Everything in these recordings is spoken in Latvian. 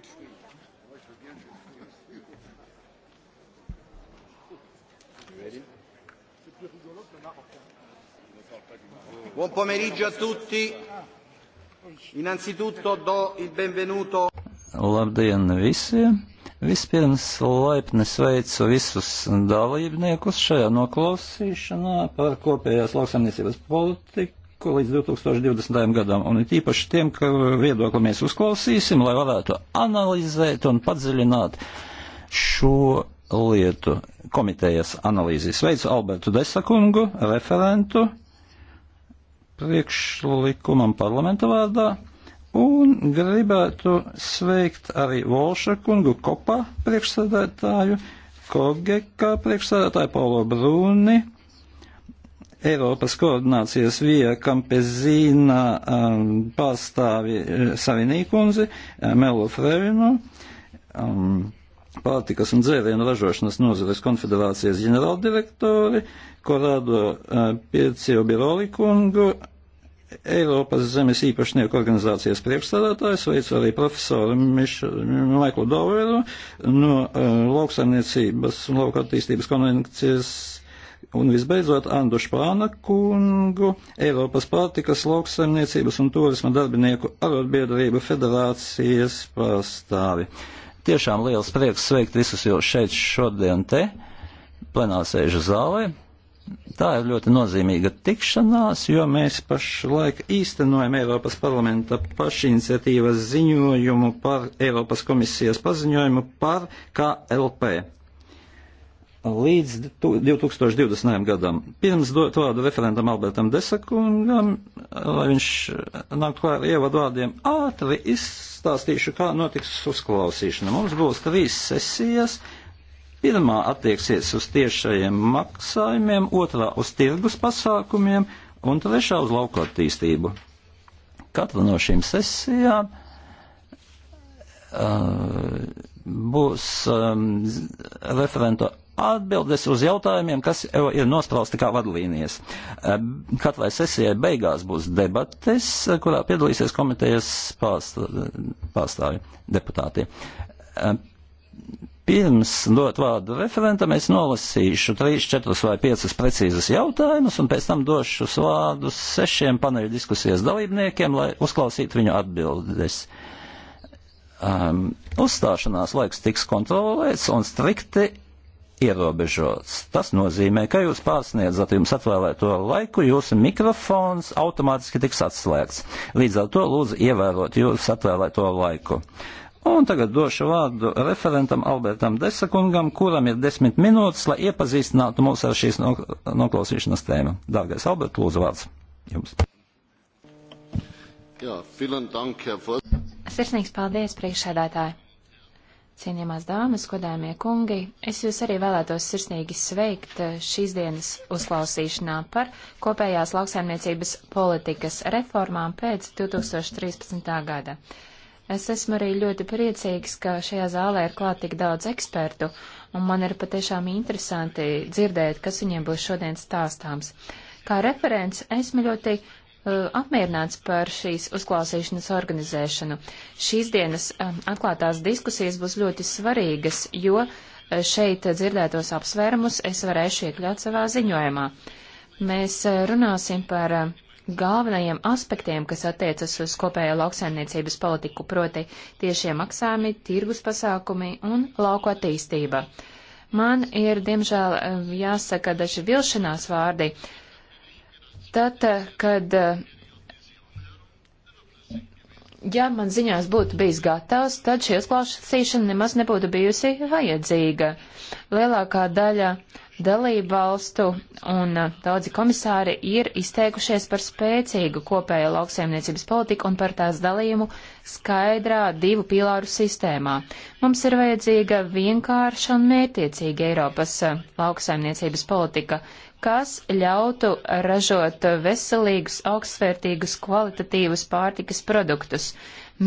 jus de fruits. Moi, je veux bien le jus de fruits. Ready? C'est plus rigolo que le marocain. Buon pomeriggio a tutti. Innanzitutto do il benvenuto. Labdien visiem! Vispirms laipni sveicu visus dalībniekus šajā noklausīšanā par kopējās lauksaimniecības politiku laiku līdz 2020. gadam, un it īpaši tiem, ka viedokli mēs uzklausīsim, lai varētu analizēt un padziļināt šo lietu komitejas analīzi. Sveicu Albertu Desakungu, referentu priekšlikumam parlamenta vārdā, un gribētu sveikt arī Volša kungu kopā priekšsēdētāju, Kogeka priekšsēdētāju Paulo Brūni, Eiropas koordinācijas vija Kampezīna um, pārstāvi eh, Savinīkundzi, eh, Melu Frevinu. Um, pārtikas un dzērienu ražošanas nozares konfederācijas ģenerāldirektori, Korādo uh, eh, Pircio Biroli kungu, Eiropas zemes īpašnieku organizācijas priekšstādātājs, veicu arī profesoru Maiklu Doveru no uh, lauksaimniecības un lauka attīstības konvencijas Un visbeidzot Andu Špāna kungu, Eiropas pārtikas lauksaimniecības un turisma darbinieku arotbiedrību federācijas pārstāvi. Tiešām liels prieks sveikt visus jau šeit šodien te, plenāsēžu zālē. Tā ir ļoti nozīmīga tikšanās, jo mēs pašlaik īstenojam Eiropas parlamenta pašiniciatīvas ziņojumu par Eiropas komisijas paziņojumu par KLP līdz 2020. gadam. Pirms dot vārdu referentam Albertam Desakungam, lai viņš nāktu klāt ar ievadu vārdiem, ātri izstāstīšu, kā notiks uzklausīšana. Mums būs trīs sesijas. Pirmā attieksies uz tiešajiem maksājumiem, otrā uz tirgus pasākumiem un trešā uz lauku attīstību. Katra no šīm sesijām uh, būs um, referenta atbildes uz jautājumiem, kas jau ir nosprausti kā vadlīnijas. Katrai sesijai beigās būs debates, kurā piedalīsies komitejas pārstāvi deputāti. Pirms dot vārdu referentam, es nolasīšu 3, 4 vai 5 precīzas jautājumus, un pēc tam došu vārdus sešiem paneļa diskusijas dalībniekiem, lai uzklausītu viņu atbildes um, uzstāšanās laiks tiks kontrolēts un strikti ierobežots. Tas nozīmē, ka jūs pārsniedzat jums atvēlēto laiku, jūsu mikrofons automātiski tiks atslēgts. Līdz ar to lūdzu ievērot jūsu atvēlēto laiku. Un tagad došu vārdu referentam Albertam Desakungam, kuram ir desmit minūtes, lai iepazīstinātu mūs ar šīs noklausīšanas tēmu. Dārgais Albert, lūdzu vārds jums. Jā, dank, Sirsnīgs paldies, priekšsēdētāji! Cienījamās dāmas, godājumie kungi, es jūs arī vēlētos sirsnīgi sveikt eh, šīs dienas uzklausīšanā par kopējās lauksaimniecības politikas reformām pēc 2013. gada. Es esmu arī ļoti priecīgs, ka šajā zālē ir klāt tik daudz ekspertu, un man ir patiešām interesanti dzirdēt, kas viņiem būs šodien stāstāms. Kā referents esmu ļoti Uh, apmierināts par šīs uzklausīšanas organizēšanu. Šīs dienas uh, atklātās diskusijas būs ļoti svarīgas, jo uh, šeit dzirdētos apsvērumus es varēšu iekļaut savā ziņojumā. Mēs runāsim par galvenajiem aspektiem, kas attiecas uz kopējo lauksaimniecības politiku, proti tiešie maksājumi, tirgus pasākumi un lauku attīstība. Man ir, diemžēl, jāsaka daži vilšanās vārdi. Uh, Tad, eh, kad eh, ja man ziņās būtu bijis gatavs, tad šī uzklausīšana nemaz nebūtu bijusi vajadzīga. Lielākā daļa dalību valstu un eh, daudzi komisāri ir izteikušies par spēcīgu kopējo lauksaimniecības politiku un par tās dalījumu skaidrā divu pīlāru sistēmā. Mums ir vajadzīga vienkārša un mērtiecīga Eiropas lauksaimniecības politika, kas ļautu ražot veselīgus, augstsvērtīgus, kvalitatīvus pārtikas produktus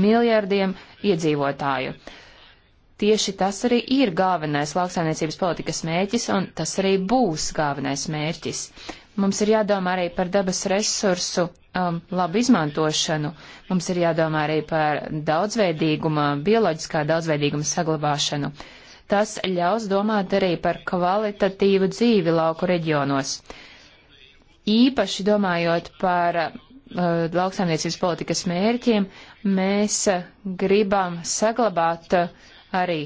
miljardiem iedzīvotāju. Tieši tas arī ir galvenais lauksainiecības politikas mērķis, un tas arī būs galvenais mērķis. Mums ir jādomā arī par dabas resursu um, labu izmantošanu, mums ir jādomā arī par daudzveidīguma, bioloģiskā daudzveidīguma saglabāšanu. Uh, Tas ļaus domāt arī par kvalitatīvu dzīvi lauku reģionos. Īpaši domājot par uh, lauksaimniecības politikas mērķiem, mēs uh, gribam saglabāt uh, arī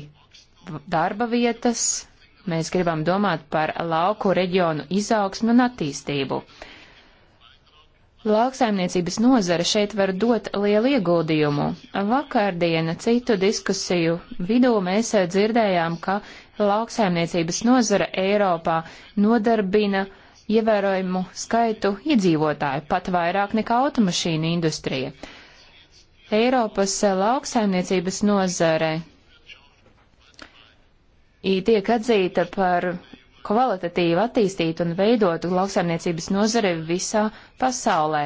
darba vietas, mēs gribam domāt par lauku reģionu izaugsmu un attīstību. Uh, Lauksaimniecības nozara šeit var dot lielu ieguldījumu. Vakardiena citu diskusiju vidū mēs dzirdējām, ka lauksaimniecības nozara Eiropā nodarbina ievērojumu skaitu iedzīvotāju, pat vairāk nekā automašīnu industrija. Eiropas lauksaimniecības nozare tiek atzīta par kvalitatīvi attīstītu un veidotu lauksaimniecības nozari visā pasaulē.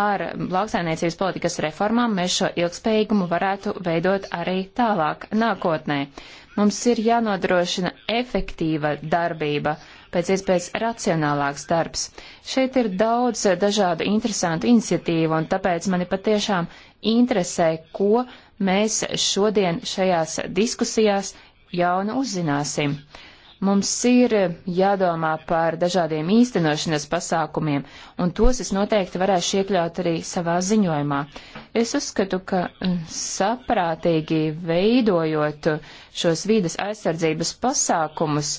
Ar lauksaimniecības politikas reformām mēs šo ilgspējīgumu varētu veidot arī tālāk nākotnē. Mums ir jānodrošina efektīva darbība, pēc iespējas racionālāks darbs. Šeit ir daudz dažādu interesantu iniciatīvu, un tāpēc mani patiešām interesē, ko mēs šodien šajās diskusijās jaunu uzzināsim. Mums ir jādomā par dažādiem īstenošanas pasākumiem, un tos es noteikti varēšu iekļaut arī savā ziņojumā. Es uzskatu, ka mm, saprātīgi veidojot šos vīdes aizsardzības pasākumus,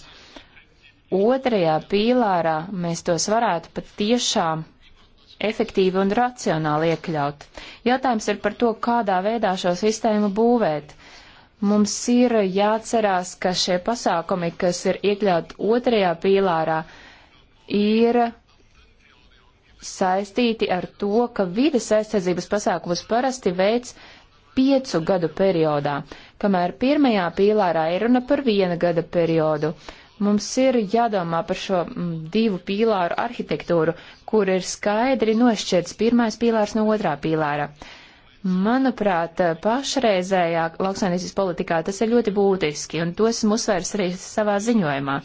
otrajā pīlārā mēs tos varētu pat tiešām efektīvi un racionāli iekļaut. Jautājums ir par to, kādā veidā šo sistēmu būvēt. Mums ir jāatcerās, ka šie pasākumi, kas ir iekļauti otrajā pīlārā, ir saistīti ar to, ka vides aizsardzības pasākumus parasti veids piecu gadu periodā, kamēr pirmajā pīlārā ir runa par viena gada periodu. Mums ir jādomā par šo mm, divu pīlāru arhitektūru, kur ir skaidri nošķirts pirmais pīlārs no otrā pīlāra. Manuprāt, pašreizējā lauksainīcības politikā tas ir ļoti būtiski, un to esmu uzsvērs arī savā ziņojumā.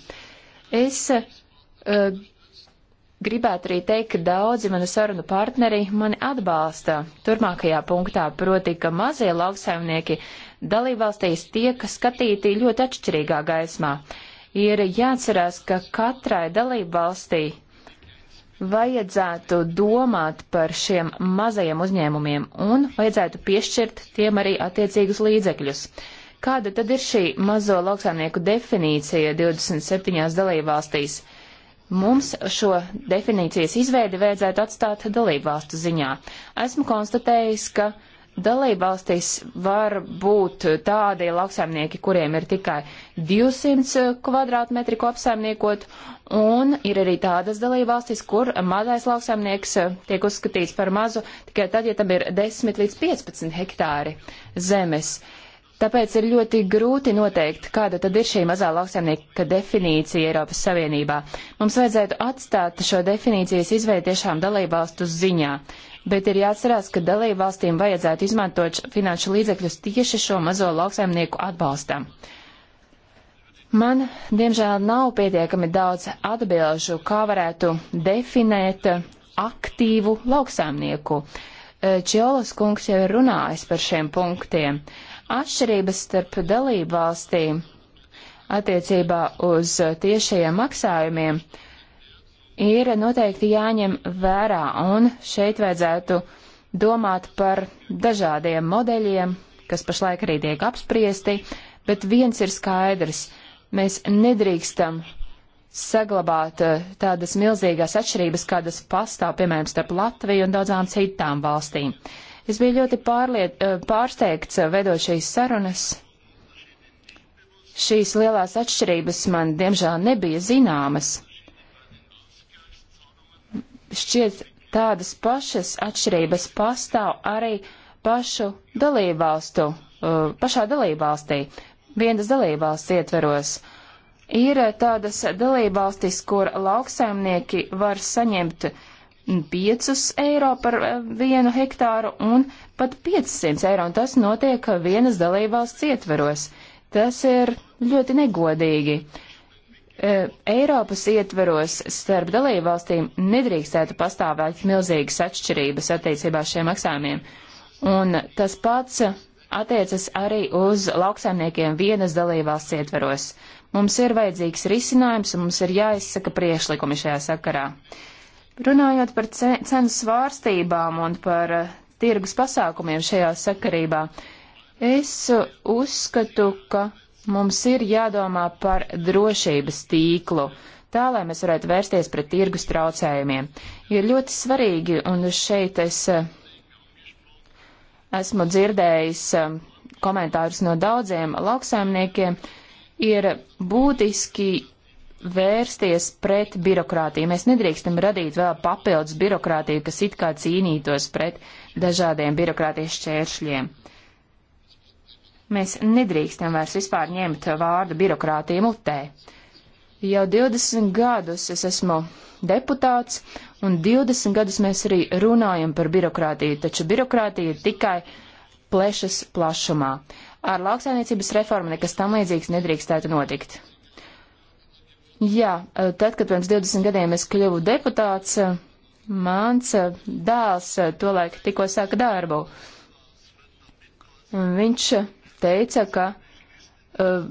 Es uh, gribētu arī teikt, ka daudzi mani sarunu partneri mani atbalsta turmākajā punktā, proti, ka mazie lauksaimnieki dalībvalstīs tiek skatīti ļoti atšķirīgā gaismā. Ir jāatcerās, ka katrai dalībvalstī vajadzētu domāt par šiem mazajiem uzņēmumiem un vajadzētu piešķirt tiem arī attiecīgus līdzekļus. Kāda tad ir šī mazo lauksaimnieku definīcija 27 dalībvalstīs? Mums šo definīcijas izveidi vajadzētu atstāt dalībvalstu ziņā. Esmu konstatējis, ka dalībvalstīs var būt tādi lauksaimnieki, kuriem ir tikai 200 kvadrātmetri, ko apsaimniekot, Un ir arī tādas dalībvalstis, kur mazais lauksaimnieks eh, tiek uzskatīts par mazu tikai tad, ja tam ir 10 līdz 15 hektāri zemes. Tāpēc ir ļoti grūti noteikt, kāda tad ir šī mazā lauksaimnieka definīcija Eiropas Savienībā. Mums vajadzētu atstāt šo definīcijas izveidu tiešām dalībvalstu ziņā, bet ir jāatcerās, ka dalībvalstīm vajadzētu izmantot finanšu līdzekļus tieši šo mazo lauksaimnieku atbalstam. Uh, Man, diemžēl, nav pietiekami daudz atbilžu, kā varētu definēt aktīvu lauksāmnieku. E, Čiolas kungs jau ir runājis par šiem punktiem. Atšķirības starp dalību valstīm attiecībā uz tiešajiem maksājumiem ir noteikti jāņem vērā, un šeit vajadzētu domāt par dažādiem modeļiem, kas pašlaik arī tiek apspriesti, bet viens ir skaidrs Mēs nedrīkstam saglabāt eh, tādas milzīgās atšķirības, kādas pastāv, piemēram, starp Latviju un daudzām citām valstīm. Es biju ļoti pārliet, eh, pārsteigts eh, vedot šīs sarunas. Šīs lielās atšķirības man, diemžēl, nebija zināmas. Šķiet, tādas pašas atšķirības pastāv arī pašu dalībvalstu, pašā dalībvalstī vienas dalībvalsts ietveros. Ir tādas dalībvalstis, kur lauksaimnieki var saņemt 5 eiro par eh, vienu hektāru un pat 500 eiro, un tas notiek vienas dalībvalsts ietveros. Tas ir ļoti negodīgi. Eh, Eiropas ietveros starp dalībvalstīm nedrīkstētu pastāvēt milzīgas atšķirības attiecībā šiem maksājumiem. Un tas pats attiecas arī uz lauksaimniekiem vienas dalībvalsts ietveros. Mums ir vajadzīgs risinājums un mums ir jāizsaka priešlikumi šajā sakarā. Runājot par cenu svārstībām un par uh, tirgus pasākumiem šajā sakarībā, es uh, uzskatu, ka mums ir jādomā par drošības tīklu, tā lai mēs varētu vērsties pret tirgus traucējumiem. Ir ļoti svarīgi, un šeit es uh, esmu dzirdējis um, komentārus no daudziem lauksaimniekiem, ir būtiski vērsties pret birokrātiju. Mēs nedrīkstam radīt vēl papildus birokrātiju, kas it kā cīnītos pret dažādiem birokrātijas šķēršļiem. Mēs nedrīkstam vairs vispār ņemt vārdu birokrātija mutē. Jau 20 gadus es esmu deputāts, un 20 gadus mēs arī runājam par birokrātiju, taču birokrātija ir tikai plešas plašumā. Ar lauksainiecības reformu nekas tam līdzīgs nedrīkstētu notikt. Jā, tad, kad pirms 20 gadiem es kļuvu deputāts, mans dēls tolaik tikko sāka darbu. Viņš teica, ka uh,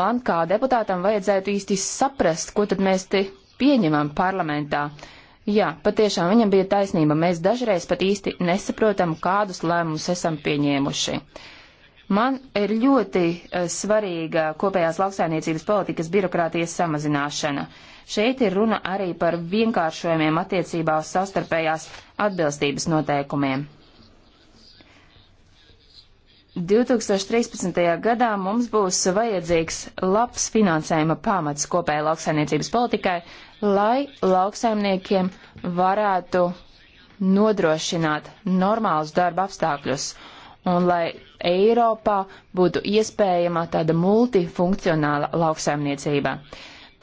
man kā deputātam vajadzētu īsti saprast, ko tad mēs te pieņemam parlamentā. Uh, Jā, patiešām viņam bija taisnība. Mēs dažreiz pat īsti nesaprotam, kādus lēmumus esam pieņēmuši. Man ir ļoti uh, svarīga kopējās lauksainiecības politikas birokrātijas samazināšana. Šeit ir runa arī par vienkāršojumiem attiecībā uz savstarpējās atbilstības noteikumiem. 2013. gadā mums būs vajadzīgs labs finansējuma pamats kopējai lauksaimniecības politikai, lai lauksaimniekiem varētu nodrošināt normālus darba apstākļus un lai Eiropā būtu iespējama tāda multifunkcionāla lauksaimniecība.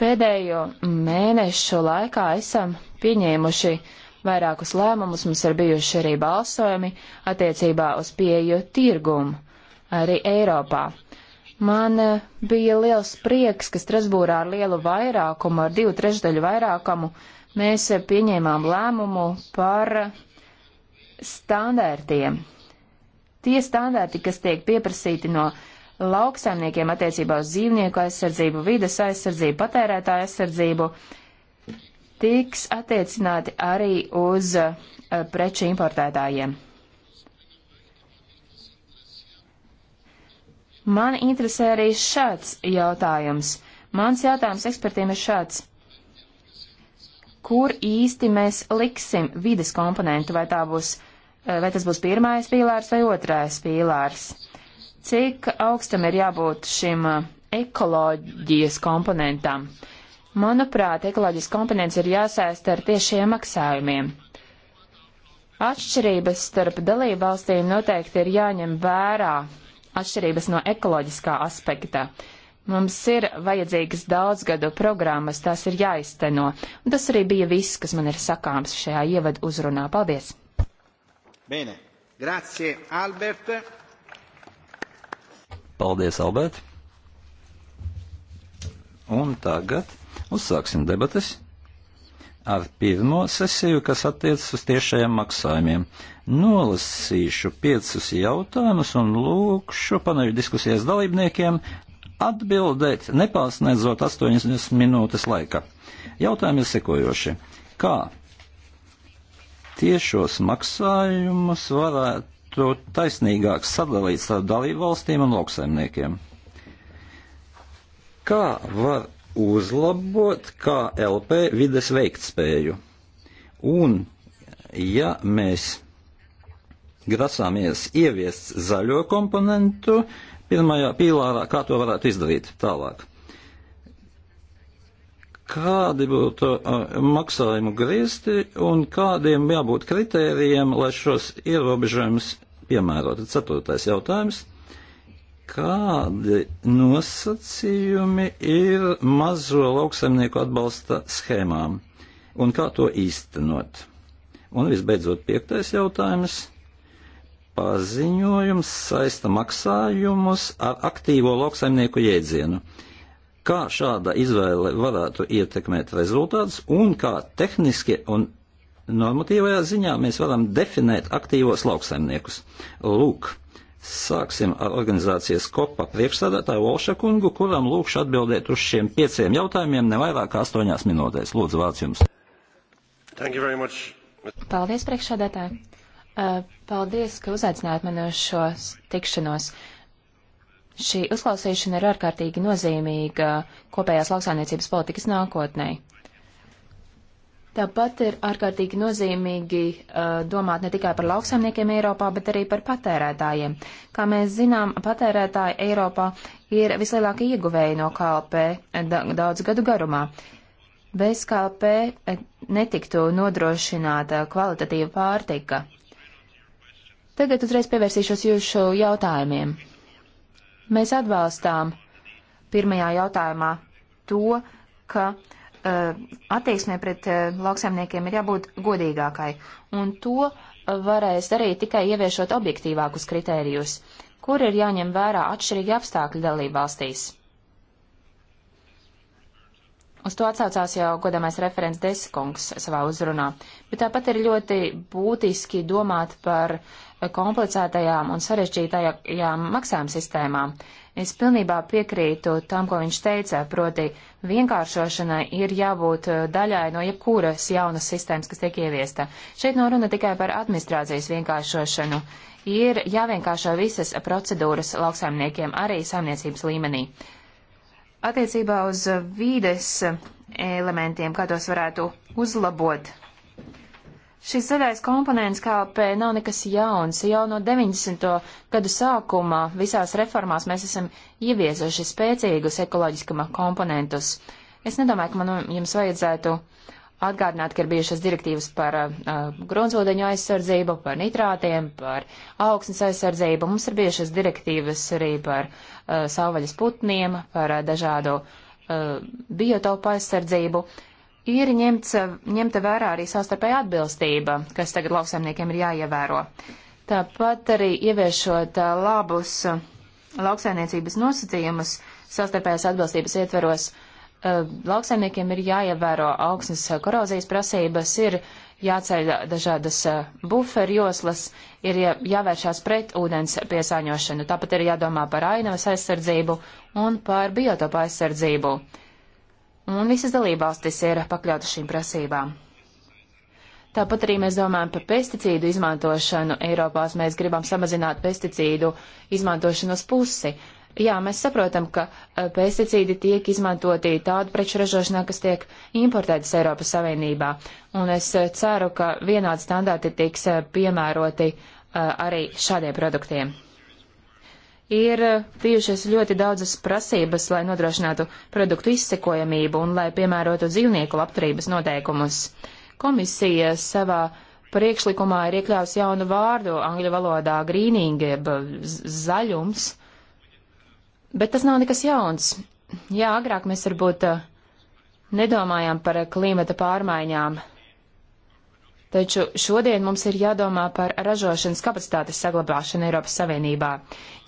Pēdējo mēnešu laikā esam pieņēmuši uh, vairākus lēmumus, mums ir bijuši arī balsojumi attiecībā uz pieeju tirgumu arī Eiropā. Man eh, bija liels prieks, ka Strasbūrā ar lielu vairākumu, ar divu trešdaļu vairākumu, mēs eh, pieņēmām lēmumu par standārtiem. Tie standārti, kas tiek pieprasīti no lauksaimniekiem attiecībā uz dzīvnieku aizsardzību, vides aizsardzību, patērētāju aizsardzību, uh, tiks attiecināti arī uz eh, preču importētājiem. Man interesē arī šāds jautājums. Mans jautājums ekspertiem ir šāds. Kur īsti mēs liksim vides komponentu, vai, būs, eh, vai tas būs pirmais pīlārs vai otrais pīlārs? Cik augstam ir jābūt šim eh, ekoloģijas komponentam? Uh, Manuprāt, ekoloģiski komponents ir jāsaista ar tiešiem maksājumiem. Atšķirības starp dalību valstīm noteikti ir jāņem vērā, atšķirības no ekoloģiskā aspekta. Mums ir vajadzīgas daudzgadu programmas, tās ir jāizteno. Un tas arī bija viss, kas man ir sakāms šajā ievadu uzrunā. Paldies! Bene. Grazie, Albert. Paldies, Albert. Un tagad Uzsāksim debatas ar pirmo sesiju, kas attiecas uz tiešajiem maksājumiem. Nolasīšu piecus jautājumus un lūkšu paneļu diskusijas dalībniekiem atbildēt nepārsniedzot 80 minūtes laika. Jautājumi ir sekojoši. Kā tiešos maksājumus varētu taisnīgāk sadalīt starp dalībvalstīm un lauksaimniekiem? Kā var uzlabot KLP vides veiktspēju. Un, ja mēs grasāmies ieviest zaļo komponentu, pirmajā pīlārā, kā to varētu izdarīt tālāk? Kādi būtu uh, maksājumu griezti un kādiem jābūt kritērijiem, lai šos ierobežojumus piemērot? Ceturtais jautājums kādi nosacījumi ir mazo lauksaimnieku atbalsta schēmām un kā to īstenot. Un visbeidzot, piektais jautājums - paziņojums saista maksājumus ar aktīvo lauksaimnieku jēdzienu. Kā šāda izvēle varētu ietekmēt rezultātus un kā tehniski un normatīvajā ziņā mēs varam definēt aktīvos lauksaimniekus? Lūk, Sāksim ar organizācijas kopa priekšsādātāju Olša kungu, kuram lūkšu atbildēt uz šiem pieciem jautājumiem nevairāk kā astoņās minūtēs. Lūdzu, vārds jums. Paldies, priekšsādātāji. Paldies, ka uzaicinājāt mani uz šo tikšanos. Šī uzklausīšana ir ārkārtīgi nozīmīga kopējās lauksaimniecības politikas nākotnē. Tāpat ir ārkārtīgi nozīmīgi uh, domāt ne tikai par lauksaimniekiem Eiropā, bet arī par patērētājiem. Kā mēs zinām, patērētāji Eiropā ir vislielākie ieguvēji no KLP eh, daudz gadu garumā. Bez KLP eh, netiktu nodrošināta kvalitatīva pārtika. Tagad uzreiz pievērsīšos jūsu jautājumiem. Mēs atbalstām pirmajā jautājumā to, ka uh, Uh, attieksmē pret uh, lauksaimniekiem ir jābūt godīgākai, un to varēs darīt tikai ieviešot objektīvākus kritērijus, kur ir jāņem vērā atšķirīgi apstākļi dalību valstīs. Uz to atsaucās jau godamais referents Deskungs savā uzrunā, bet tāpat ir ļoti būtiski domāt par komplicētajām un sarežģītajām maksājuma sistēmām, Es pilnībā piekrītu tam, ko viņš teica, proti vienkāršošanai ir jābūt eh, daļai no jebkuras jaunas sistēmas, kas tiek ieviesta. Šeit nav no runa tikai par administrācijas vienkāršošanu. Ir jāvienkāršo visas procedūras lauksaimniekiem arī saimniecības līmenī. Attiecībā uz vīdes elementiem, kā tos varētu uzlabot, Šis zaļais komponents KLP nav nekas jauns. Jau no 90. gadu sākumā visās reformās mēs esam ieviesuši spēcīgus ekoloģiskuma komponentus. Es nedomāju, ka man jums vajadzētu atgādināt, ka ir bijušas direktīvas par uh, uh gruntsūdeņu aizsardzību, par nitrātiem, par augsnes aizsardzību. Mums ir bijušas direktīvas arī par uh, savvaļas putniem, par uh, dažādu uh, biotopu aizsardzību. Uh, ir ņemts, ņemta vērā arī savstarpēja atbilstība, kas tagad lauksaimniekiem ir jāievēro. Tāpat arī ieviešot labus lauksaimniecības nosacījumus savstarpējās atbilstības ietveros, lauksaimniekiem ir jāievēro augsnes korozijas prasības, ir jāceļ dažādas buferu joslas, ir jāvēršās pret ūdens piesāņošanu, tāpat ir jādomā par ainavas aizsardzību un par biotopu aizsardzību un visas dalībvalstis ir pakļautas šīm prasībām. Tāpat arī mēs domājam par pesticīdu izmantošanu. Eiropās mēs gribam samazināt pesticīdu izmantošanu uz pusi. Jā, mēs saprotam, ka eh, pesticīdi tiek izmantoti tādu preču ražošanā, kas tiek importētas Eiropas Savienībā. Un es eh, ceru, ka vienādi standarti tiks eh, piemēroti arī šādiem produktiem ir bijušas ļoti daudzas prasības, lai nodrošinātu produktu izsekojamību un lai piemērotu dzīvnieku labturības noteikumus. Komisija savā priekšlikumā ir iekļāvusi jaunu vārdu angļu valodā - greening, jeb zaļums, bet tas nav nekas jauns. Jā, agrāk mēs varbūt eh, nedomājām par klimata pārmaiņām Taču šodien mums ir jādomā par ražošanas kapacitātes saglabāšanu Eiropas Savienībā.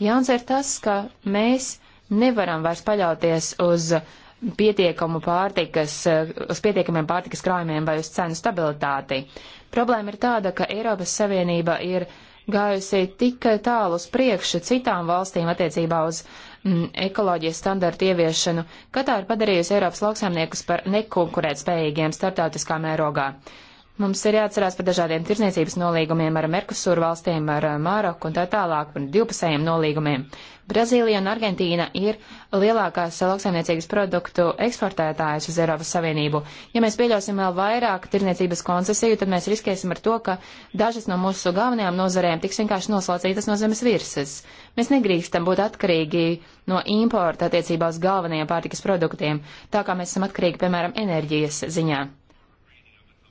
Jauns ir tas, ka mēs nevaram vairs paļauties uz pietiekamu pārtikas, uz pietiekamiem pārtikas krājumiem vai uz cenu stabilitāti. Problēma ir tāda, ka Eiropas Savienība ir gājusi tik tālu uz priekšu citām valstīm attiecībā uz mm, ekoloģijas standartu ieviešanu, ka tā ir padarījusi Eiropas lauksaimniekus par nekonkurētspējīgiem starptautiskā mērogā. Mums ir jāatcerās par dažādiem tirzniecības nolīgumiem ar Merkusūru valstīm, ar eh, Māroku un tā tālāk, par divpusējiem nolīgumiem. Brazīlija un Argentīna ir lielākās lauksaimniecības produktu eksportētājas uz Eiropas Savienību. Ja mēs pieļausim vēl vairāk tirzniecības koncesiju, tad mēs riskēsim ar to, ka dažas no mūsu galvenajām nozarēm tiks vienkārši noslaucītas no zemes virsmas. Mēs nedrīkstam būt atkarīgi no importa attiecībā uz galvenajiem pārtikas produktiem, tā kā mēs esam atkarīgi, piemēram, enerģijas ziņā.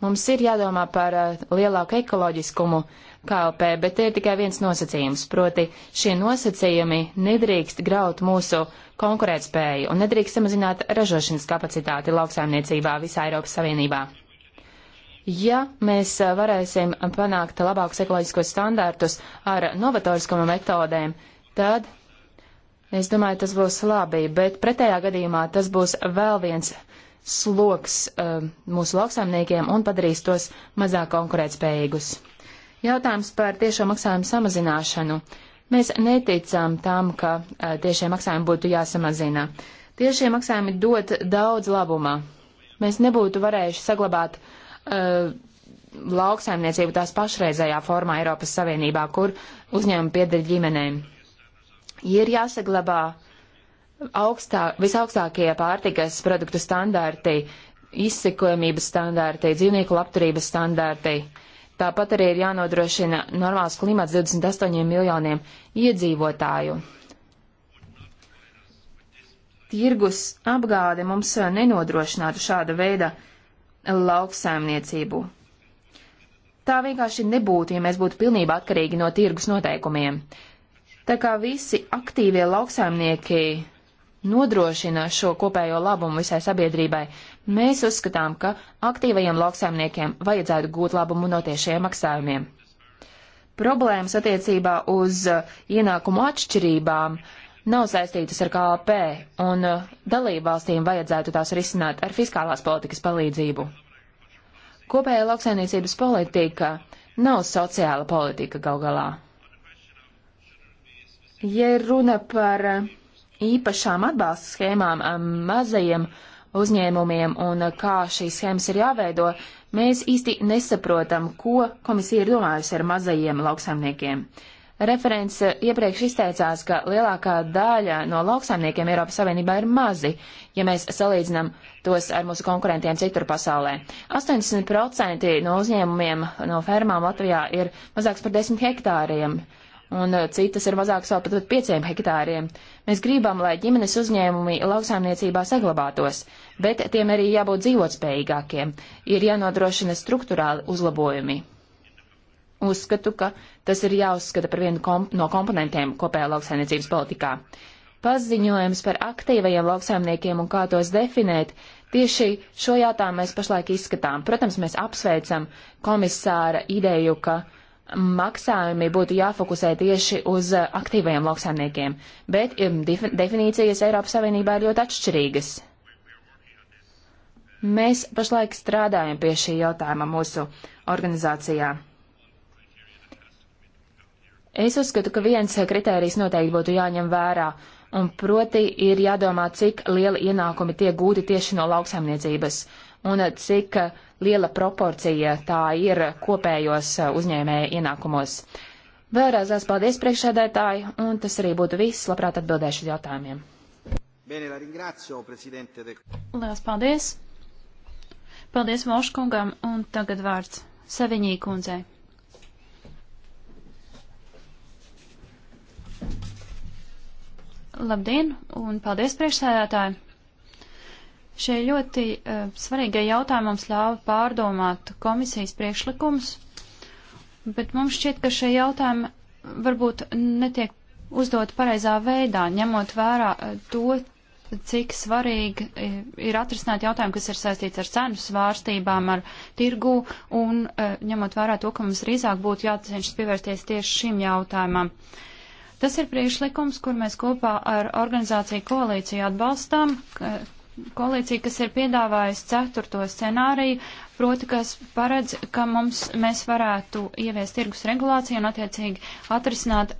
Mums ir jādomā par eh, lielāku ekoloģiskumu KLP, bet te ir tikai viens nosacījums, proti šie nosacījumi nedrīkst graut mūsu konkurētspēju un nedrīkst samazināt ražošanas kapacitāti lauksaimniecībā visā Eiropas Savienībā. Ja mēs eh, varēsim panākt labākus ekoloģiskos standārtus ar novatoriskumu metodēm, tad es domāju, tas būs labi, bet pretējā gadījumā tas būs vēl viens sloks uh, mūsu lauksaimniekiem un padarīs tos mazāk konkurētspējīgus. Jautājums par tiešo maksājumu samazināšanu. Mēs neticām tam, ka uh, tiešie maksājumi būtu jāsamazina. Tiešie maksājumi dod daudz labumā. Mēs nebūtu varējuši saglabāt uh, lauksaimniecību tās pašreizējā formā Eiropas Savienībā, kur uzņēmumi pieder ģimenēm. Ir jāsaglabā uh, augstā, visaugstākie pārtikas produktu standarti, izsekojamības standarti, dzīvnieku labturības standarti. Tāpat arī ir jānodrošina normāls klimats 28 miljoniem iedzīvotāju. Tirgus apgāde mums nenodrošinātu šāda veida lauksaimniecību. Tā vienkārši nebūtu, ja mēs būtu pilnībā atkarīgi no tirgus noteikumiem. Tā kā visi aktīvie lauksaimnieki nodrošina šo kopējo labumu visai sabiedrībai, mēs uzskatām, ka aktīvajiem lauksaimniekiem vajadzētu gūt labumu no tiešiem maksājumiem. Problēmas attiecībā uz uh, ienākumu atšķirībām nav saistītas ar KLP, un uh, dalībvalstīm vajadzētu tās risināt ar fiskālās politikas palīdzību. Kopējā lauksaimniecības politika nav sociāla politika gal galā. Ja runa par uh, īpašām atbalsta schēmām um, mazajiem uzņēmumiem un uh, kā šīs schēmas ir jāveido, mēs īsti nesaprotam, ko komisija ir domājusi ar mazajiem lauksaimniekiem. Referents uh, iepriekš izteicās, ka lielākā daļa no lauksaimniekiem Eiropas Savienībā ir mazi, ja mēs salīdzinām tos ar mūsu konkurentiem citur pasaulē. 80% no uzņēmumiem no fermām Latvijā ir mazāks par 10 hektāriem. Uh, un eh, citas ir mazākas vēl pat pat pieciem hektāriem. Mēs gribam, lai ģimenes uzņēmumi lauksaimniecībā saglabātos, bet tiem arī jābūt dzīvotspējīgākiem, ir jānodrošina struktūrāli uzlabojumi. Uzskatu, ka tas ir jāuzskata par vienu komp no komponentiem kopējā lauksaimniecības politikā. Paziņojums par aktīvajiem lauksaimniekiem un kā tos definēt, Tieši šo jautājumu mēs pašlaik izskatām. Protams, mēs apsveicam komisāra ideju, ka uh, maksājumi būtu jāfokusē tieši uz eh, aktīvajiem lauksaimniekiem, bet definīcijas Eiropas Savienībā ir ļoti atšķirīgas. Mēs pašlaik strādājam pie šī jautājuma mūsu organizācijā. Es uzskatu, ka viens kritērijs noteikti būtu jāņem vērā, un proti ir jādomā, cik lieli ienākumi tiek gūti tieši no lauksaimniecības. Uh, un cik liela proporcija tā ir kopējos uh, uzņēmēja ienākumos. Vēlreiz liels paldies priekšsēdētāji, un tas arī būtu viss. Labprāt atbildēšu uz jautājumiem. Lielas paldies! Paldies Valškungam, un tagad vārds Saviņī kundzei. Labdien, un paldies priekšsēdētāji! Šie ļoti uh, svarīgie jautājumi mums ļāva pārdomāt komisijas priekšlikumus, bet mums šķiet, ka šie jautājumi varbūt netiek uzdot pareizā veidā, ņemot vērā eh, to, cik svarīgi eh, ir atrisināt jautājumu, kas ir saistīts ar cenu svārstībām, ar tirgu, un ņemot vērā to, ka mums rīzāk būtu jācenšas pievērsties tieši šim jautājumam. Tas ir priekšlikums, kur mēs kopā ar organizāciju koalīciju atbalstām, koalīcija, kas ir piedāvājusi ceturto scenāriju, proti, kas paredz, ka mums, mēs varētu ieviest tirgus regulāciju un attiecīgi atrisināt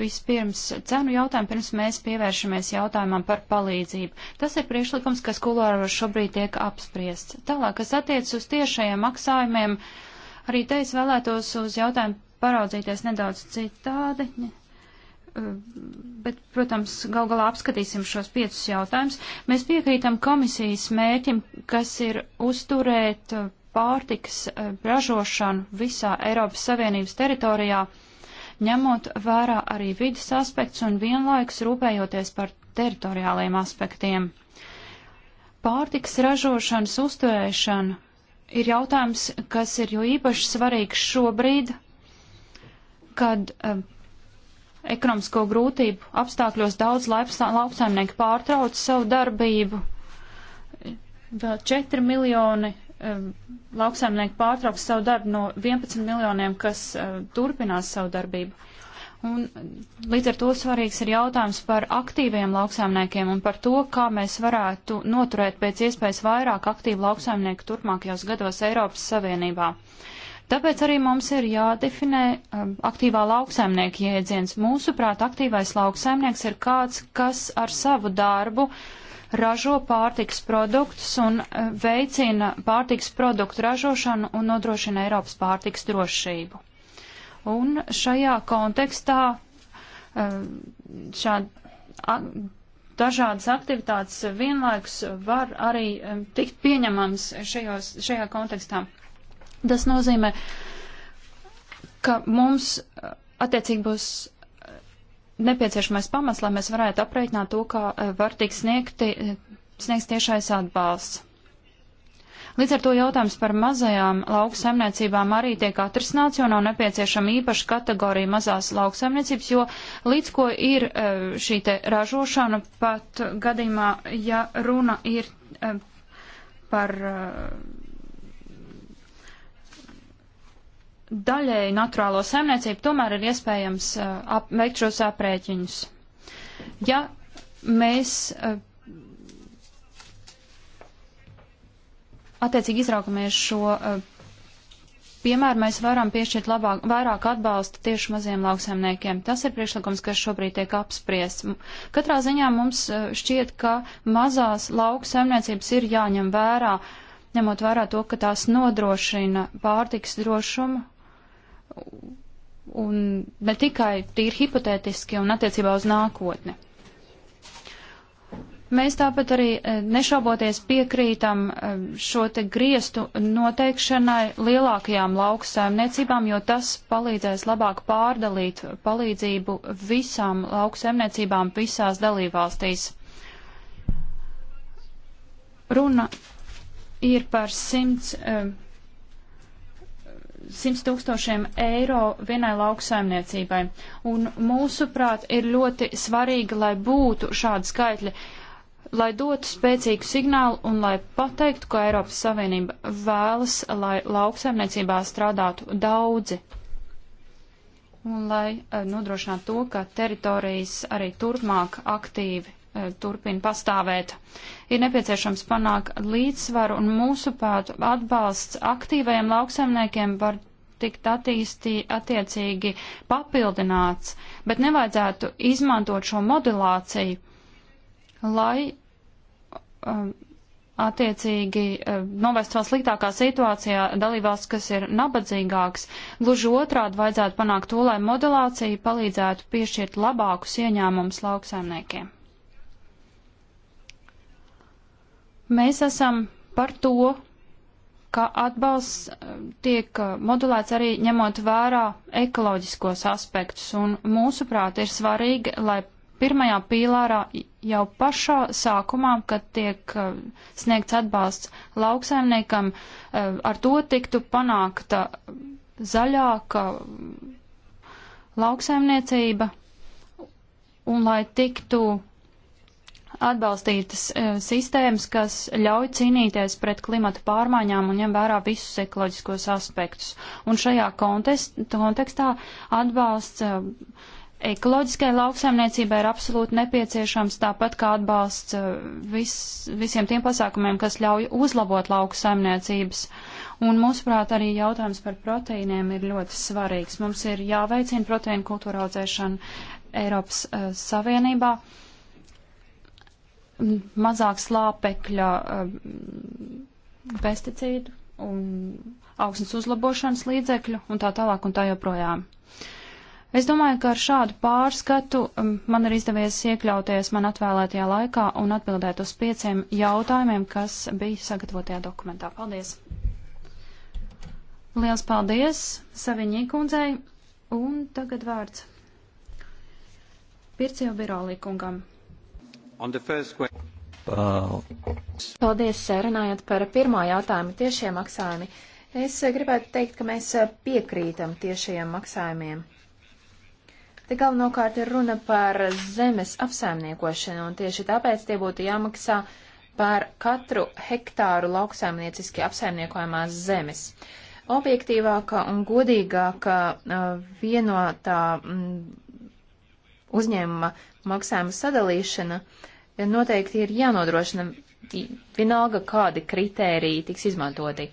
vispirms cenu jautājumu, pirms mēs pievēršamies jautājumam par palīdzību. Tas ir priekšlikums, kas kulāros šobrīd tiek apspriests. Tālāk, kas attiec uz tiešajiem maksājumiem, arī te es vēlētos uz jautājumu paraudzīties nedaudz citādi bet, protams, gal galā apskatīsim šos piecus jautājumus. Mēs piekrītam komisijas mērķim, kas ir uzturēt uh, pārtikas uh, ražošanu visā Eiropas Savienības teritorijā, ņemot vērā arī vidas aspekts un vienlaikus rūpējoties par teritoriālajiem aspektiem. Pārtikas ražošanas uzturēšana ir jautājums, kas ir jo īpaši svarīgs šobrīd, kad uh, ekonomisko grūtību apstākļos daudz lauksaimnieku pārtrauc savu darbību. Vēl 4 miljoni um, lauksaimnieku pārtrauc savu darbu no 11 miljoniem, kas uh, turpinās savu darbību. Un līdz ar to svarīgs ir jautājums par aktīviem lauksaimniekiem un par to, kā mēs varētu noturēt pēc iespējas vairāk aktīvu lauksaimnieku turpmākajos gados Eiropas Savienībā. Uh, Tāpēc arī mums ir jādefinē um, aktīvā lauksaimnieka jēdziens. Mūsuprāt, aktīvais lauksaimnieks ir kāds, kas ar savu darbu ražo pārtiks produktus un uh, veicina pārtiks produktu ražošanu un nodrošina Eiropas pārtiks drošību. Un šajā kontekstā um, šādi dažādas aktivitātes vienlaikus var arī um, tikt pieņemams šajos, šajā kontekstā. Tas nozīmē, ka mums uh, attiecīgi būs uh, nepieciešamais pamats, lai mēs varētu apreikināt to, kā uh, var tikt sniegti, sniegs tiešais atbalsts. Līdz ar to jautājums par mazajām lauksaimniecībām arī tiek atrisināts, jo nav nepieciešama īpaša kategorija mazās lauksaimniecības, jo līdz ko ir šī te ražošana, pat gadījumā, ja runa ir par daļēji naturālo saimniecību, tomēr ir iespējams uh, ap, veikt šos aprēķinus. Ja mēs uh, attiecīgi izraugamies šo uh, piemēru, mēs varam piešķirt labāk, vairāk atbalsta tieši maziem lauksaimniekiem. Tas ir priekšlikums, kas šobrīd tiek apspriests. Katrā ziņā mums uh, šķiet, ka mazās lauksaimniecības ir jāņem vērā, ņemot vērā to, ka tās nodrošina pārtiks drošumu un ne tikai tīri hipotētiski un attiecībā uz nākotni. Mēs tāpat arī e, nešauboties piekrītam e, šo te griestu noteikšanai lielākajām lauksaimniecībām, jo tas palīdzēs labāk pārdalīt palīdzību visām lauksaimniecībām visās dalībvalstīs. Runa ir par 100 100 tūkstošiem eiro vienai lauksaimniecībai. Un mūsuprāt ir ļoti svarīgi, lai būtu šādi skaitļi, lai dotu spēcīgu signālu un lai pateiktu, ko Eiropas Savienība vēlas, lai lauksaimniecībā strādātu daudzi. Un lai eh, nodrošinātu to, ka teritorijas arī turpmāk aktīvi Eh, turpina pastāvēt. Ir nepieciešams panākt līdzsvaru un mūsu pētu atbalsts aktīvajiem lauksaimniekiem var tikt attīstī, attiecīgi papildināts, bet nevajadzētu izmantot šo modelāciju, lai um, attiecīgi eh, novest vēl sliktākā situācijā dalībās, kas ir nabadzīgāks. Gluži otrādi vajadzētu panākt to, lai modelācija palīdzētu piešķirt labākus ieņēmumus lauksaimniekiem. Mēs esam par to, ka atbalsts eh, tiek eh, modulēts arī ņemot vērā ekoloģiskos aspektus, un mūsuprāt ir svarīgi, lai pirmajā pīlārā jau pašā sākumā, kad tiek eh, sniegts atbalsts lauksaimniekam, ar to tiktu panākta zaļāka lauksaimniecība un lai tiktu atbalstītas e, sistēmas, kas ļauj cīnīties pret klimata pārmaiņām un ņem vērā visus ekoloģiskos aspektus. Un šajā kontest, kontekstā atbalsts e, ekoloģiskai lauksaimniecībai ir absolūti nepieciešams, tāpat kā atbalsts e, vis, visiem tiem pasākumiem, kas ļauj uzlabot lauksaimniecības. Un mūsuprāt, arī jautājums par proteīniem ir ļoti svarīgs. Mums ir jāveicina proteīnu kultūra audzēšana Eiropas uh, Savienībā. Uh, mazāk slāpekļa um, pesticīdu un augsnes uzlabošanas līdzekļu un tā tālāk un tā joprojām. Es domāju, ka ar šādu pārskatu um, man ir izdevies iekļauties man atvēlētajā laikā un atbildēt uz pieciem jautājumiem, kas bija sagatavotajā dokumentā. Paldies! Liels paldies Saviņī kundzei un tagad vārds Pircio Birolī kungam. Paldies, eh, runājot par pirmo jautājumu, tiešie maksājumi. Es eh, gribētu teikt, ka mēs eh, piekrītam tiešajiem maksājumiem. Te galvenokārt ir runa par zemes apsaimniekošanu, un tieši tāpēc tie būtu jāmaksā par katru hektāru lauksaimnieciski apsaimniekojamās zemes. Objektīvāka un godīgāka vienotā mm, uzņēmuma maksājuma sadalīšana uh, noteikti ir jānodrošina vienalga, kādi kritēriji tiks izmantoti.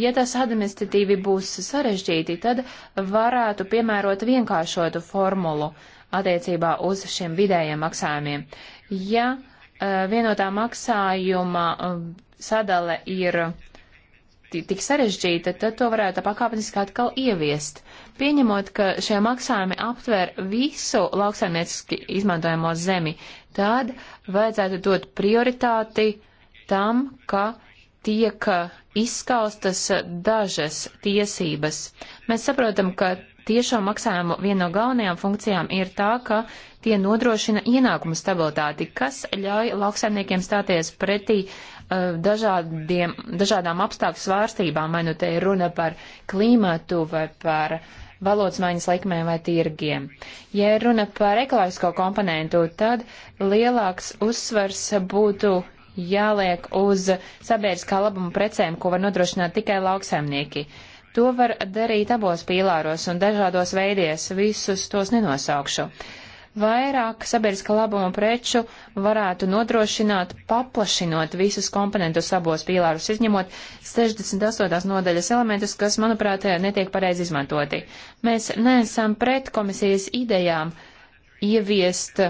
Ja tas administratīvi būs sarežģīti, tad varētu piemērot vienkāršotu formulu attiecībā uz šiem vidējiem maksājumiem. Ja e, vienotā maksājuma e, sadale ir tik sarežģīta, tad to varētu pakāpeniski atkal ieviest. Pieņemot, ka šie maksājumi aptver visu lauksaimnieciski izmantojamo zemi, tad vajadzētu dot prioritāti tam, ka tiek izskaustas dažas tiesības. Mēs saprotam, ka tiešo maksājumu viena no galvenajām funkcijām ir tā, ka tie nodrošina ienākumu stabilitāti, kas ļauj lauksaimniekiem stāties pretī uh, dažādiem, dažādām apstākļu svārstībām, vai nu te ir runa par klimatu vai par uh, valodas maiņas likmēm vai tirgiem. Ja runa par ekoloģisko komponentu, tad lielāks uzsvars būtu jāliek uz sabiedriskā labuma precēm, ko var nodrošināt tikai lauksaimnieki. To var darīt abos pīlāros un dažādos veidies, visus tos nenosaukšu. Uh, vairāk sabiedriska labuma preču varētu nodrošināt, paplašinot visus komponentus abos pīlārus, izņemot 68. nodaļas elementus, kas, manuprāt, netiek pareizi izmantoti. Mēs neesam pret komisijas idejām ieviest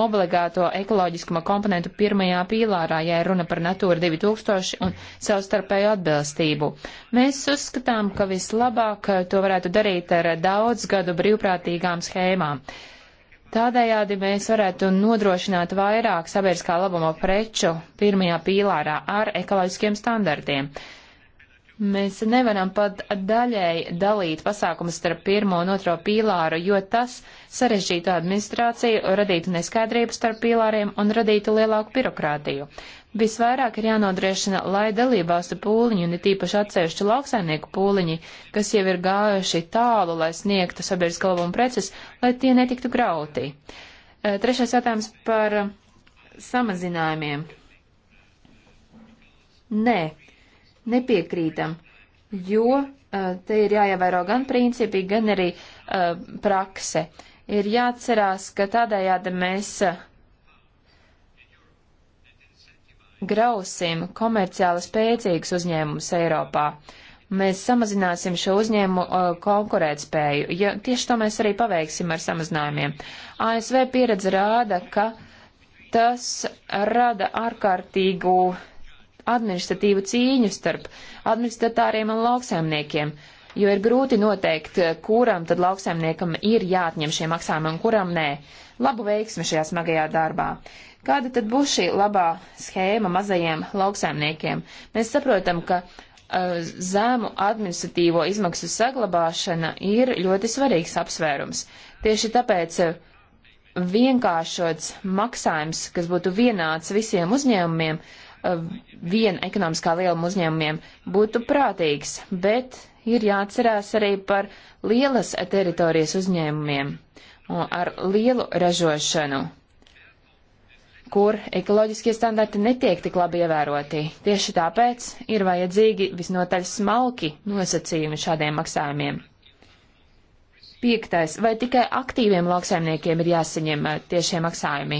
obligāto ekoloģiskuma komponentu pirmajā pīlārā, ja runa par Natūra 2000 un savstarpēju atbilstību. Mēs uzskatām, ka vislabāk to varētu darīt ar daudz gadu brīvprātīgām schēmām. Tādējādi mēs varētu nodrošināt vairāk sabiedriskā labuma preču pirmajā pīlārā ar ekoloģiskiem standartiem. Uh, Mēs nevaram pat daļēji dalīt pasākumus starp pirmo un otro pīlāru, jo tas sarežģītu administrāciju, radītu neskaidrību starp pīlāriem un radītu lielāku birokrātiju. Visvairāk ir jānodriešina, lai dalībvalstu pūliņi un it īpaši atsevišķu lauksainieku pūliņi, kas jau ir gājuši tālu, lai sniegtu sabiedriskā labuma preces, lai tie netiktu grauti. Trešais jautājums par samazinājumiem. Nē, nepiekrītam, jo eh, te ir jāievēro gan principi, gan arī eh, prakse. Ir jāatcerās, ka tādējādi mēs eh, grausim komerciāli spēcīgus uzņēmumus Eiropā. Mēs samazināsim šo uzņēmumu uh, konkurētspēju. Ja, tieši to mēs arī paveiksim ar samazinājumiem. ASV pieredze rāda, ka tas rada ārkārtīgu administratīvu cīņu starp administratāriem un lauksaimniekiem, jo ir grūti noteikt, eh, kuram tad lauksaimniekam ir jāatņem šie maksājumi un kuram nē. Labu veiksmi šajā smagajā darbā. Kāda tad būs šī labā schēma mazajiem lauksaimniekiem? Mēs saprotam, ka uh, zēmu administratīvo izmaksu saglabāšana ir ļoti svarīgs apsvērums. Tieši tāpēc uh, vienkāršots maksājums, kas būtu vienāds visiem uzņēmumiem, uh, vien ekonomiskā lieluma uzņēmumiem būtu prātīgs, bet ir jāatcerās arī par lielas teritorijas uzņēmumiem ar lielu ražošanu, kur ekoloģiskie standarti netiek tik labi ievēroti. Tieši tāpēc ir vajadzīgi visnotaļ smalki nosacījumi šādiem maksājumiem. Piektais, vai tikai aktīviem lauksaimniekiem ir jāsaņem eh, tiešie maksājumi?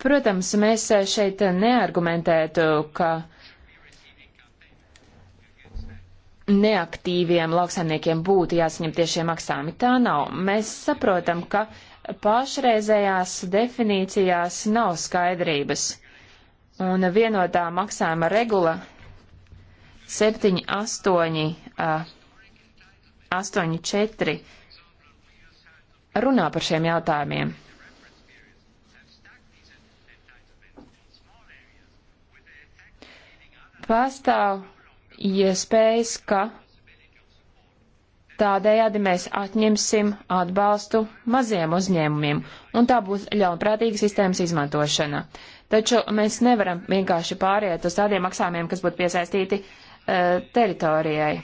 Protams, mēs šeit neargumentētu, ka neaktīviem lauksaimniekiem būtu jāsaņem tiešie maksājumi. Tā nav. Mēs saprotam, ka pašreizējās definīcijās nav skaidrības. Un vienotā maksājuma regula 7, 8, 8, 4 runā par šiem jautājumiem. pastāv iespējas, ka tādējādi mēs atņemsim atbalstu maziem uzņēmumiem, un tā būs ļaunprātīga sistēmas izmantošana. Taču mēs nevaram vienkārši pāriet uz tādiem maksājumiem, kas būtu piesaistīti uh, teritorijai.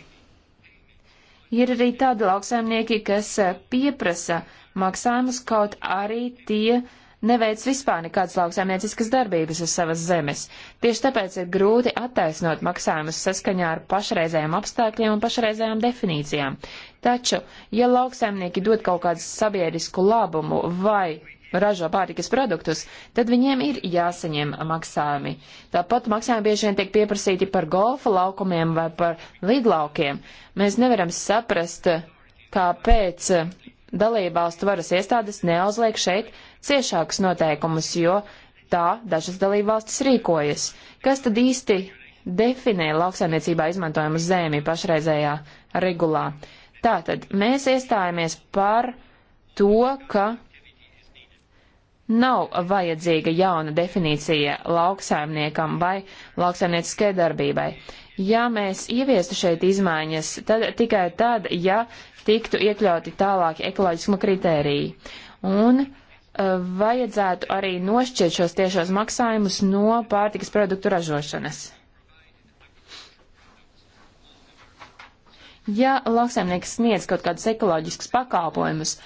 Ir arī tādi lauksaimnieki, kas eh, pieprasa maksājumus, kaut arī tie uh, neveic vispār nekādas lauksaimnieciskas darbības uz savas zemes. Tieši tāpēc ir grūti attaisnot maksājumus saskaņā ar pašreizējiem apstākļiem un pašreizējām definīcijām. Taču, ja lauksaimnieki dod kaut kādu sabiedrisku labumu vai ražo pārtikas produktus, tad viņiem ir jāsaņem maksājumi. Tāpat maksājumi bieži vien tiek pieprasīti par golfa laukumiem vai par lidlaukiem. Mēs nevaram saprast, kāpēc dalībvalstu varas iestādes neuzliek šeit ciešākus noteikumus, jo tā dažas dalībvalstis rīkojas. Kas tad īsti definē lauksaimniecībā izmantojumu zemi pašreizējā regulā? Tātad mēs iestājāmies par to, ka nav vajadzīga jauna definīcija lauksaimniekam vai lauksaimnieciskai darbībai. Ja mēs ieviestu šeit izmaiņas, tad tikai tad, ja tiktu iekļauti tālāk ekoloģiskuma kritēriji. Un uh, vajadzētu arī nošķirt šos tiešos maksājumus no pārtikas produktu ražošanas. Ja lauksaimnieks sniedz kaut kādus ekoloģiskus pakalpojumus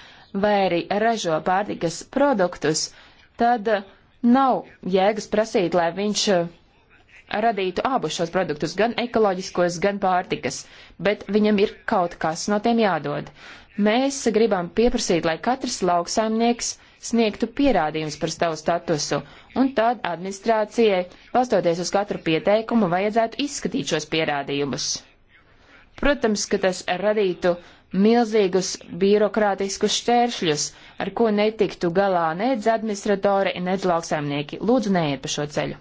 vai arī ražo pārtikas produktus, tad nav jēgas prasīt, lai viņš uh, radītu abus šos produktus, gan ekoloģiskos, gan pārtikas, bet viņam ir kaut kas no tiem jādod. Mēs gribam pieprasīt, lai katrs lauksaimnieks sniegtu pierādījumus par savu statusu, un tad administrācijai, balstoties uz katru pieteikumu, vajadzētu izskatīt šos pierādījumus. Protams, ka tas radītu milzīgus birokrātiskus šķēršļus, ar ko netiktu galā nedz administratori, nedz lauksaimnieki. Lūdzu, neiet pa šo ceļu.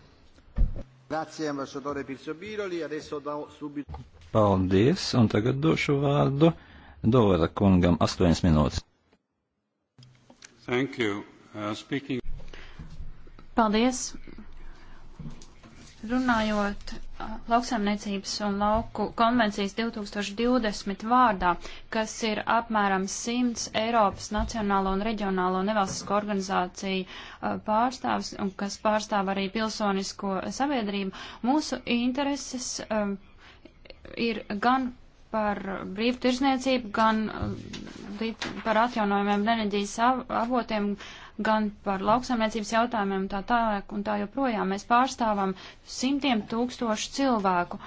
Grazie, ambasadore Pirso Biroli. Adesso do subito. Paldies, un tagad došu vārdu Dovera kungam 8 minūtes. Thank you. Uh, speaking... Paldies. Runājot lauksaimniecības un lauku konvencijas 2020 vārdā, kas ir apmēram 100 Eiropas nacionālo un reģionālo nevalstisko organizāciju uh, pārstāvs un kas pārstāv arī pilsonisko sabiedrību, mūsu intereses um, ir gan par brīvtirzniecību, gan uh, par atjaunojumiem enerģijas avotiem, gan par lauksaimniecības jautājumiem tā tālāk un tā joprojām. Mēs pārstāvam simtiem tūkstošu cilvēku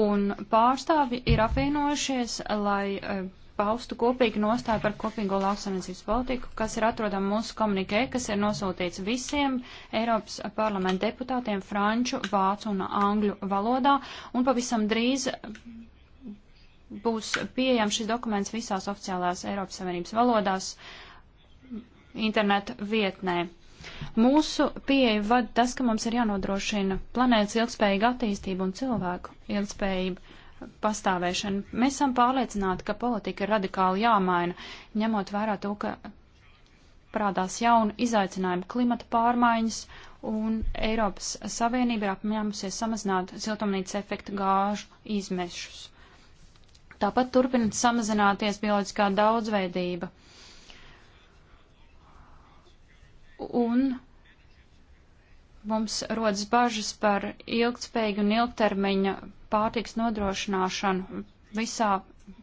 un pārstāvi ir apvienojušies, lai e, paustu kopīgu nostāju par kopīgo lauksaimniecības politiku, kas ir atrodama mūsu komunikē, kas ir nosūtīts visiem Eiropas parlamenta deputātiem franču, vācu un angļu valodā, un pavisam drīz būs pieejams šis dokuments visās oficiālās Eiropas Savienības valodās. Uh, interneta vietnē. Mūsu pieeja vada tas, ka mums ir jānodrošina planētas ilgspējīga attīstība un cilvēku ilgspējība pastāvēšana. Mēs esam pārliecināti, ka politika ir radikāli jāmaina, ņemot vērā to, ka parādās jauni izaicinājumi klimata pārmaiņas un Eiropas Savienība ir apņēmusies samazināt siltumnīcas efekta gāžu izmešus. Tāpat turpina samazināties bioloģiskā daudzveidība. un mums rodas bažas par ilgtspējīgu un ilgtermiņa pārtiks nodrošināšanu visā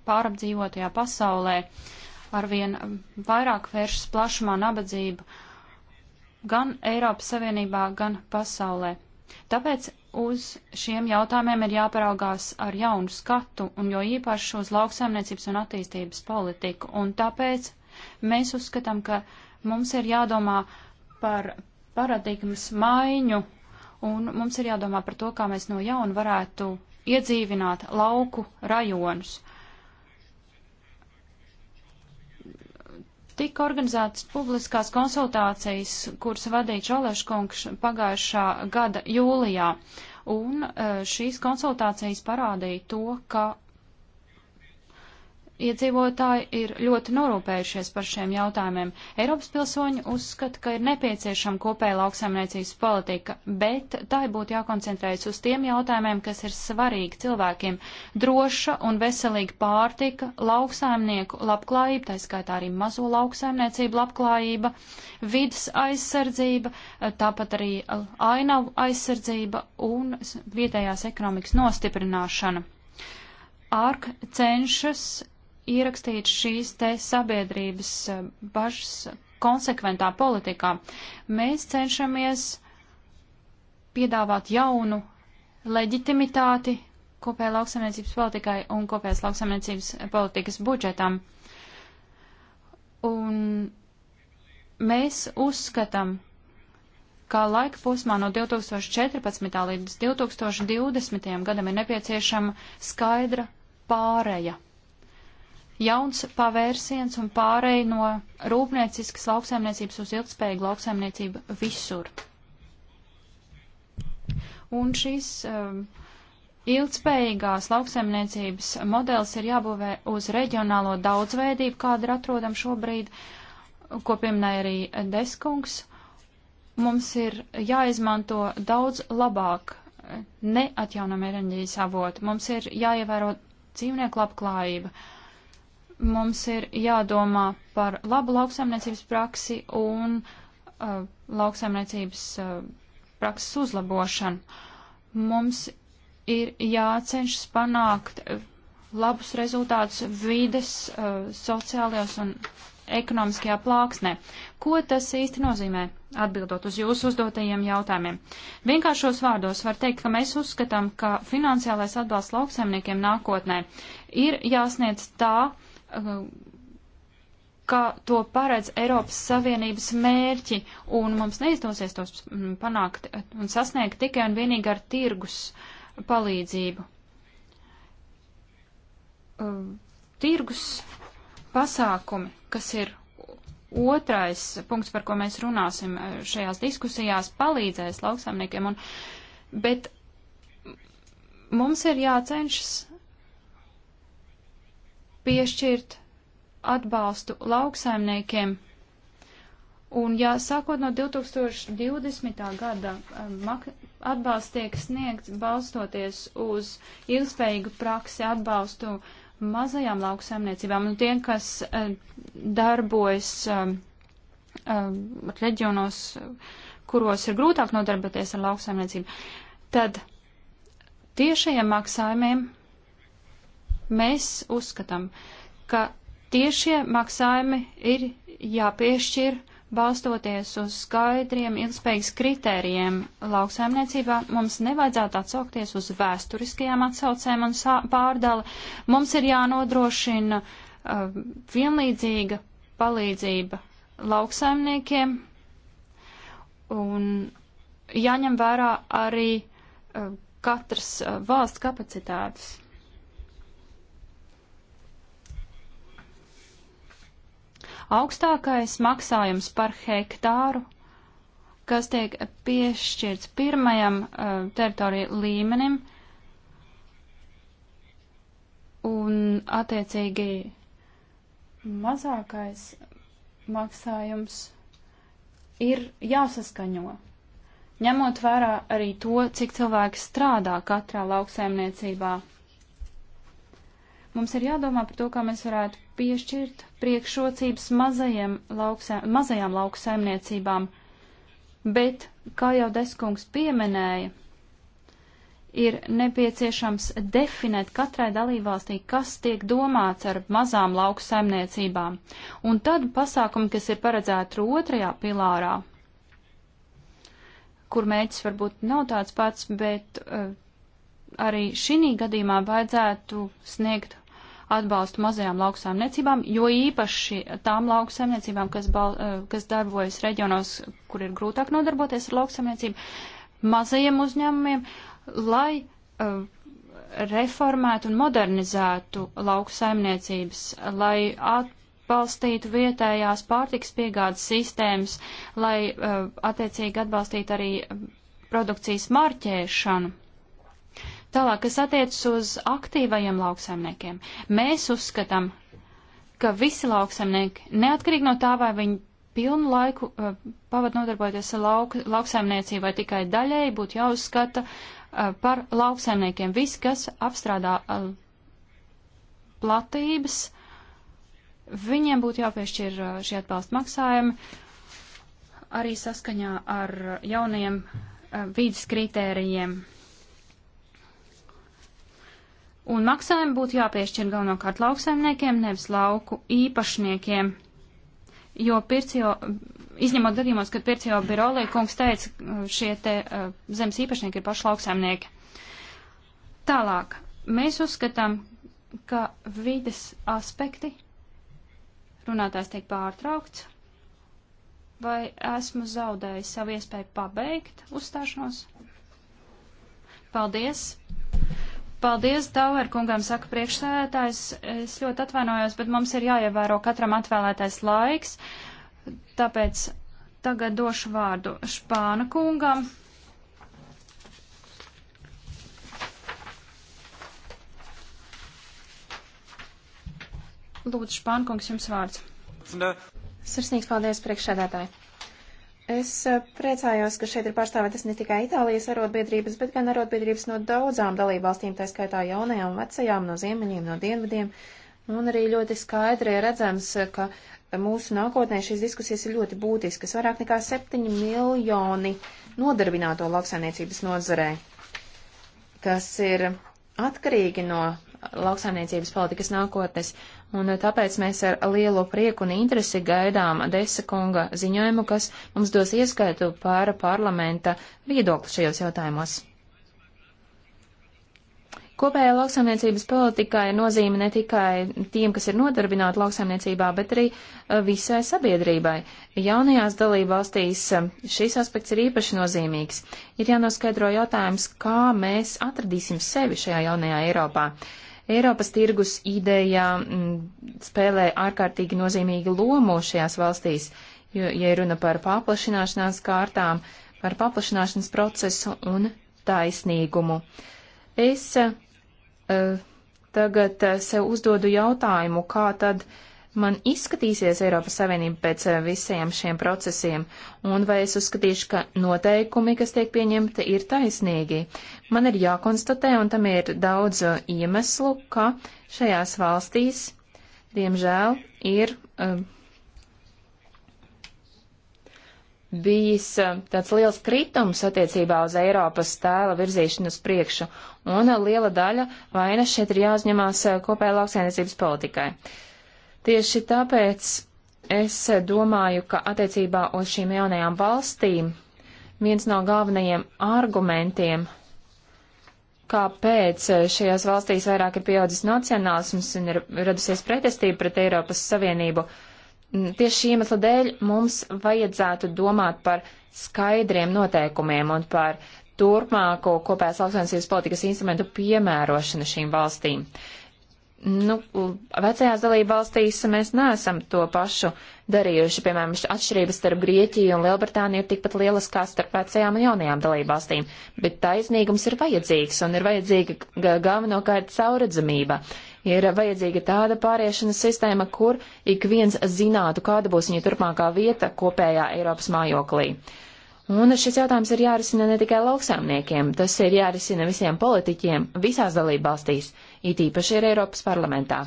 pārapdzīvotajā pasaulē. Arvien vairāk vēršas plašumā nabadzība gan Eiropas Savienībā, gan pasaulē. Tāpēc uz šiem jautājumiem ir jāparaugās ar jaunu skatu, un jo īpaši uz lauksaimniecības un attīstības politiku. Un tāpēc mēs uzskatām, ka mums ir jādomā par paradigmas maiņu, un mums ir jādomā par to, kā mēs no jauna varētu iedzīvināt lauku rajonus. Tika organizētas publiskās konsultācijas, kuras vadīja Čoleškungs pagājušā gada jūlijā, un eh, šīs konsultācijas parādīja to, ka iedzīvotāji ir ļoti norūpējušies par šiem jautājumiem. Eiropas pilsoņi uzskata, ka ir nepieciešama kopēja lauksaimniecības politika, bet tai būtu jākoncentrējas uz tiem jautājumiem, kas ir svarīgi cilvēkiem - droša un veselīga pārtika, lauksaimnieku labklājība, tā skaitā arī mazo lauksaimniecību labklājība, vidas aizsardzība, tāpat arī ainavu aizsardzība un vietējās ekonomikas nostiprināšana. ARK cenšas ierakstīt šīs te sabiedrības eh, bažas konsekventā politikā. Mēs cenšamies piedāvāt jaunu leģitimitāti kopējai lauksamniecības politikai un kopējas lauksamniecības politikas budžetam. Un mēs uzskatām, ka laika posmā no 2014. līdz 2020. gadam ir nepieciešama skaidra pāreja jauns pavērsiens un pārēj no rūpnieciskas lauksaimniecības uz ilgspējīgu lauksaimniecību visur. Un šīs um, ilgspējīgās lauksaimniecības modelis ir jābūvē uz reģionālo daudzveidību, kāda ir atrodam šobrīd, ko pieminēja arī Deskungs. Mums ir jāizmanto daudz labāk neatjaunam enerģijas avoti. Mums ir jāievēro dzīvnieku labklājība. Uh, mums ir jādomā par labu lauksaimniecības praksi un uh, lauksaimniecības uh, prakses uzlabošanu. Mums ir jācenšas panākt uh, labus rezultātus vides, uh, sociālajos un ekonomiskajā plāksnē. Ko tas īsti nozīmē? Atbildot uz jūsu uzdotajiem jautājumiem. Vienkāršos vārdos var teikt, ka mēs uzskatām, ka finansiālais atbalsts lauksaimniekiem nākotnē ir jāsniedz tā, kā to paredz Eiropas Savienības mērķi, un mums neizdosies tos mm, panākt un sasniegt tikai un vienīgi ar tirgus palīdzību. Uh, tirgus pasākumi, kas ir otrais punkts, par ko mēs runāsim uh, šajās diskusijās, palīdzēs lauksaimniekiem, un, bet mums ir jācenšas piešķirt atbalstu lauksaimniekiem. Un ja sākot no 2020. gada eh, atbalsts tiek sniegts balstoties uz ilgspējīgu praksi atbalstu mazajām lauksaimniecībām un tiem, kas eh, darbojas eh, reģionos, kuros ir grūtāk nodarboties ar lauksaimniecību, tad tiešajiem maksājumiem Mēs uzskatām, ka tiešie maksājumi ir jāpiešķir balstoties uz skaidriem, ilgspējīgs kritērijiem lauksaimniecībā, mums nevajadzētu atsaukties uz vēsturiskajām atsaucēm un pārdali. Mums ir jānodrošina uh, vienlīdzīga palīdzība lauksaimniekiem un jāņem vērā arī uh, katras uh, valsts kapacitātes. augstākais maksājums par hektāru, kas tiek piešķirts pirmajam uh, teritoriju līmenim un attiecīgi mazākais maksājums ir jāsaskaņo, ņemot vērā arī to, cik cilvēki strādā katrā lauksaimniecībā. Mums ir jādomā par to, kā mēs varētu piešķirt priekšrocības mazajiem lauksē, mazajām lauksaimniecībām, bet, kā jau Deskungs pieminēja, ir nepieciešams definēt katrai dalībvalstī, kas tiek domāts ar mazām lauku saimniecībām, un tad pasākumi, kas ir paredzēti otrajā pilārā, kur mēģis varbūt nav tāds pats, bet uh, arī šī gadījumā vajadzētu sniegt atbalstu mazajām lauksaimniecībām, jo īpaši tām lauksaimniecībām, kas, bal, eh, kas darbojas reģionos, kur ir grūtāk nodarboties ar lauksaimniecību, mazajiem uzņēmumiem, lai uh, reformētu un modernizētu lauksaimniecības, lai atbalstītu vietējās pārtiks piegādes sistēmas, lai uh, attiecīgi atbalstītu arī produkcijas marķēšanu. Tālāk, kas attiecas uz aktīvajiem lauksaimniekiem, mēs uzskatām, ka visi lauksaimnieki, neatkarīgi no tā, vai viņi pilnu laiku uh, pavad nodarbojoties ar lauk, lauksaimniecību vai tikai daļēji, būtu jāuzskata uh, par lauksaimniekiem. Visi, kas apstrādā uh, platības, viņiem būtu jāpiešķir uh, šie atbalsta maksājumi arī saskaņā ar jauniem uh, vīdas kritērijiem un maksājumi būtu jāpiešķir galvenokārt lauksaimniekiem, nevis lauku īpašniekiem. Jo pircio, izņemot gadījumos, kad pircio birolī kungs teica, uh, šie te uh, zemes īpašnieki ir paši lauksaimnieki. Tālāk, mēs uzskatām, ka vides aspekti runātājs tiek pārtraukts. Vai esmu zaudējis savu iespēju pabeigt uzstāšanos? Paldies! Paldies, Tauer kungam, saka priekšsēdētājs. Es ļoti atvainojos, bet mums ir jāievēro katram atvēlētais laiks, tāpēc tagad došu vārdu Špāna kungam. Lūdzu, Špāna kungs, jums vārds. Sirsnīgs paldies, priekšsēdētāji. Es eh, priecājos, ka šeit ir pārstāvētas ne tikai Itālijas arotbiedrības, bet gan arotbiedrības no daudzām dalībvalstīm, tā skaitā jaunajām, vecajām, no ziemeļiem, no dienvidiem. Un arī ļoti skaidri redzams, eh, ka mūsu nākotnē šīs diskusijas ir ļoti būtiskas. Vairāk nekā 7 miljoni nodarbināto lauksainiecības nozarē, kas ir atkarīgi no lauksainiecības politikas nākotnes. Uh, un tāpēc mēs ar lielu prieku un interesi gaidām Desa kunga ziņojumu, kas mums dos ieskaitu par parlamenta viedokli šajos jautājumos. Kopējā lauksaimniecības politikā ir nozīme ne tikai tiem, kas ir nodarbināti lauksaimniecībā, bet arī eh, visai sabiedrībai. Jaunajās dalībvalstīs eh, šis aspekts ir īpaši nozīmīgs. Ir jānoskaidro jautājums, kā mēs atradīsim sevi šajā jaunajā Eiropā. Uh, Eiropas tirgus ideja mm, spēlē ārkārtīgi nozīmīgu lomu šajās valstīs, jo, ja runa par paplašināšanās kārtām, par paplašināšanas procesu un taisnīgumu. Es uh, tagad eh, sev uzdodu jautājumu, kā tad uh, man izskatīsies Eiropas Savienība pēc eh, visiem šiem procesiem, un vai es uzskatīšu, ka noteikumi, kas tiek pieņemti, ir taisnīgi. Man ir jākonstatē, un tam ir daudz eh, iemeslu, ka šajās valstīs, diemžēl, ir um, bijis tāds liels kritums attiecībā uz Eiropas tēla virzīšanu uz priekšu, un liela daļa vainas šeit ir jāuzņemās kopējā lauksainicības politikai. Uh, Tieši tāpēc es domāju, ka attiecībā uz šīm jaunajām valstīm viens no galvenajiem argumentiem, kāpēc šajās valstīs vairāk ir pieaudzis nacionālisms un ir radusies pretestība pret Eiropas Savienību, tieši šī iemesla dēļ mums vajadzētu domāt par skaidriem noteikumiem un par turpmāko kopējās lauksaimniecības politikas instrumentu piemērošanu šīm valstīm nu, vecajās dalībvalstīs mēs neesam to pašu darījuši. Piemēram, atšķirības starp Grieķiju un Lielbritāniju ir tikpat lielas kā starp vecajām un jaunajām dalībvalstīm, bet taisnīgums ir vajadzīgs un ir vajadzīga galvenokārt sauredzamība. Ir vajadzīga tāda pāriešanas sistēma, kur ik viens zinātu, kāda būs viņa turpmākā vieta kopējā Eiropas mājoklī. Un šis jautājums ir jārisina ne tikai lauksāmniekiem, tas ir jārisina visiem politiķiem visās dalībvalstīs it īpaši ir Eiropas parlamentā.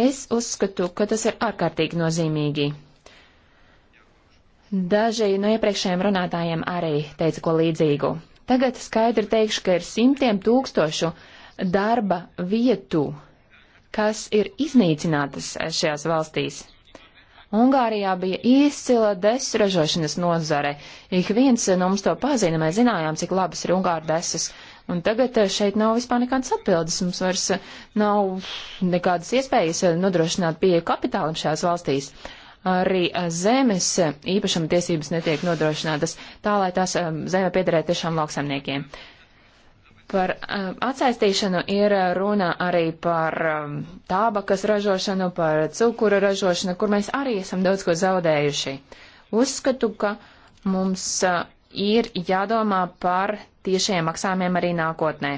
Es uzskatu, ka tas ir ārkārtīgi nozīmīgi. Daži no iepriekšējiem runātājiem arī teica ko līdzīgu. Tagad skaidri teikšu, ka ir simtiem tūkstošu darba vietu, kas ir iznīcinātas šajās valstīs. Ungārijā bija izcila desu ražošanas nozare. Ik viens no mums to pazina, mēs zinājām, cik labas ir Ungāra desas. Uh, Un tagad eh, šeit nav vispār nekādas atbildes. Mums vairs eh, nav nekādas iespējas eh, nodrošināt pieeju kapitālam šajās valstīs. Arī zemes īpašuma tiesības netiek nodrošinātas tā, lai tās zeme piederētu tiešām lauksaimniekiem. Par atsaistīšanu ir runa arī par tābakas ražošanu, par cukura ražošanu, kur mēs arī esam daudz ko zaudējuši. Uzskatu, ka mums ir jādomā par tiešiem maksājumiem arī nākotnē.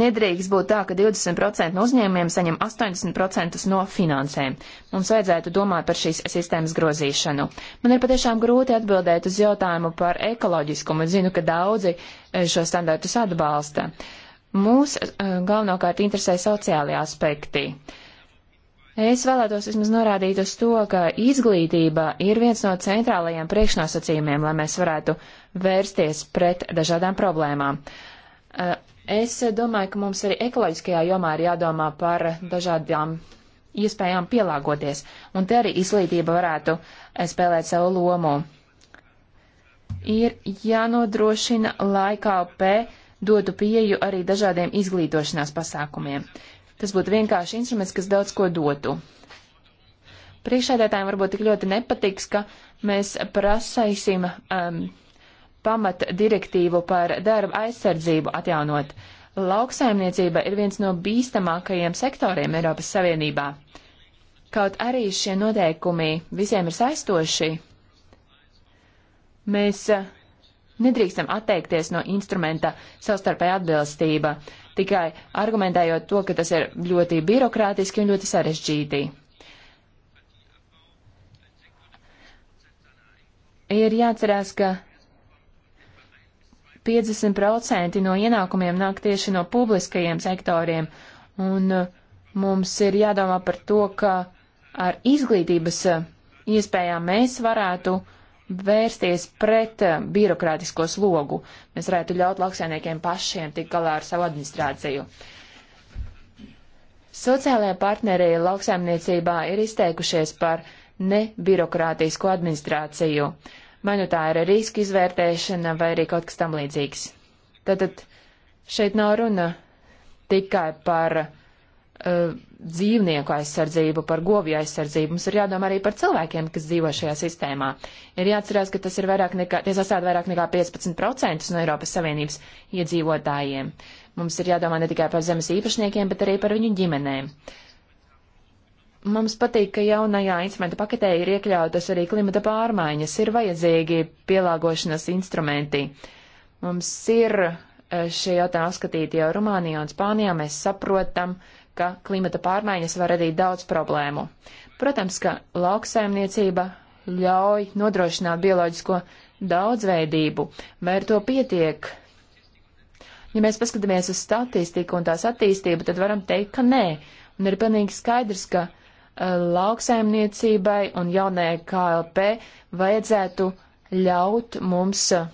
Nedrīkst būt tā, ka 20% no uzņēmumiem saņem 80% no finansēm. Mums vajadzētu domāt par šīs sistēmas grozīšanu. Man ir patiešām grūti atbildēt uz jautājumu par ekoloģiskumu. Zinu, ka daudzi e, šo standartus atbalsta. Mūs e, galvenokārt interesē sociālie aspekti. Uh, Es vēlētos vismaz norādīt uz to, ka izglītība ir viens no centrālajiem priekšnosacījumiem, lai mēs varētu vērsties pret dažādām problēmām. Eh, es domāju, ka mums arī ekoloģiskajā jomā ir jādomā par dažādām iespējām pielāgoties, un te arī izglītība varētu eh, spēlēt savu lomu. Ir jānodrošina, lai KLP dotu pieju arī dažādiem izglītošanās pasākumiem. Uh, Tas būtu vienkārši instruments, kas daudz ko dotu. Priekšēdētājiem varbūt tik ļoti nepatiks, ka mēs prasaisim um, pamat direktīvu par darba aizsardzību atjaunot. Lauksaimniecība ir viens no bīstamākajiem sektoriem Eiropas Savienībā. Kaut arī šie noteikumi visiem ir saistoši, mēs uh, nedrīkstam atteikties no instrumenta savstarpēja atbilstība. Uh, tikai argumentējot to, ka tas ir ļoti birokrātiski un ļoti sarežģīti. Ir jāatcerās, ka 50% no ienākumiem nāk tieši no publiskajiem sektoriem, un uh, mums ir jādomā par to, ka ar izglītības uh, iespējām mēs varētu uh, vērsties pret eh, birokrātisko slogu. Mēs varētu ļaut lauksaimniekiem pašiem tik galā ar savu administrāciju. Sociālajā partnerī lauksaimniecībā ir izteikušies par nebirokrātisko administrāciju. Vai nu tā ir riska izvērtēšana vai arī kaut kas tam līdzīgs. Tātad šeit nav runa tikai par uh, uh, dzīvnieku aizsardzību, par govju aizsardzību. Mums ir jādomā arī par cilvēkiem, kas dzīvo šajā sistēmā. Ir jāatcerās, ka tas ir vairāk nekā, tie sastāv vairāk nekā 15% no Eiropas Savienības iedzīvotājiem. Mums ir jādomā ne tikai par zemes īpašniekiem, bet arī par viņu ģimenēm. Mums patīk, ka jaunajā instrumenta paketē ir iekļautas arī klimata pārmaiņas, ir vajadzīgi pielāgošanas instrumenti. Mums ir eh, šie jautājumi apskatīti jau Rumānijā un Spānijā, mēs saprotam, uh, ka klimata pārmaiņas var radīt daudz problēmu. Protams, ka lauksaimniecība ļauj nodrošināt bioloģisko daudzveidību, vai ar to pietiek? Ja mēs paskatāmies uz statistiku un tās attīstību, tad varam teikt, ka nē. Un ir pilnīgi skaidrs, ka eh, lauksaimniecībai un jaunajai KLP vajadzētu ļaut mums uh,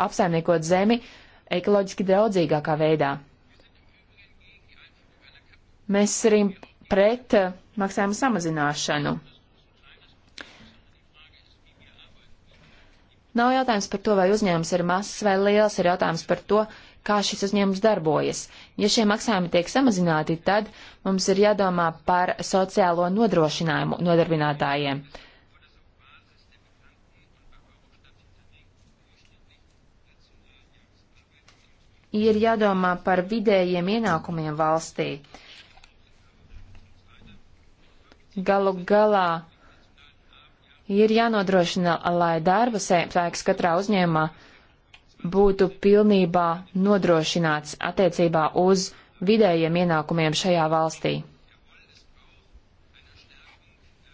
apsaimniekot zemi ekoloģiski draudzīgākā veidā. Mēs arī pret eh, maksājumu samazināšanu. Nav jautājums par to, vai uzņēmums ir mazs vai liels, ir jautājums par to, kā šis uzņēmums darbojas. Ja šie maksājumi tiek samazināti, tad mums ir jādomā par sociālo nodrošinājumu nodarbinātājiem. Ir jādomā par vidējiem ienākumiem valstī. Uh, galu galā ir jānodrošina, lai darba spēks katrā uzņēmumā būtu pilnībā nodrošināts attiecībā uz vidējiem ienākumiem šajā valstī.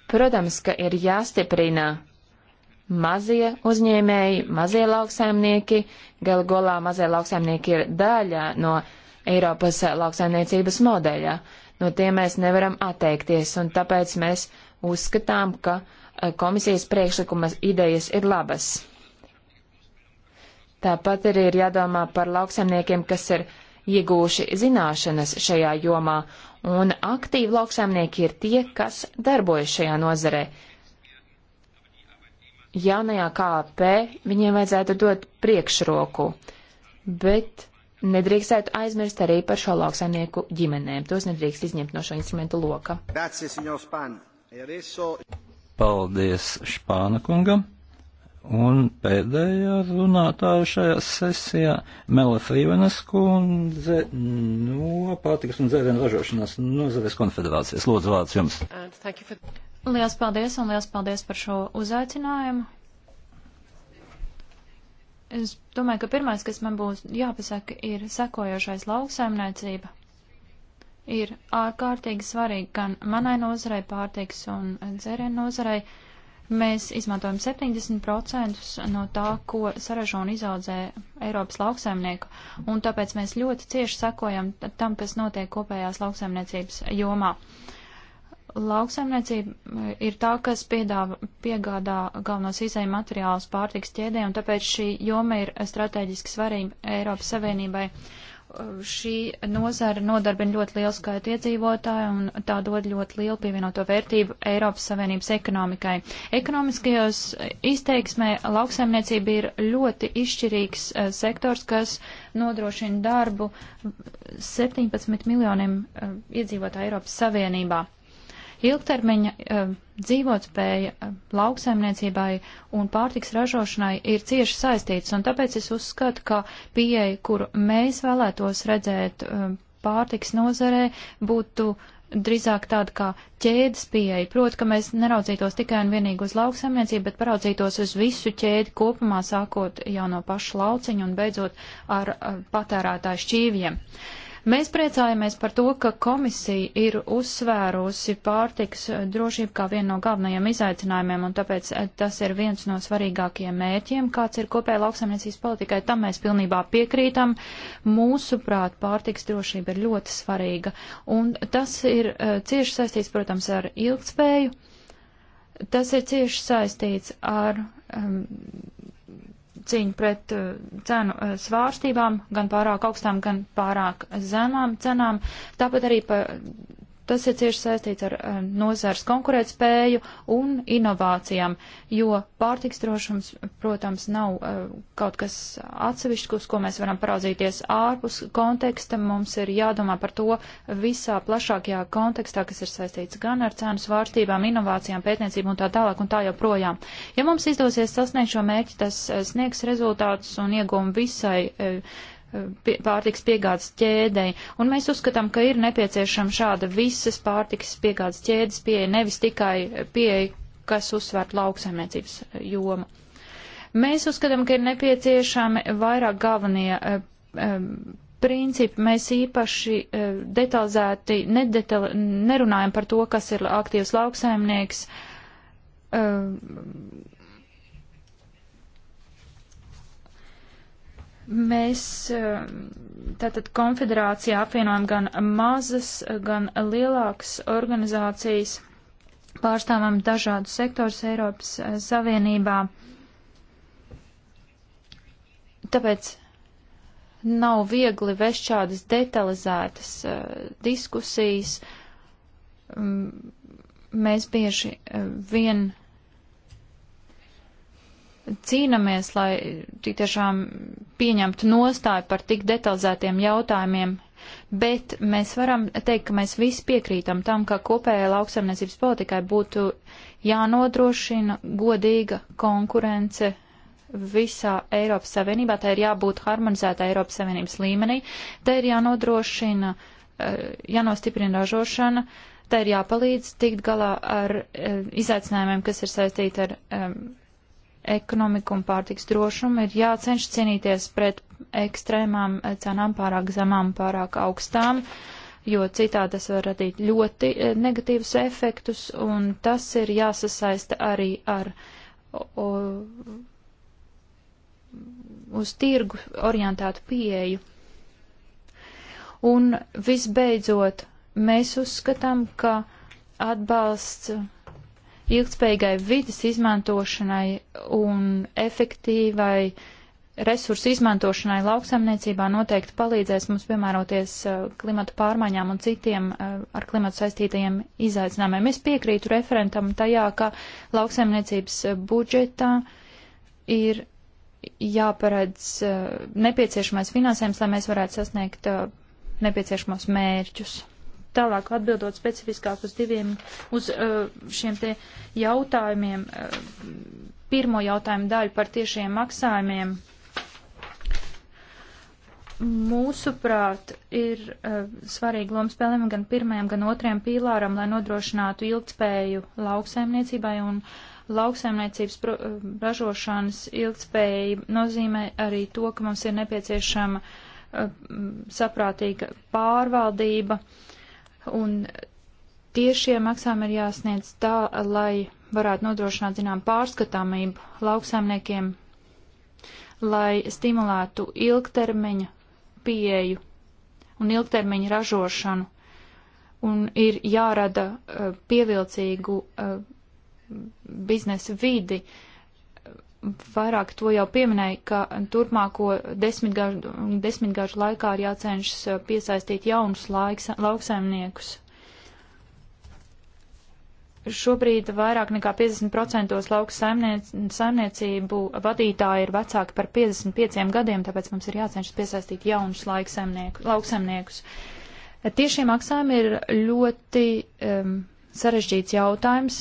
Protams, ka ir jāstiprina mazie uzņēmēji, mazie lauksaimnieki, galu galā mazie lauksaimnieki ir daļa no Eiropas lauksaimniecības modeļa. Uh, no tiem mēs nevaram atteikties, un tāpēc mēs uzskatām, ka eh, komisijas priekšlikuma idejas ir labas. Tāpat arī ir jādomā par lauksaimniekiem, kas ir iegūši zināšanas šajā jomā, un aktīvi lauksaimnieki ir tie, kas darbojas šajā nozarē. Jaunajā KP viņiem vajadzētu dot priekšroku, bet nedrīkstētu aizmirst arī par šo lauksainieku ģimenēm. Tos nedrīkst izņemt no šo instrumentu loka. E paldies Špāna kungam! Un pēdējā runātāja šajā sesijā - Mela Frīvenes kundze no Pārtikas un dzērienu ražošanas nozares konfederācijas. Lūdzu, vārds jums. Uh, for... Liels paldies un liels paldies par šo uzaicinājumu. Es domāju, ka pirmais, kas man būs jāpasaka, ir sekojošais lauksaimniecība. Ir ārkārtīgi svarīgi gan manai nozarei pārtiks un dzērienu nozarei. Mēs izmantojam 70% no tā, ko saražo un izaudzē Eiropas lauksaimnieku, un tāpēc mēs ļoti cieši sekojam tam, kas notiek kopējās lauksaimniecības jomā. Uh, Lauksaimniecība eh, ir tā, kas piedāva, piegādā galvenos izēju materiālus pārtiks ķēdē, un tāpēc šī joma ir strateģiski svarīga Eiropas Savienībai. Eh, šī nozara nodarbina ļoti lielu skaitu iedzīvotāju un tā dod ļoti lielu pievienoto vērtību Eiropas Savienības ekonomikai. Ekonomiskajos eh, izteiksmē lauksaimniecība ir ļoti izšķirīgs sektors, kas nodrošina darbu 17 miljoniem iedzīvotāju Eiropas Savienībā. Ilgtermiņa uh, dzīvotspēja uh, lauksaimniecībai un pārtiks ražošanai ir cieši saistīts, un tāpēc es uzskatu, ka pieeja, kuru mēs vēlētos redzēt uh, pārtiks nozarē, būtu drīzāk tāda kā ķēdes pieeja. Proti, ka mēs neraudzītos tikai un vienīgi uz lauksaimniecību, bet paraudzītos uz visu ķēdi kopumā, sākot jau no paša lauciņa un beidzot ar patērētāju šķīvjiem. Uh, Mēs priecājamies par to, ka komisija ir uzsvērusi pārtiks drošību kā vienu no galvenajiem izaicinājumiem, un tāpēc eh, tas ir viens no svarīgākajiem mērķiem, kāds ir kopēja lauksaimniecības politikai. Tam mēs pilnībā piekrītam. Mūsuprāt, pārtiks drošība ir ļoti svarīga, un tas ir eh, cieši saistīts, protams, ar ilgtspēju. Tas ir cieši saistīts ar um, cīņu pret uh, cenu uh, svārstībām, gan pārāk augstām, gan pārāk zemām cenām, tāpat arī pa Tas ir cieši saistīts ar eh, nozars konkurētspēju un inovācijām, jo pārtiks drošums, protams, nav eh, kaut kas atsevišķs, uz ko mēs varam paraudzīties ārpus konteksta. Mums ir jādomā par to visā plašākajā kontekstā, kas ir saistīts gan ar cenu svārstībām, inovācijām, pētniecību un tā tālāk un tā joprojām. Ja mums izdosies sasniegt šo mērķi, tas eh, sniegs rezultātus un ieguvumu visai pārtiks piegādes ķēdei, un mēs uzskatām, ka ir nepieciešama šāda visas pārtiks piegādes ķēdes pieeja, nevis tikai pieeja, kas uzsvērt lauksaimniecības eh, jomu. Mēs uzskatām, ka ir nepieciešami vairāk galvenie e, e, principi. Mēs īpaši e, detalizēti nedetali, nerunājam par to, kas ir aktīvs lauksaimnieks, Mēs eh, tātad konfederācijā apvienojam gan mazas, gan lielākas organizācijas, pārstāvam dažādus sektors Eiropas eh, Savienībā. Tāpēc nav viegli vest šādas detalizētas uh, diskusijas. Um, mēs bieži uh, vien cīnamies, lai tik tiešām pieņemtu nostāju par tik detalizētiem jautājumiem, bet mēs varam teikt, ka mēs visi piekrītam tam, ka kopējai lauksaimniecības politikai būtu jānodrošina godīga konkurence visā Eiropas Savienībā, tai ir jābūt harmonizēta Eiropas Savienības līmenī, tai ir jānodrošina, eh, jānostiprina ražošana, tai ir jāpalīdz tikt galā ar eh, izaicinājumiem, kas ir saistīti ar ekonomiku un pārtiks drošumu, ir jācenš cīnīties pret ekstrēmām cenām pārāk zemām, pārāk augstām, jo citā tas var radīt ļoti eh, negatīvus efektus, un tas ir jāsasaista arī ar. O, uz tirgu orientētu pieeju. Un visbeidzot, mēs uzskatām, ka atbalsts ilgspējīgai vidas izmantošanai un efektīvai resursu izmantošanai lauksaimniecībā noteikti palīdzēs mums piemēroties uh, klimatu pārmaiņām un citiem uh, ar klimatu saistītajiem izaicinājumiem. Es piekrītu referentam tajā, ka lauksaimniecības uh, budžetā ir jāparedz nepieciešamais finansējums, lai mēs varētu sasniegt nepieciešamos mērķus tālāk atbildot specifiskāk uz diviem, uz uh, šiem te jautājumiem, uh, pirmo jautājumu daļu par tiešiem maksājumiem. Mūsuprāt, ir uh, svarīgi loma spēlēm gan pirmajam, gan otrajam pīlāram, lai nodrošinātu ilgtspēju lauksaimniecībai un lauksaimniecības ražošanas ilgtspēja nozīmē arī to, ka mums ir nepieciešama saprātīga pārvaldība. Uh, Un tiešie maksājumi ir jāsniedz tā, lai varētu nodrošināt, zinām, pārskatāmību lauksaimniekiem, lai stimulētu ilgtermiņa pieeju un ilgtermiņa ražošanu. Un ir jārada uh, pievilcīgu uh, biznesa vidi, uh, vairāk to jau pieminēja, ka turpmāko desmitgažu, desmitgažu laikā ir jācenšas uh, piesaistīt jaunus laiks, lauksaimniekus. Šobrīd vairāk nekā 50% laukas saimniec, saimniecību vadītāji ir vecāki par 55 gadiem, tāpēc mums ir jācenšas piesaistīt jaunus lauksaimniekus. Tiešie maksājumi ir ļoti um, sarežģīts jautājums,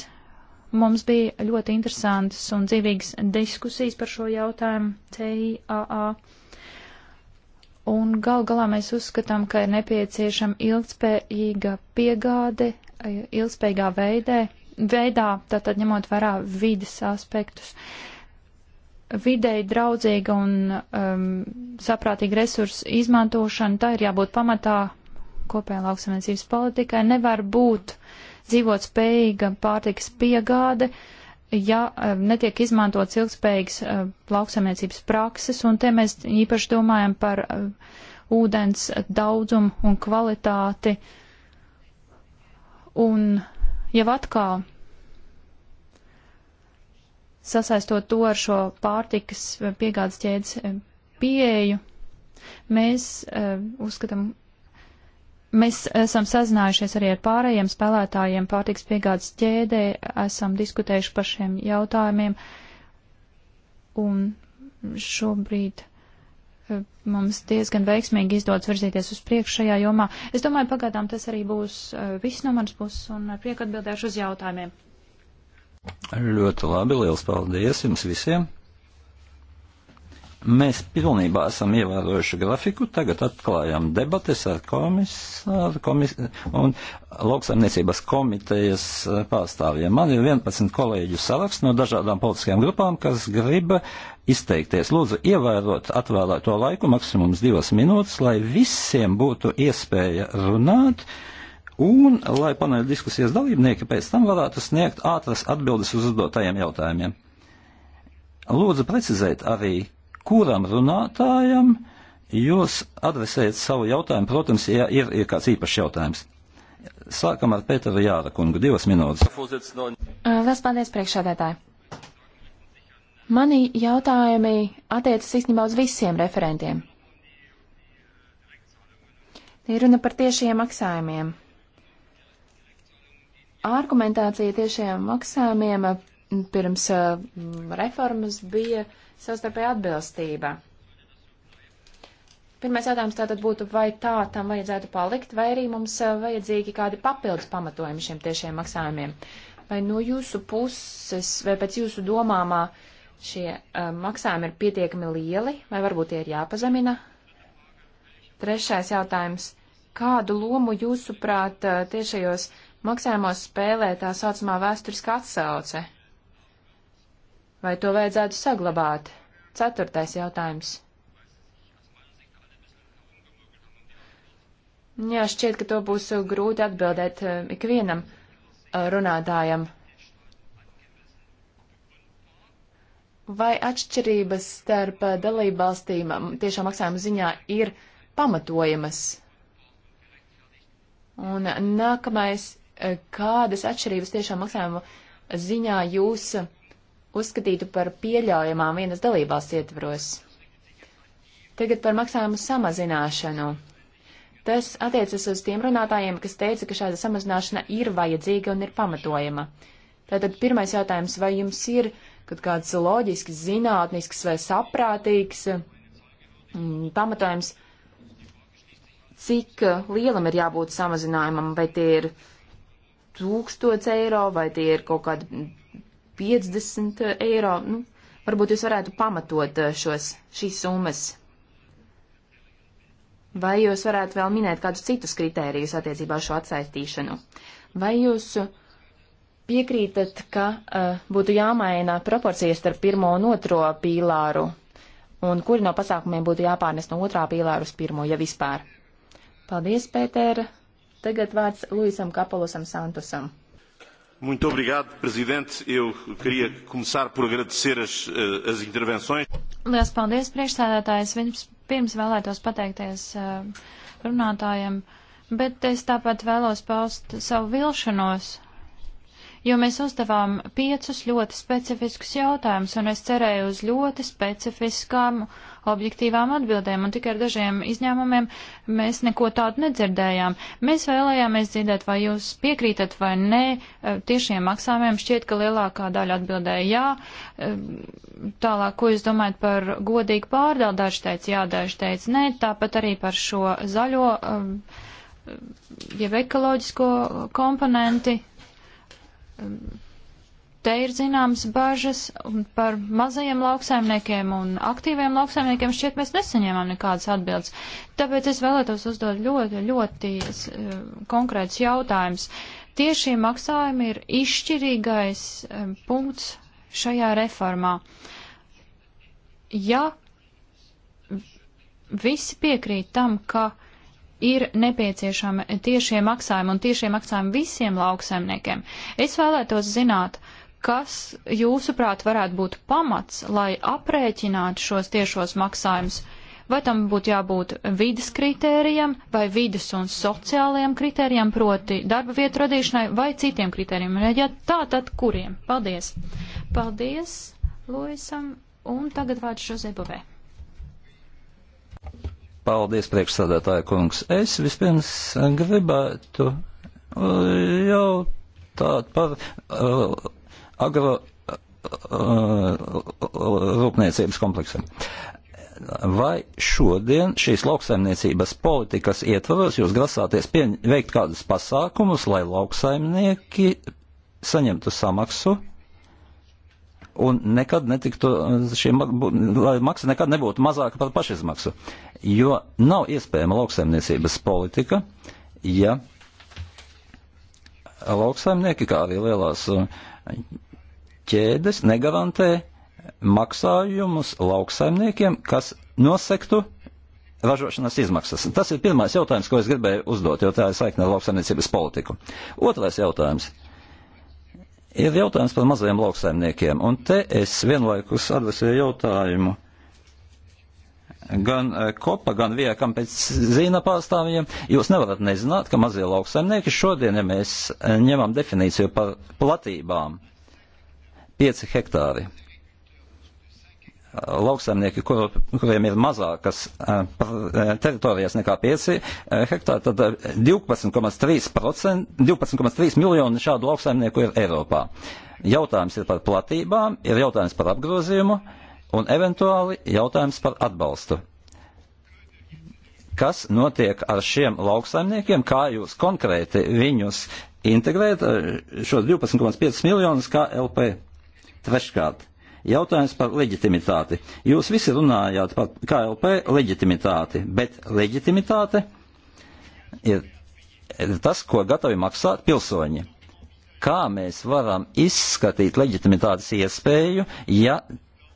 Mums bija ļoti interesantas un dzīvīgas diskusijas par šo jautājumu CIAA. Un gal galā mēs uzskatām, ka ir nepieciešama ilgspējīga piegāde, eh, ilgspējīgā veidē, veidā, tātad ņemot vērā vidas aspektus. Videi draudzīga un um, saprātīga resursu izmantošana, tā ir jābūt pamatā kopējā lauksamniecības politikai. Nevar būt uh, dzīvot spējīga pārtikas piegāde, ja eh, netiek izmantots ilgspējīgs eh, lauksamniecības prakses, un te mēs īpaši domājam par eh, ūdens daudzumu un kvalitāti. Un jau atkal sasaistot to ar šo pārtikas piegādes ķēdes pieeju, mēs uh, uzskatām, Mēs esam sazinājušies arī ar pārējiem spēlētājiem pārtiks piegādes ķēdē, esam diskutējuši par šiem jautājumiem, un šobrīd eh, mums diezgan veiksmīgi izdodas virzīties uz priekšu šajā jomā. Es domāju, pagaidām tas arī būs eh, viss no manas puses, un ar prieku atbildēšu uz jautājumiem. Ļoti labi, liels paldies jums visiem! Mēs pilnībā esam ievērojuši grafiku, tagad atklājam debates ar komisāru komis, un lauksaimniecības komitejas eh, pārstāvjiem. Man ir 11 kolēģu saraksts no dažādām politiskajām grupām, kas grib izteikties. Lūdzu, ievērot atvēlēto laiku, maksimums divas minūtes, lai visiem būtu iespēja runāt. Un, lai paneļa diskusijas dalībnieki pēc tam varētu sniegt ātras atbildes uz uzdotajiem jautājumiem. Lūdzu precizēt arī, kuram runātājam jūs adresējat savu jautājumu, protams, ja ir, ir kāds īpašs jautājums. Sākam ar Pēteru Jāra kungu, divas minūtes. Lielas paldies priekšādētāji. Mani jautājumi attiecas īstenībā uz visiem referentiem. Ir runa par tiešiem maksājumiem. Argumentācija tiešiem maksājumiem pirms reformas bija uh, savstarpēja atbilstība. Pirmais jautājums tātad būtu, vai tā tam vajadzētu palikt, vai arī mums eh, vajadzīgi kādi papildus pamatojumi šiem tiešiem maksājumiem. Vai no jūsu puses, vai pēc jūsu domāmā šie uh, maksājumi ir pietiekami lieli, vai varbūt tie ir jāpazemina? Trešais jautājums. Kādu lomu jūsuprāt eh, tiešajos maksājumos spēlē tā saucamā vēsturiskā atsauce? Vai to vajadzētu saglabāt? Ceturtais jautājums. Jā, šķiet, ka to būs grūti atbildēt eh, ikvienam eh, runātājam. Vai atšķirības starp eh, dalību valstīm tiešām maksājuma ziņā ir pamatojamas? Un nākamais, kādas atšķirības tiešām maksājuma ziņā jūs uzskatītu par pieļaujamām vienas dalībās ietvaros. Tagad par maksājumu samazināšanu. Tas attiecas uz tiem runātājiem, kas teica, ka šāda samazināšana ir vajadzīga un ir pamatojama. Tātad pirmais jautājums, vai jums ir kaut kāds loģisks, zinātnisks vai saprātīgs mm, pamatojums, cik lielam ir jābūt samazinājumam, vai tie ir tūkstots eiro, vai tie ir kaut kādi 50 eiro. Nu, varbūt jūs varētu pamatot eh, šos, šīs summas. Vai jūs varētu vēl minēt kādus citus kritērijus attiecībā uz šo atsaistīšanu? Vai jūs piekrītat, ka uh, būtu jāmaina proporcijas starp pirmo un otro pīlāru? Un kuri no pasākumiem būtu jāpārnes no otrā pīlāra uz pirmo, ja vispār? Paldies, Pēter! Tagad vārds Luisam Kapolusam Santusam. Muito obrigado, Presidente. Eu queria começar por agradecer as, eh, as intervenções. Lielas paldies, priekšstādātājs. Viņš pirms vēlētos pateikties eh, runātājiem, bet es tāpat vēlos paust savu vilšanos jo mēs uzdevām piecus ļoti specifiskus jautājumus, un es cerēju uz ļoti specifiskām, objektīvām atbildēm, un tikai ar dažiem izņēmumiem mēs neko tādu nedzirdējām. Mēs vēlējāmies dzirdēt, vai jūs piekrītat vai nē e, tiešiem maksājumiem, šķiet, ka lielākā daļa atbildēja jā. E, tālāk, ko jūs domājat par godīgu pārdalu, daži teica jā, daži teica nē, tāpat arī par šo zaļo. Um, jeb ekoloģisko komponenti, Te ir zināmas bažas par mazajiem lauksaimniekiem un aktīviem lauksaimniekiem. Šķiet, mēs nesaņēmām nekādas atbildes. Tāpēc es vēlētos uzdot ļoti, ļoti eh, konkrēts jautājums. Tiešie maksājumi ir izšķirīgais eh, punkts šajā reformā. Ja visi piekrīt tam, ka uh, ir nepieciešami tiešie maksājumi un tiešie maksājumi visiem lauksaimniekiem. Es vēlētos zināt, kas jūsuprāt varētu būt pamats, lai aprēķinātu šos tiešos maksājumus. Vai tam būtu jābūt vidas kritērijam, vai vidas un sociālajiem kritērijam, proti darba vietu radīšanai, vai citiem kritērijiem? Ja tā, tad kuriem? Paldies! Paldies, Loisam, un tagad vārds Žozebovē. Paldies, priekšsādātāja kungs. Es vispirms gribētu uh, jautāt par uh, agro uh, rūpniecības kompleksiem. Vai šodien šīs lauksaimniecības politikas ietvaros jūs grasāties pieņ, veikt kādus pasākumus, lai lauksaimnieki saņemtu samaksu un nekad netiktu šie, lai maksa nekad nebūtu mazāka par pašizmaksu. Jo nav iespējama lauksaimniecības politika, ja lauksaimnieki, kā arī lielās uh, ķēdes, negarantē maksājumus lauksaimniekiem, kas nosektu ražošanas izmaksas. Tas ir pirmais jautājums, ko es gribēju uzdot, jo tā ir saikne ar lauksaimniecības politiku. Otrais jautājums. Uh, ir jautājums par mazajiem lauksaimniekiem, un te es vienlaikus adresēju jautājumu gan eh, kopa, gan viekam pēc zīna pārstāvjiem. Jūs nevarat nezināt, ka mazie lauksaimnieki šodien, ja mēs eh, ņemam definīciju par platībām, 5 hektāri lauksaimnieki, kur, kuriem ir mazākas eh, eh, teritorijas nekā 5 eh, hektāri, tad 12,3 12 miljoni šādu lauksaimnieku ir Eiropā. Jautājums ir par platībām, ir jautājums par apgrozījumu un eventuāli jautājums par atbalstu. Kas notiek ar šiem lauksaimniekiem, kā jūs konkrēti viņus integrēt šos 12,5 miljonus KLP? Treškārt Jautājums par leģitimitāti. Jūs visi runājāt par KLP leģitimitāti, bet leģitimitāte ir tas, ko gatavi maksāt pilsoņi. Kā mēs varam izskatīt leģitimitātes iespēju, ja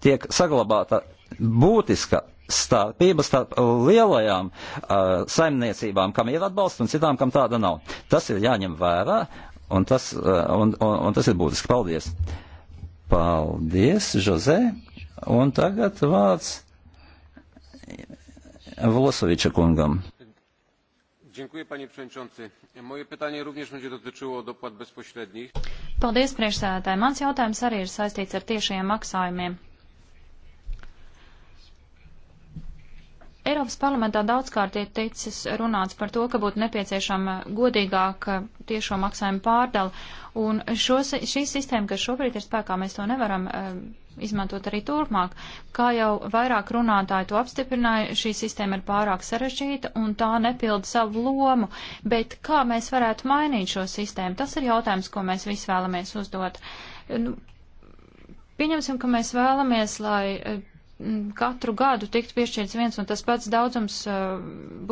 tiek saglabāta būtiska starpība starp lielajām uh, saimniecībām, kam ir atbalsts, un citām, kam tāda nav. Tas ir jāņem vērā, un tas, uh, un, un, un tas ir būtiski. Paldies! Uh, Paldies, Žozē. Un tagad vārds Włosoviča kungam. Dziękuję, panie przewodniczący. Moje pytanie również będzie dotyczyło dopłat bezpośrednich. Paldies, priekšsēdētāji. Mans jautājums arī ir saistīts ar tiešajiem maksājumiem. Eiropas parlamentā daudzkārt ir ticis runāts par to, ka būtu nepieciešama godīgāka tiešo maksājumu pārdala, Un šo, šī sistēma, kas šobrīd ir spēkā, mēs to nevaram um, izmantot arī turpmāk. Kā jau vairāk runātāji to apstiprināja, šī sistēma ir pārāk sarežģīta un tā nepilda savu lomu. Bet kā mēs varētu mainīt šo sistēmu? Tas ir jautājums, ko mēs visi vēlamies uzdot. Nu, pieņemsim, ka mēs vēlamies, lai eh, katru gadu tikt piešķirts viens un tas pats daudzums uh,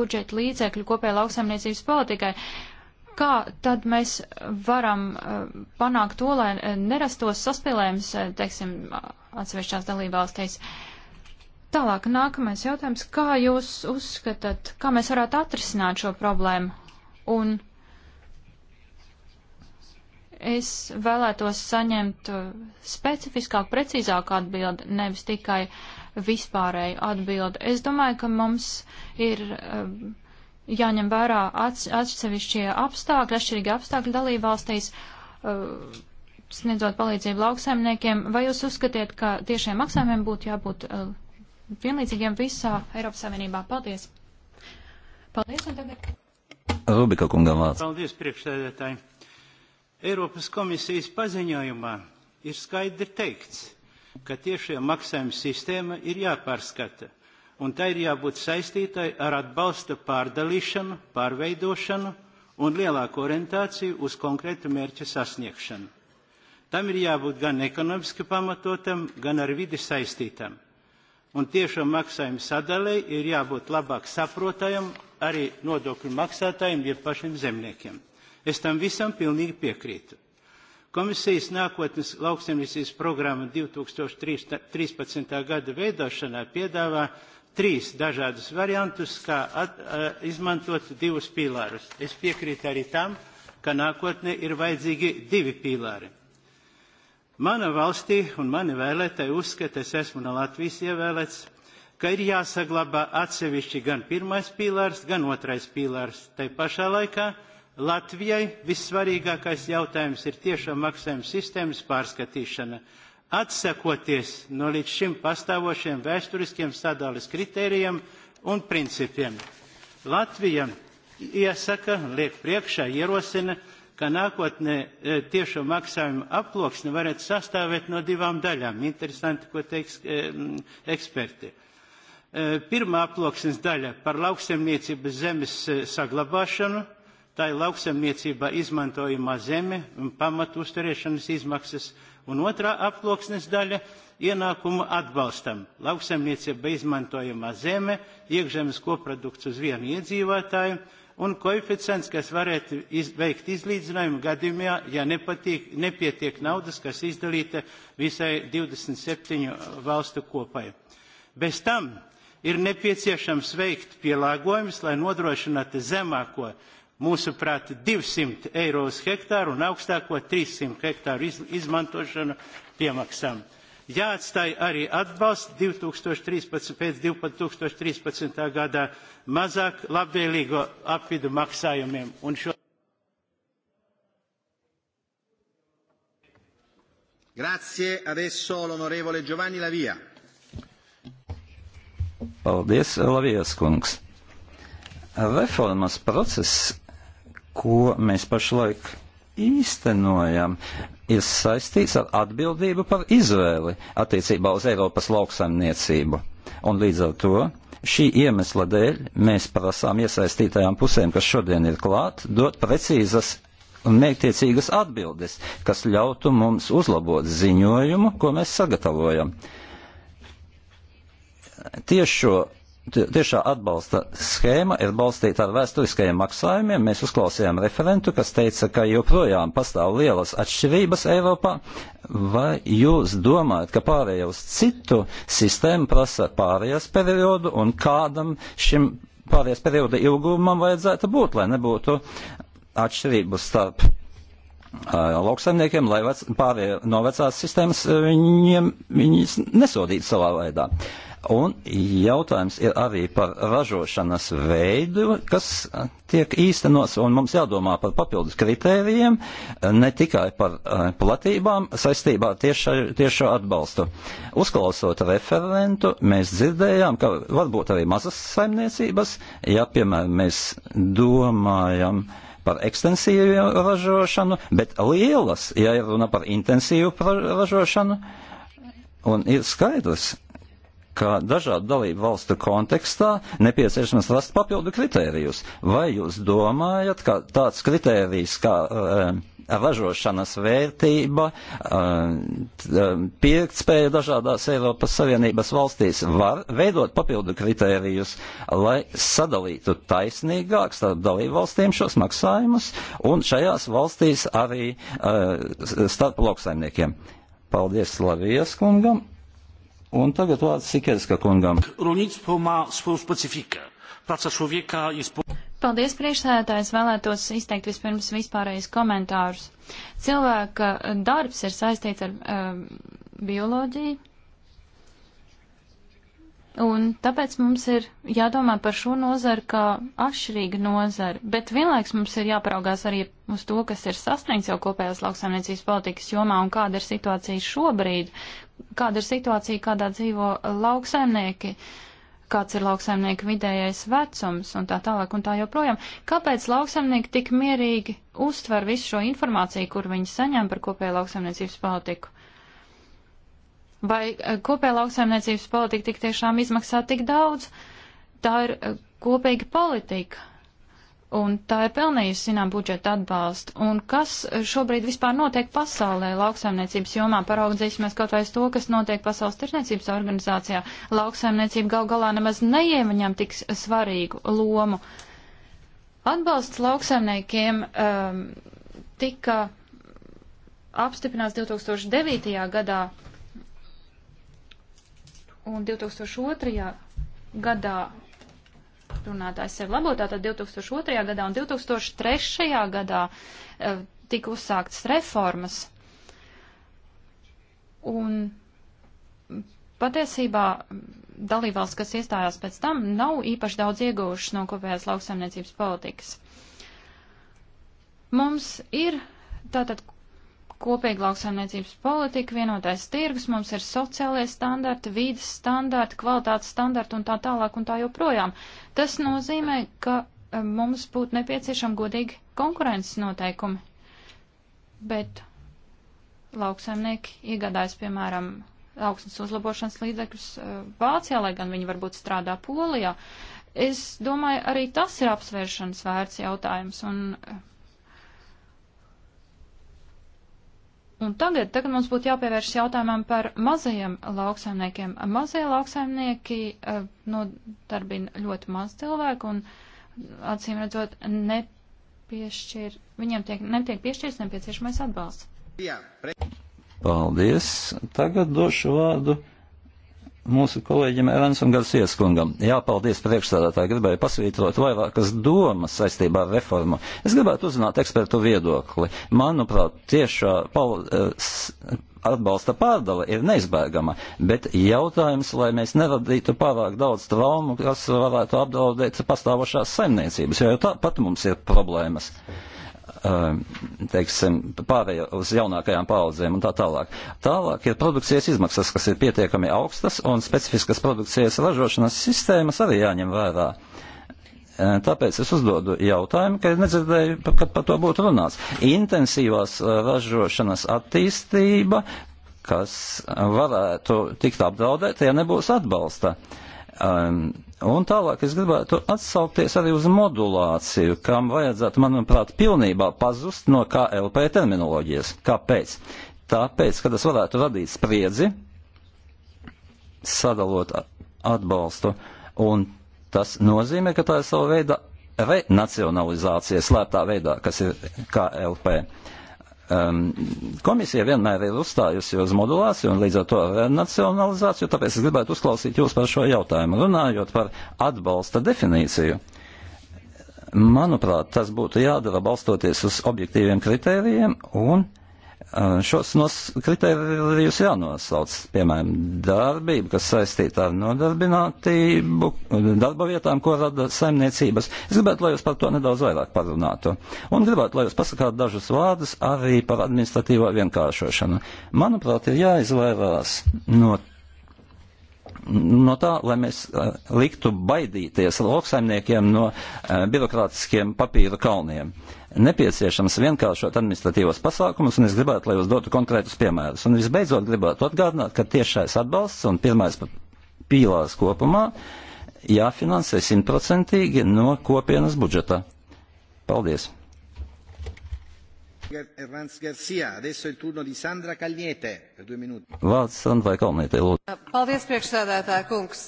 budžeta līdzekļu kopējai lauksaimniecības politikai. Uh, kā tad mēs varam eh, panākt to, lai eh, nerastos saspēlējums, eh, teiksim, atsevišķās dalībvalstīs. Tālāk nākamais jautājums, kā jūs uzskatāt, kā mēs varētu atrisināt šo problēmu? Un es vēlētos saņemt specifiskāk, precīzāk atbildi, nevis tikai vispārēju atbildi. Es domāju, ka mums ir. Uh, jāņem vērā atsevišķie apstākļi, atšķirīgi apstākļi dalībvalstīs, uh, sniedzot palīdzību lauksaimniekiem. Vai jūs uzskatiet, ka tiešiem maksājumiem būtu jābūt uh, vienlīdzīgiem visā Eiropas Savienībā? Paldies! Paldies, un tagad. Rubika kungam vārds. Paldies, priekšsēdētāji. Eiropas komisijas paziņojumā ir skaidri teikts, ka tiešie maksājumi sistēma ir jāpārskata un tai ir jābūt saistītai ar atbalsta pārdalīšanu, pārveidošanu un lielāku orientāciju uz konkrētu mērķu sasniegšanu. Tam ir jābūt gan ekonomiski pamatotam, gan ar vidi saistītam. Un tiešo maksājumu sadalēji ir jābūt labāk saprotajam arī nodokļu maksātājiem, jeb pašiem zemniekiem. Es tam visam pilnīgi piekrītu. Komisijas nākotnes lauksemniecības programma 2013. gada veidošanā piedāvā trīs dažādus variantus, kā at, uh, izmantot divus pīlārus. Es piekrītu arī tam, ka nākotnē ir vajadzīgi divi pīlāri. Mana valstī un mani vēlētāji uzskata, es esmu no Latvijas ievēlēts, ka ir jāsaglabā atsevišķi gan pirmais pīlārs, gan otrais pīlārs. Tai pašā laikā Latvijai vissvarīgākais jautājums ir tiešām maksājuma sistēmas pārskatīšana atsakoties no līdz šim pastāvošiem vēsturiskiem sadales kritērijiem un principiem. Latvija iesaka, liek priekšā, ierosina, ka nākotnē e, tiešo maksājumu aploksni varētu sastāvēt no divām daļām. Interesanti, ko teiks e, eksperti. E, pirmā aploksnes daļa par lauksemniecības zemes saglabāšanu, tā ir lauksemniecībā izmantojamā zeme un pamatu uzturēšanas izmaksas un otrā aploksnes daļa ienākumu atbalstam lauksaimniecībai izmantojamā zeme, iekšzemes koprodukts uz vienu iedzīvotāju un koeficients, kas varētu iz, veikt izlīdzinājumu gadījumā, ja nepatīk, nepietiek naudas, kas izdalīta visai 27 valstu kopai. Bez tam ir nepieciešams veikt pielāgojumus, lai nodrošinātu zemāko mūsuprāt, 200 eiro uz hektāru un augstāko 300 hektāru iz, izmantošanu piemaksām. Jāatstāja arī atbalsts 2013, pēc 2013. gadā mazāk labvēlīgo apvidu maksājumiem. Un šo Grazie, adesso l'onorevole Giovanni Lavia. Paldies, Lavijas kungs. Reformas process ko mēs pašlaik īstenojam, ir saistīts ar atbildību par izvēli attiecībā uz Eiropas lauksaimniecību. Un līdz ar to šī iemesla dēļ mēs prasām iesaistītajām pusēm, kas šodien ir klāt, dot precīzas un mērķtiecīgas atbildes, kas ļautu mums uzlabot ziņojumu, ko mēs sagatavojam. Tieši šo tiešā atbalsta schēma ir balstīta ar vēsturiskajiem maksājumiem. Mēs uzklausījām referentu, kas teica, ka joprojām pastāv lielas atšķirības Eiropā. Vai jūs domājat, ka pārējie uz citu sistēmu prasa pārējās periodu un kādam šim pārējās perioda ilgumam vajadzētu būt, lai nebūtu atšķirību starp lauksaimniekiem, lai vec, pārējie no vecās sistēmas viņiem, viņus nesodītu savā veidā. Uh, Un jautājums ir arī par ražošanas veidu, kas tiek īstenots, un mums jādomā par papildus kritērijiem, ne tikai par platībām saistībā ar tiešo, tiešo atbalstu. Uzklausot referentu, mēs dzirdējām, ka varbūt arī mazas saimniecības, ja, piemēram, mēs domājam, par ekstensīvu ražošanu, bet lielas, ja ir runa par intensīvu ražošanu, un ir skaidrs, ka dažādu dalību valstu kontekstā nepieciešams rast papildu kritērijus. Vai jūs domājat, ka tāds kritērijs kā uh, ražošanas vērtība, uh, pirktspēja dažādās Eiropas Savienības valstīs var veidot papildu kritērijus, lai sadalītu taisnīgāk starp dalību valstīm šos maksājumus un šajās valstīs arī uh, starp lauksaimniekiem? Paldies Slavijas kungam! Un tagad vārds Sikerska kungam. Runīctvo mā savu specifiku. Praca človeka ir. Paldies, priekšsēdētājs. Vēlētos izteikt vispirms vispārējais komentārus. Cilvēka darbs ir saistīts ar um, bioloģiju, un tāpēc mums ir jādomā par šo nozaru kā atšķirīgu nozaru, bet vienlaiks mums ir jāparaugās arī uz to, kas ir sasniegts jau kopējās lauksaimniecības politikas jomā un kāda ir situācija šobrīd, kāda ir situācija, kādā dzīvo lauksaimnieki, kāds ir lauksaimnieku vidējais vecums un tā tālāk un tā joprojām. Kāpēc lauksaimnieki tik mierīgi uztver visu šo informāciju, kur viņi saņem par kopēju lauksaimniecības politiku? Vai eh, kopēja lauksaimniecības politika tik tiešām izmaksā tik daudz? Tā ir eh, kopīga politika un tā ir pelnījusi, zinām, budžeta atbalstu. Un kas šobrīd vispār notiek pasaulē lauksaimniecības jomā? Paraugdzīsimies kaut vai uz to, kas notiek Pasaules tirsniecības organizācijā. Lauksaimniecība gal galā nemaz neievaņam tik svarīgu lomu. Atbalsts lauksaimniekiem um, tika apstiprināts 2009. gadā un 2002. gadā runātājs sev labo, tātad 2002. gadā un 2003. gadā eh, tika uzsāktas reformas. Un patiesībā dalībvalsts, kas iestājās pēc tam, nav īpaši daudz ieguvušas no kopējās lauksaimniecības politikas. Mums ir tātad kopīga lauksaimniecības politika, vienotais tirgus, mums ir sociālie standarti, vīdes standarti, kvalitātes standarti un tā tālāk un tā joprojām. Tas nozīmē, ka eh, mums būtu nepieciešama godīga konkurences noteikumi. Bet lauksaimnieki iegādājas, piemēram, augsnes uzlabošanas līdzekļus eh, Vācijā, lai gan viņi varbūt strādā Polijā. Es domāju, arī tas ir apsvēršanas vērts jautājums. Un, eh, Un tagad, tagad mums būtu jāpievērš jautājumam par mazajiem lauksaimniekiem. Mazie lauksaimnieki uh, nodarbina ļoti maz cilvēku un acīm redzot nepiešķir, viņiem tiek, netiek piešķirs nepieciešamais atbalsts. Jā, pre... Paldies. Tagad došu vārdu mūsu kolēģim Evans un Garsies kungam. Jā, paldies priekšstādātāji, gribēju pasvītrot vairākas domas saistībā ar reformu. Es gribētu uzzināt ekspertu viedokli. Manuprāt, tiešā pal, eh, atbalsta pārdala ir neizbēgama, bet jautājums, lai mēs neradītu pārāk daudz traumu, kas varētu apdraudēt pastāvošās saimniecības, jo jau tāpat mums ir problēmas. Mm. Um, teiksim, pārēja uz jaunākajām paudzēm un tā tālāk. Tālāk ir produkcijas izmaksas, kas ir pietiekami augstas, un specifiskas produkcijas ražošanas sistēmas arī jāņem vērā. Uh, tāpēc es uzdodu jautājumu, ka nedzirdēju, kad par pa to būtu runāts. Intensīvās uh, ražošanas attīstība, kas varētu tikt apdraudēta, ja nebūs atbalsta. Um, Un tālāk es gribētu atsaukties arī uz modulāciju, kam vajadzētu, manuprāt, pilnībā pazust no KLP terminoloģijas. Kāpēc? Tāpēc, ka tas varētu radīt spriedzi, sadalot atbalstu, un tas nozīmē, ka tā ir sava veida renacionalizācija slēptā veidā, kas ir KLP. Uh, Um, komisija vienmēr ir uzstājusi uz modulāciju un līdz ar to renacionalizāciju, tāpēc es gribētu uzklausīt jūs par šo jautājumu. Runājot par atbalsta definīciju, manuprāt, tas būtu jādara balstoties uz objektīviem kritērijiem un uh, Šos kriterijus jānosauc, piemēram, darbība, kas saistīta ar nodarbinātību, darba vietām, ko rada saimniecības. Es gribētu, lai jūs par to nedaudz vairāk parunātu. Un gribētu, lai jūs pasakāt dažus vārdus arī par administratīvo vienkāršošanu. Manuprāt, ir jāizvairās no no tā, lai mēs uh, liktu baidīties lauksaimniekiem no uh, birokrātiskiem papīra kalniem nepieciešams vienkāršot administratīvos pasākumus, un es gribētu, lai jūs dotu konkrētus piemērus. Un visbeidzot gribētu atgādināt, ka tiešais atbalsts un pirmais pīlārs kopumā jāfinansē simtprocentīgi no kopienas budžeta. Paldies! Vārds Sandrai Kalnietē, lūdzu. Paldies, priekšsēdētāja kungs.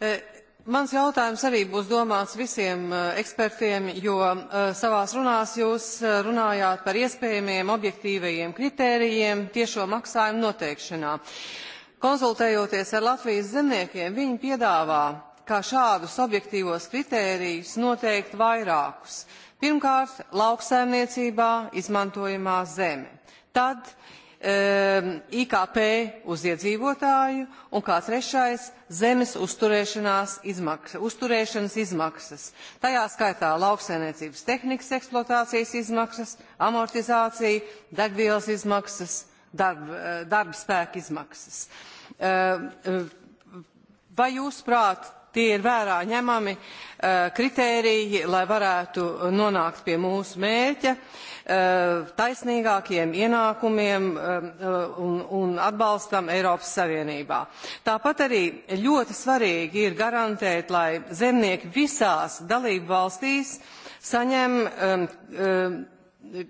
Eh, Mans jautājums arī būs domāts visiem uh, ekspertiem, jo uh, savās runās jūs uh, runājāt par iespējamiem objektīvajiem kritērijiem tiešo maksājumu noteikšanā. Konsultējoties ar Latvijas zemniekiem, viņi piedāvā, kā šādus objektīvos kritērijus noteikt vairākus. Pirmkārt, lauksaimniecībā izmantojamā zeme. Tad Um, IKP uz iedzīvotāju un kā trešais zemes uzturēšanās izmaksa, uzturēšanas izmaksas. Tajā skaitā lauksainiecības tehnikas eksploatācijas izmaksas, amortizācija, degvielas izmaksas, darba, uh, darba spēka izmaksas. Uh, uh, vai jūs prāt tie ir vērā ņemami eh, kritēriji, lai varētu nonākt pie mūsu mērķa eh, taisnīgākiem ienākumiem eh, un, un atbalstam Eiropas Savienībā. Tāpat arī ļoti svarīgi ir garantēt, lai zemnieki visās dalību valstīs saņem um, um,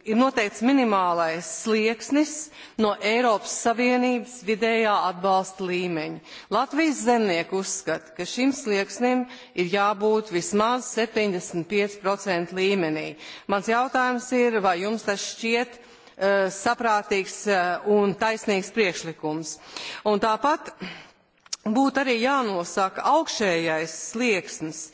ir noteikts minimālais slieksnis no Eiropas Savienības vidējā atbalsta līmeņa. Latvijas zemnieki uzskata, ka šim slieksnim ir jābūt vismaz 75% līmenī. Mans jautājums ir, vai jums tas šķiet uh, saprātīgs uh, un taisnīgs priekšlikums? Un tāpat būtu arī jānosaka augšējais slieksnis,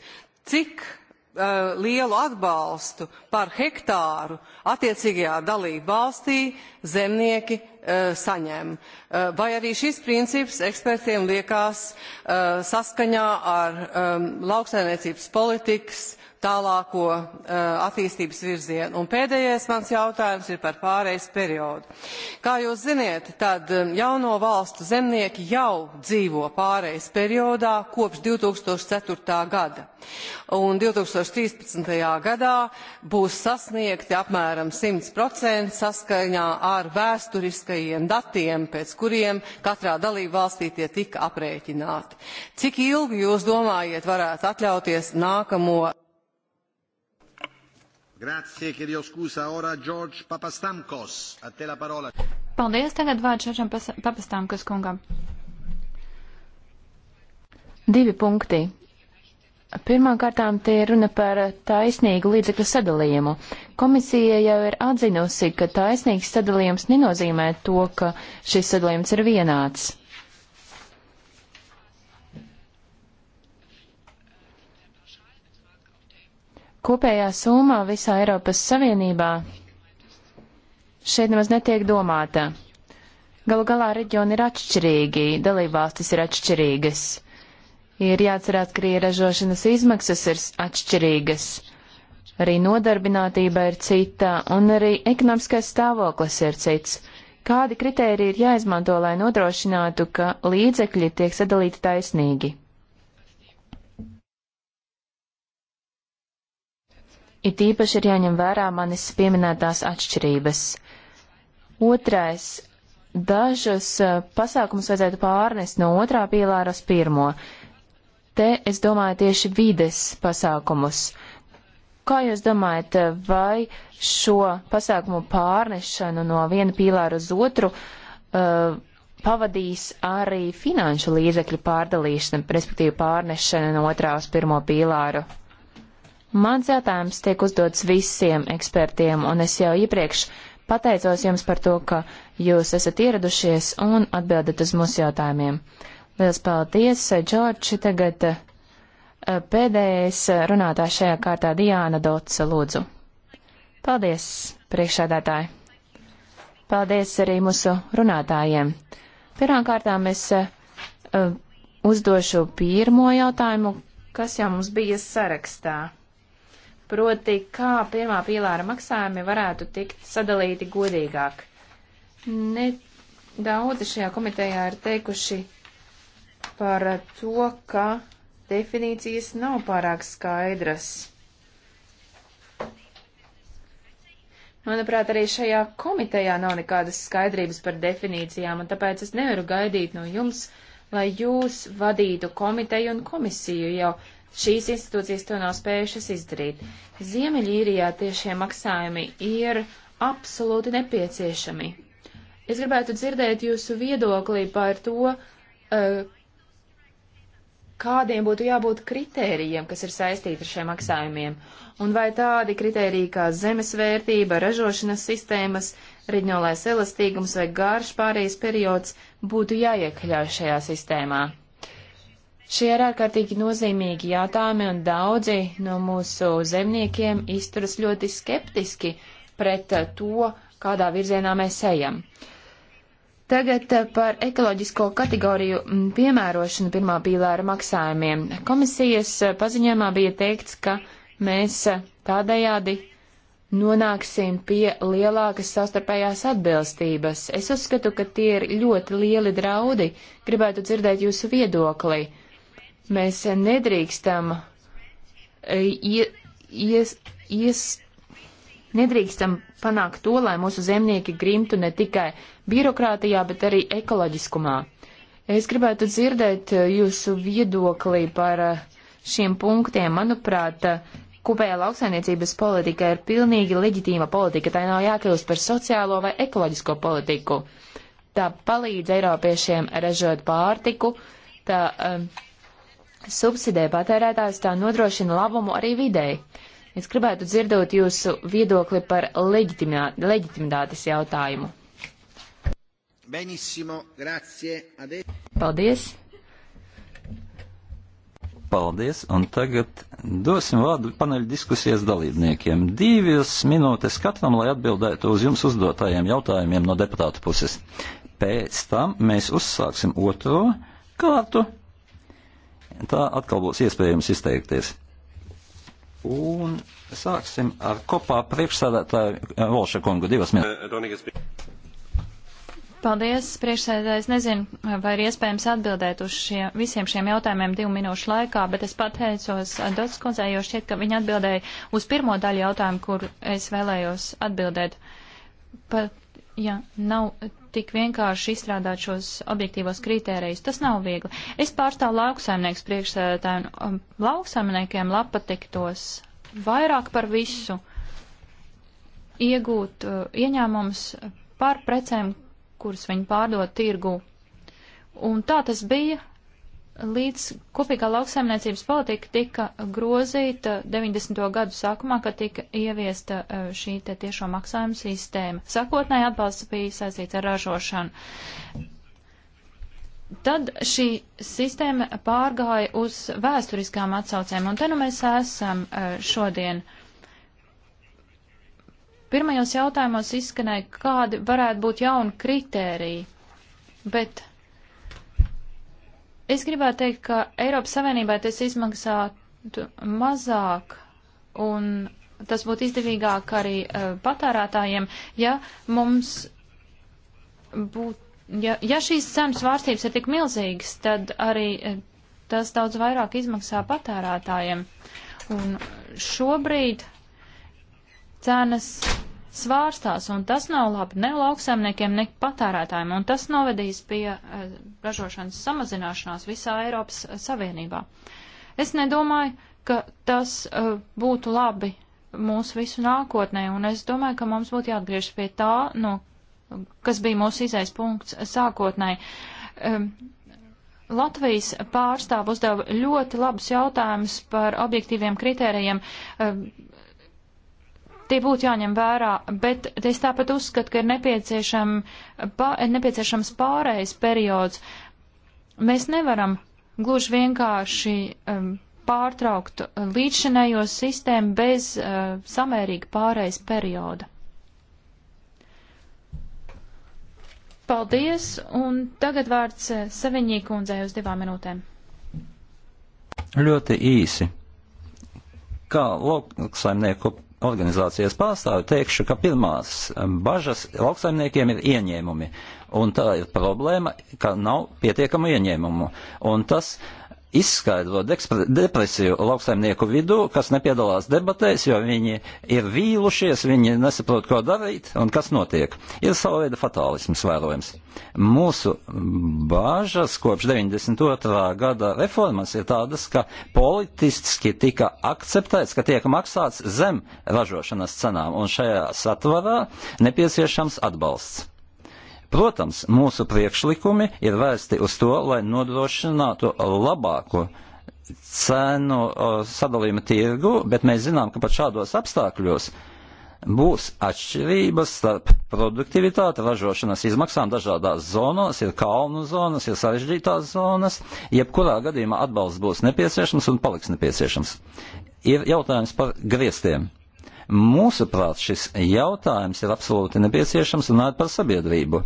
cik uh, Uh, lielu atbalstu par hektāru attiecīgajā dalību valstī zemnieki uh, saņem. Uh, vai arī šis princips ekspertiem liekas saskaņā ar um, lauksainiecības politikas tālāko uh, attīstības virzienu. Un pēdējais mans jautājums ir par pārejas periodu. Kā jūs ziniet, tad eh, jauno valstu zemnieki jau dzīvo pārejas periodā kopš 2004. gada. Un 2013. gadā būs sasniegti apmēram 100% saskaņā ar vēsturiskajiem datiem, pēc kuriem katrā dalību valstī tie tika aprēķināti. Cik ilgi jūs domājat varētu atļauties nākamo Grazie, ka Dievs kūsā orā, Džordž Papastamkos. A te la parola. Paldies, tagad vārds Džordžam Papastamkos kungam. Divi punkti. Pirmkārtām tie runa par taisnīgu līdzekļu sadalījumu. Komisija jau ir atzinusi, ka taisnīgs sadalījums nenozīmē to, ka šis sadalījums ir vienāds. kopējā summa visā Eiropas Savienībā šeit nemaz netiek domāta. Galu galā reģioni ir atšķirīgi, dalībvalstis ir atšķirīgas. Ir jāatcerās, ka arī ražošanas izmaksas ir atšķirīgas, arī nodarbinātība ir cita, un arī ekonomiskais stāvoklis ir cits. Kādi kriteriji ir jāizmanto, lai nodrošinātu, ka līdzekļi tiek sadalīti taisnīgi? It īpaši ir jāņem vērā manis pieminētās atšķirības. Otrais. Dažus eh, pasākumus vajadzētu pārnest no otrā pīlāra uz pirmo. Te es domāju tieši vides pasākumus. Kā jūs domājat, eh, vai šo pasākumu pārnešanu no viena pīlāra uz otru uh, pavadīs arī finanšu līdzekļu pārdalīšana, respektīvi pārnešana no otrā uz pirmo pīlāru? Mans jautājums tiek uzdots visiem ekspertiem, un es jau iepriekš pateicos jums par to, ka jūs esat ieradušies un atbildat uz mūsu jautājumiem. Liels paldies, Džordži, tagad eh, pēdējais runātājs šajā kārtā Diāna Dotsa, lūdzu. Paldies, priekšādātāji. Paldies arī mūsu runātājiem. Pirmkārtām es eh, eh, uzdošu pirmo jautājumu, kas jau mums bija sarakstā proti, kā pirmā pīlāra maksājumi varētu tikt sadalīti godīgāk. Ne daudzi šajā komitejā ir teikuši par to, ka definīcijas nav pārāk skaidras. Manuprāt, arī šajā komitejā nav nekādas skaidrības par definīcijām, un tāpēc es nevaru gaidīt no jums, lai jūs vadītu komiteju un komisiju jau šīs institūcijas to nav spējušas izdarīt. Ziemeļīrijā tiešie maksājumi ir absolūti nepieciešami. Es gribētu dzirdēt jūsu viedoklī par to, eh, kādiem būtu jābūt kritērijiem, kas ir saistīti ar šiem maksājumiem, un vai tādi kritēriji kā zemes vērtība, ražošanas sistēmas, reģionālais elastīgums vai garš pārējais periods būtu jāiekļauj šajā sistēmā. Šie ir ārkārtīgi nozīmīgi jautājumi, un daudzi no mūsu zemniekiem izturas ļoti skeptiski pret eh, to, kādā virzienā mēs ejam. Tagad eh, par ekoloģisko kategoriju mm, piemērošanu pirmā pīlāra maksājumiem. Komisijas eh, paziņojumā bija teikts, ka mēs tādējādi nonāksim pie lielākas savstarpējās atbilstības. Es uzskatu, ka tie ir ļoti lieli draudi. Gribētu dzirdēt jūsu viedoklī. Mēs nedrīkstam e, ie, ies, ies, nedrīkstam panākt to, lai mūsu zemnieki grimtu ne tikai birokrātijā, bet arī ekoloģiskumā. Es gribētu dzirdēt e, jūsu viedoklī par e, šiem punktiem. Manuprāt, kopējā lauksainiecības politika ir pilnīgi leģitīma politika. Tā nav jākļūst par sociālo vai ekoloģisko politiku. Tā palīdz eiropiešiem ražot pārtiku, tā um, subsidē patērētājs tā nodrošina labumu arī videi. Es gribētu dzirdot jūsu viedokli par leģitimitātes jautājumu. Benissimo, grazie. Ade. Paldies. Paldies, un tagad dosim vārdu paneļa diskusijas dalībniekiem. Divas minūtes katram, lai atbildētu uz jums uzdotajiem jautājumiem no deputātu puses. Pēc tam mēs uzsāksim otro kārtu tā atkal būs iespējams izteikties. Un sāksim ar kopā priekšsēdētāju eh, Volša kungu divas minūtes. Eh, Paldies, priekšsēdētājs. Nezinu, vai ir iespējams atbildēt uz šie, visiem šiem jautājumiem divu minūšu laikā, bet es pateicos Dots kundzei, jo šķiet, ka viņa atbildēja uz pirmo daļu jautājumu, kur es vēlējos atbildēt. Pat, ja nav tik vienkārši izstrādāt šos objektīvos kritērijus. Tas nav viegli. Es pārstāvu lauksaimnieks priekšsēdētāju, un um, lauksaimniekiem patiktos vairāk par visu iegūt uh, ieņēmumus par precēm, kuras viņi pārdod tirgu. Un tā tas bija līdz kopīgā lauksaimniecības politika tika grozīta 90. gadu sākumā, kad tika ieviesta e, šī te tiešo maksājumu sistēma. Sakotnēji atbalsts bija saistīts ar ražošanu. Tad šī sistēma pārgāja uz vēsturiskām atsaucēm, un te nu mēs esam e, šodien. Pirmajos jautājumos izskanēja, kādi varētu būt jauni kritēriji, bet Es gribētu teikt, ka Eiropas Savienībai tas izmaksātu mazāk un tas būtu izdevīgāk arī uh, patērētājiem, ja mums būtu, ja, ja šīs cenu svārstības ir tik milzīgas, tad arī uh, tas daudz vairāk izmaksā patērētājiem. Un šobrīd cenas svārstās, un tas nav labi ne lauksaimniekiem, ne patērētājiem, un tas novedīs pie eh, ražošanas samazināšanās visā Eiropas eh, Savienībā. Es nedomāju, ka tas eh, būtu labi mūsu visu nākotnē, un es domāju, ka mums būtu jāatgriežas pie tā, no, kas bija mūsu izais punkts sākotnēji. Ehm, Latvijas pārstāv uzdeva ļoti labus jautājumus par objektīviem kritērijiem ehm, Tie būtu jāņem vērā, bet es tāpat uzskatu, ka ir nepieciešam, pa, nepieciešams pārējais periods. Mēs nevaram gluži vienkārši um, pārtraukt līdzšinējo sistēmu bez uh, samērīga pārējais perioda. Paldies, un tagad vārds uh, Saviņī kundzei uz divām minūtēm. Ļoti īsi. Kā lauksaimnieku organizācijas pārstāvi teikšu, ka pirmās bažas lauksaimniekiem ir ieņēmumi. Un tā ir problēma, ka nav pietiekamu ieņēmumu. Un tas uh, izskaidro depresiju lauksaimnieku vidū, kas nepiedalās debatēs, jo viņi ir vīlušies, viņi nesaprot, ko darīt un kas notiek. Ir sava veida fatālisms vērojams. Mūsu bāžas kopš 92. gada reformas ir tādas, ka politiski tika akceptēts, ka tiek maksāts zem ražošanas cenām, un šajā satvarā nepieciešams atbalsts. Protams, mūsu priekšlikumi ir vērsti uz to, lai nodrošinātu labāko cenu sadalījuma tirgu, bet mēs zinām, ka pat šādos apstākļos būs atšķirības starp produktivitāti, ražošanas izmaksām dažādās zonās, ir kalnu zonas, ir sarežģītās zonas, jebkurā gadījumā atbalsts būs nepieciešams un paliks nepieciešams. Ir jautājums par griestiem. Mūsuprāt, šis jautājums ir absolūti nepieciešams runāt par sabiedrību.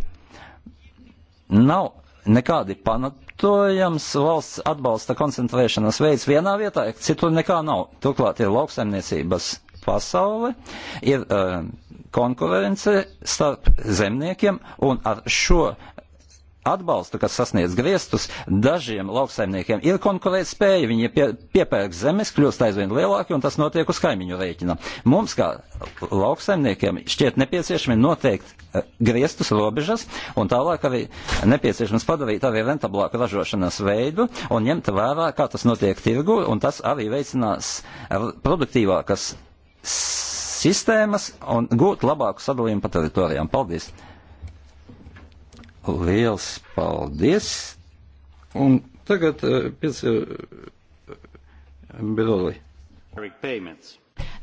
Nav nekādi pamatojams valsts atbalsta koncentrēšanas veids vienā vietā, citur nekā nav. Turklāt ir lauksaimniecības pasaule, ir uh, konkurence starp zemniekiem, un ar šo atbalstu, kas sasniedz griestus, dažiem lauksaimniekiem ir konkurēt spēja, viņi pie, piepērk zemes, kļūst aizvien lielāki un tas notiek uz kaimiņu rēķina. Mums, kā lauksaimniekiem, šķiet nepieciešami noteikt eh, griestus robežas un tālāk arī nepieciešams padarīt arī rentablāku ražošanas veidu un ņemt vērā, kā tas notiek tirgu un tas arī veicinās eh, produktīvākas sistēmas un gūt labāku sadalījumu pa teritorijām. Paldies! Liels paldies! Un tagad eh, pēc eh, Biloli.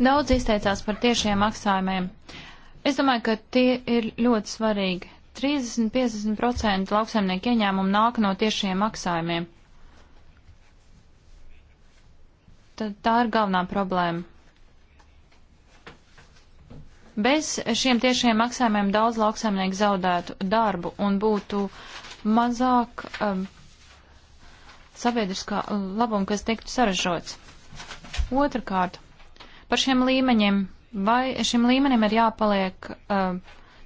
Daudz izteicās par tiešiem maksājumiem. Es domāju, ka tie ir ļoti svarīgi. 30-50% lauksaimnieku ieņēmumu nāk no tiešiem maksājumiem. Tad tā ir galvenā problēma. Bez šiem tiešiem maksājumiem daudz lauksaimnieku zaudētu darbu un būtu mazāk um, sabiedriskā labuma, kas tiktu saražots. Otrakārt, par šiem līmeņiem. Vai šim līmenim ir jāpaliek um,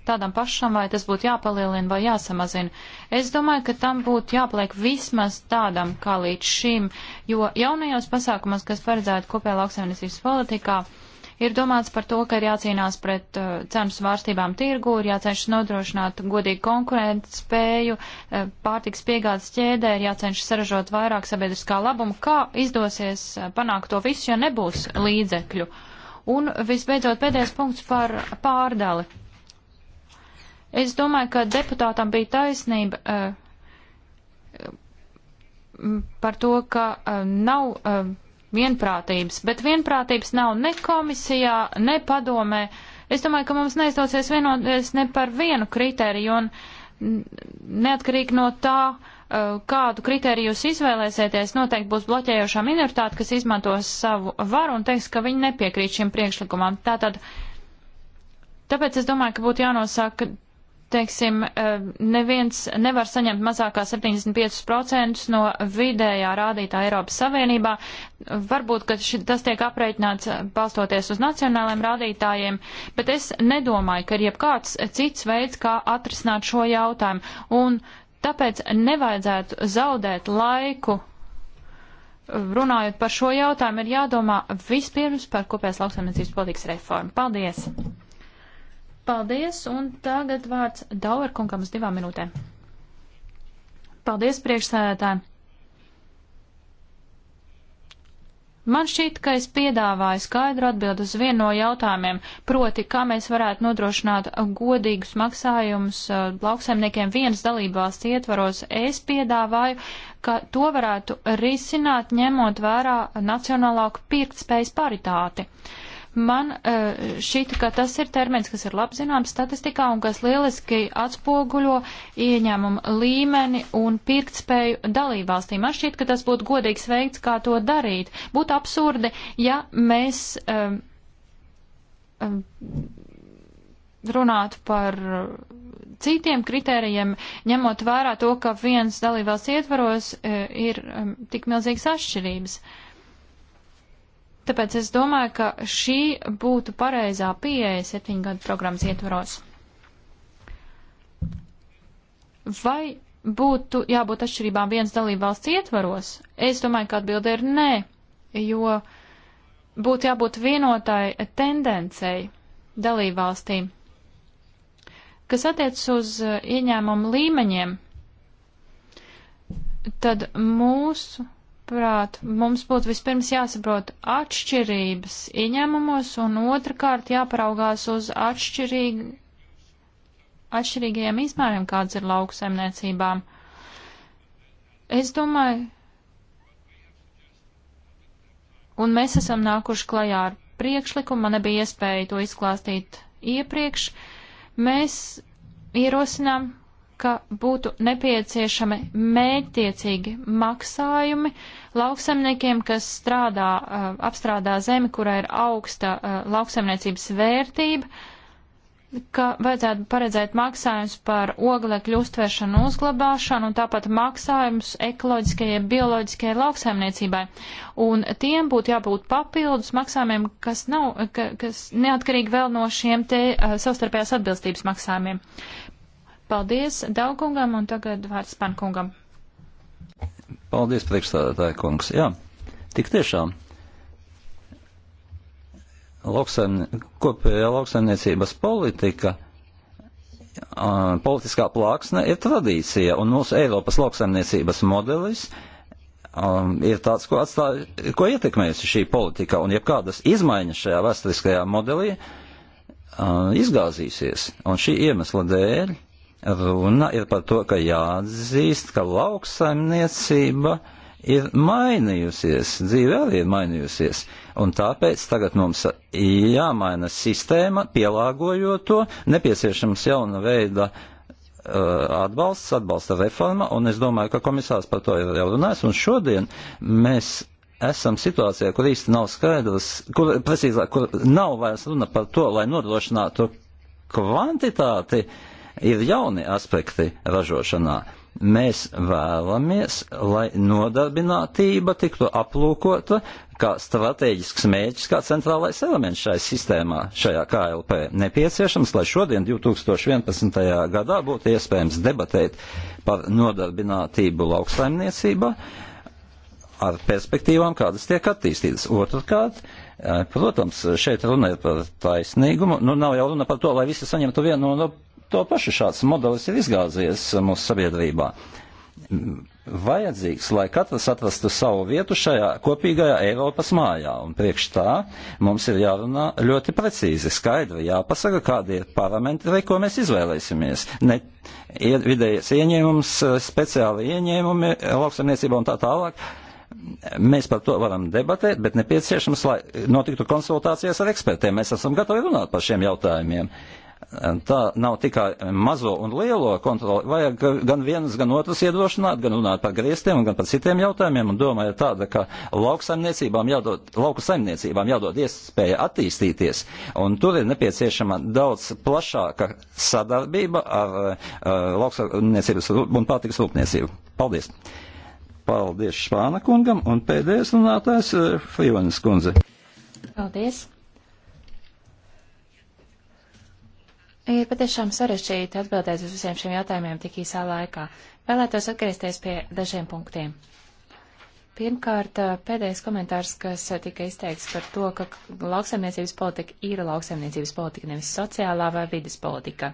tādam pašam, vai tas būtu jāpalielina vai jāsamazina? Es domāju, ka tam būtu jāpaliek vismaz tādam kā līdz šim, jo jaunajos pasākumos, kas paredzētu kopējā lauksaimniecības politikā, uh, Ir domāts par to, ka ir jācīnās pret uh, cenu svārstībām tirgu, ir jācenšas nodrošināt godīgu konkurentu spēju, uh, pārtiks piegādes ķēdē, ir jācenšas saražot vairāk sabiedriskā labuma. Kā izdosies uh, panākt to visu, ja nebūs līdzekļu? Un visbeidzot pēdējais punkts par pārdali. Es domāju, ka deputātam bija taisnība uh, par to, ka uh, nav uh, vienprātības, bet vienprātības nav ne komisijā, ne padomē. Es domāju, ka mums neizdosies vienoties ne par vienu kritēriju, un neatkarīgi no tā, uh, kādu kritēriju jūs izvēlēsieties, noteikti būs bloķējošā minoritāte, kas izmantos savu varu un teiks, ka viņi nepiekrīt šiem priekšlikumam. Tātad, tāpēc es domāju, ka būtu jānosaka teiksim, eh, neviens nevar saņemt mazākā 75% no vidējā rādītāja Eiropas Savienībā. Varbūt, ka ši, tas tiek aprēķināts eh, balstoties uz nacionālajiem rādītājiem, bet es nedomāju, ka ir jebkāds cits veids, kā atrisināt šo jautājumu. Un tāpēc nevajadzētu zaudēt laiku. Runājot par šo jautājumu, ir jādomā vispirms par kopējās lauksaimniecības politikas reformu. Paldies! Paldies, un tagad vārds Dauerkungam uz divām minūtēm. Paldies, priekšsēdētāji! Man šķiet, ka es piedāvāju skaidru atbildu uz vienu no jautājumiem, proti, kā mēs varētu nodrošināt godīgus maksājumus uh, lauksaimniekiem vienas dalībvalsts ietvaros. Es piedāvāju, ka to varētu risināt ņemot vērā nacionālāku pirktspējas paritāti. Uh, Man e, šķita, ka tas ir termins, kas ir labi zināms statistikā un kas lieliski atspoguļo ieņēmumu līmeni un pirktspēju dalībvalstīm. Man šķiet, ka tas būtu godīgs veids, kā to darīt. Būtu absurdi, ja mēs um, um, runātu par citiem kritērijiem, ņemot vērā to, ka viens dalībvalsts ietvaros ir um, tik milzīgas atšķirības. Uh, Tāpēc es domāju, ka šī būtu pareizā pieeja septiņu gadu programmas ietvaros. Vai būtu jābūt atšķirībām viens dalību valsts ietvaros? Es domāju, ka atbilde ir nē, jo būtu jābūt vienotai tendencei dalību valstīm. Kas attiec uz uh, ieņēmumu līmeņiem, tad mūsu manuprāt, mums būtu vispirms jāsaprot atšķirības ieņēmumos un otrkārt jāparaugās uz atšķirīgu atšķirīgajiem izmēriem, kāds ir lauksaimniecībām. Es domāju, un mēs esam nākuši klajā ar priekšlikumu, man nebija iespēja to izklāstīt iepriekš, mēs ierosinām ka būtu nepieciešami mētiecīgi maksājumi lauksemniekiem, kas strādā, uh, apstrādā zemi, kurā ir augsta uh, lauksemniecības vērtība, ka vajadzētu paredzēt maksājums par oglekļu uztvēršanu un uzglabāšanu un tāpat maksājums ekoloģiskajai, bioloģiskajai lauksaimniecībai. Un tiem būtu jābūt papildus maksājumiem, kas nav, ka, kas neatkarīgi vēl no šiem te uh, savstarpējās atbilstības maksājumiem. Paldies Daugungam un tagad vārds Pankungam. Paldies, priekšstādātāja kungs. Jā, tik tiešām. Lauksaim, kopējā lauksaimniecības politika, politiskā plāksne ir tradīcija, un mūsu Eiropas lauksaimniecības modelis um, ir tāds, ko, atstāja, ko ietekmējusi šī politika, un jebkādas izmaiņas šajā vēsturiskajā modelī uh, izgāzīsies. Un šī iemesla dēļ Runa ir par to, ka jāatzīst, ka lauksaimniecība ir mainījusies, dzīve arī ir mainījusies, un tāpēc tagad mums jāmaina sistēma, pielāgojot to, nepieciešams jauna veida uh, atbalsts, atbalsta reforma, un es domāju, ka komisārs par to ir jau runājis, un šodien mēs esam situācijā, kur īsti nav skaidrs, kur, precīzāk, kur nav vairs runa par to, lai nodrošinātu kvantitāti, ir jauni aspekti ražošanā. Mēs vēlamies, lai nodarbinātība tiktu aplūkota kā strateģisks mērķis, kā centrālais elements šai sistēmā, šajā KLP. Nepieciešams, lai šodien, 2011. gadā, būtu iespējams debatēt par nodarbinātību lauksaimniecībā ar perspektīvām, kādas tiek attīstītas. Otrkārt, eh, protams, šeit runa ir par taisnīgumu. Nu, nav jau runa par to, lai visi saņemtu vienu no to pašu šāds modelis ir izgāzies mūsu sabiedrībā. Vajadzīgs, lai katrs atrastu savu vietu šajā kopīgajā Eiropas mājā, un priekš tā mums ir jārunā ļoti precīzi, skaidri jāpasaka, kādi ir parametri, ko mēs izvēlēsimies. Ne vidējais ieņēmums, speciāli ieņēmumi, lauksaimniecība un tā tālāk. Mēs par to varam debatēt, bet nepieciešams, lai notiktu konsultācijas ar ekspertiem. Mēs esam gatavi runāt par šiem jautājumiem. Tā nav tikai mazo un lielo kontroli. Vajag gan vienas, gan otras iedrošināt, gan runāt par griestiem, gan par citiem jautājumiem. Un doma ir tāda, ka lauksaimniecībām jādod, lauku saimniecībām jādod iespēja attīstīties. Un tur ir nepieciešama daudz plašāka sadarbība ar uh, lauksaimniecības un pārtikas rūpniecību. Paldies! Paldies Špāna kungam un pēdējais runātājs uh, eh, Frīvanis kundze. Paldies! Ir patiešām sarežģīti atbildēt uz visiem šiem jautājumiem tik īsā laikā. Vēlētos atgriezties pie dažiem punktiem. Pirmkārt, pēdējais komentārs, kas tika izteikts par to, ka lauksaimniecības politika ir lauksaimniecības politika, nevis sociālā vai vidas politika.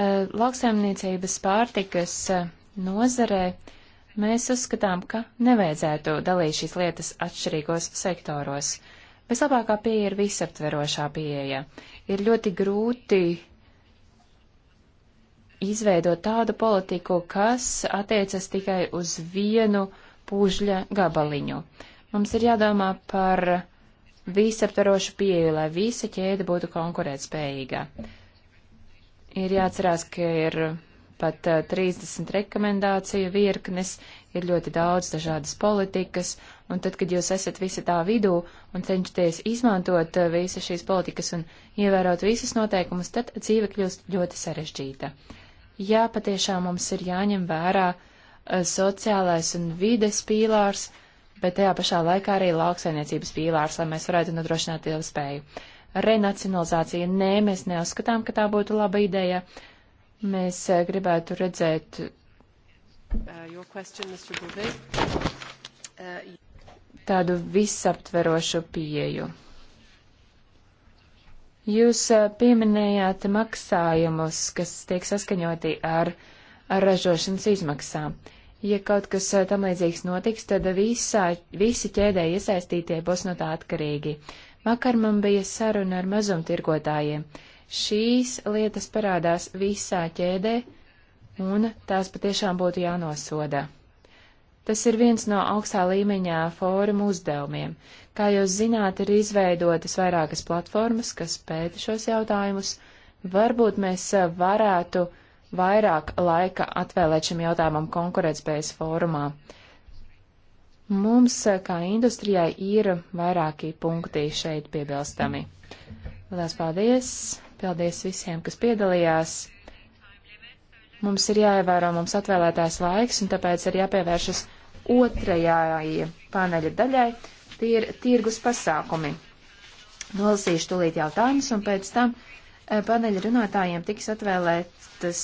Lauksaimniecības pārtikas nozarē mēs uzskatām, ka nevajadzētu dalīt šīs lietas atšķirīgos sektoros. Vislabākā pieeja ir visaptverošā pieeja ir ļoti grūti izveidot tādu politiku, kas attiecas tikai uz vienu pūžļa gabaliņu. Mums ir jādomā par visaptvarošu pieeju, lai visa ķēde būtu konkurētspējīga. Ir jāatcerās, ka ir pat 30 eh, rekomendāciju virknes, ir ļoti daudz dažādas politikas, un tad, kad jūs esat visi tā vidū un cenšaties izmantot eh, visas šīs politikas un ievērot visas noteikumus, tad dzīve kļūst ļoti sarežģīta. Jā, patiešām mums ir jāņem vērā eh, sociālais un vides pīlārs, bet tajā pašā laikā arī lauksainiecības pīlārs, lai mēs varētu nodrošināt ilgspēju. Renacionalizācija, nē, mēs neuzskatām, ka tā būtu laba ideja. Mēs eh, gribētu redzēt Uh, your question, Mr. Bouvet. Uh, Tādu visaptverošu pieju. Jūs uh, pieminējāt maksājumus, kas tiek saskaņoti ar, ar ražošanas izmaksām. Ja kaut kas tam līdzīgs notiks, tad visā, visi ķēdē iesaistītie būs no tā atkarīgi. Vakar man bija saruna ar mazumtirgotājiem. Šīs lietas parādās visā ķēdē, un tās patiešām būtu jānosoda. Tas ir viens no augstā līmeņā fóruma uzdevumiem. Kā jūs zināt, ir izveidotas vairākas platformas, kas pēta šos jautājumus. Varbūt mēs varētu vairāk laika atvēlēt šim jautājumam konkurētspējas fórumā. Mums, kā industrijai, ir vairāki punkti šeit piebilstami. Lielas paldies! Paldies visiem, kas piedalījās! Mums ir jāievēro mums atvēlētais laiks, un tāpēc ir jāpievēršas otrajai paneļa daļai - tie ir tirgus pasākumi. Nolasīšu tulīt jautājumus, un pēc tam eh, paneļa runātājiem tiks atvēlētas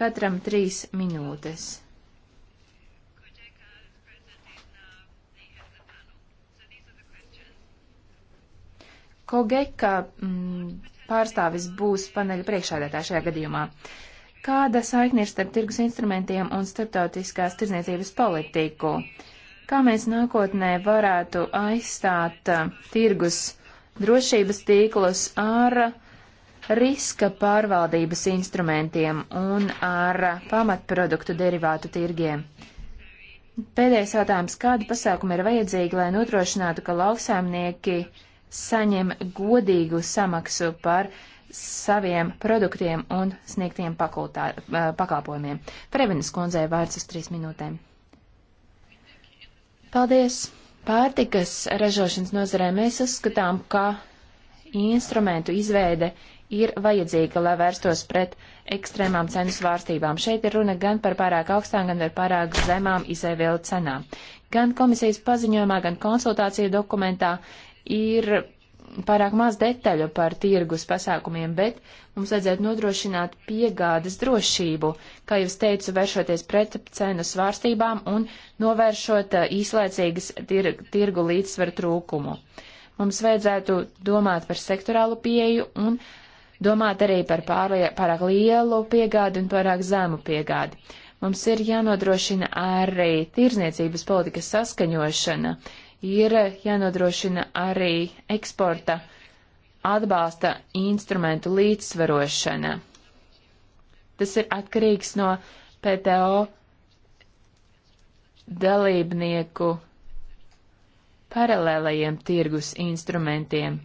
katram trīs minūtes. Kogeka m, mm, pārstāvis būs paneļa priekšādētā šajā gadījumā. Uh, Kāda saikne ir starp tirgus instrumentiem un starptautiskās tirdzniecības politiku? Kā mēs nākotnē varētu aizstāt uh, tirgus drošības tīklus ar riska pārvaldības instrumentiem un ar pamatproduktu derivātu tirgiem? Pēdējais jautājums, kādi pasākumi ir vajadzīgi, lai nodrošinātu, ka lauksaimnieki saņem godīgu samaksu par uh, saviem produktiem un sniegtiem pakultā, eh, pakalpojumiem. Prevenas kundzei vārds uz trīs minūtēm. Paldies! Pārtikas ražošanas nozarē mēs uzskatām, ka instrumentu izveide ir vajadzīga, lai vērstos pret ekstrēmām cenu svārstībām. Šeit ir runa gan par pārāk augstām, gan par pārāk zemām izēvielu cenām. Gan komisijas paziņojumā, gan konsultāciju dokumentā ir pārāk maz detaļu par tirgus pasākumiem, bet mums vajadzētu nodrošināt piegādes drošību, kā jau es teicu, vēršoties pret cenu svārstībām un novēršot eh, īslaicīgas tir tirgu līdzsvaru trūkumu. Mums vajadzētu domāt par sektorālu pieeju un domāt arī par pārāk lielu piegādi un pārāk zēmu piegādi. Mums ir jānodrošina arī tirzniecības politikas saskaņošana, ir jānodrošina arī eksporta atbalsta instrumentu līdzsvarošana. Tas ir atkarīgs no PTO dalībnieku paralēlajiem tirgus instrumentiem.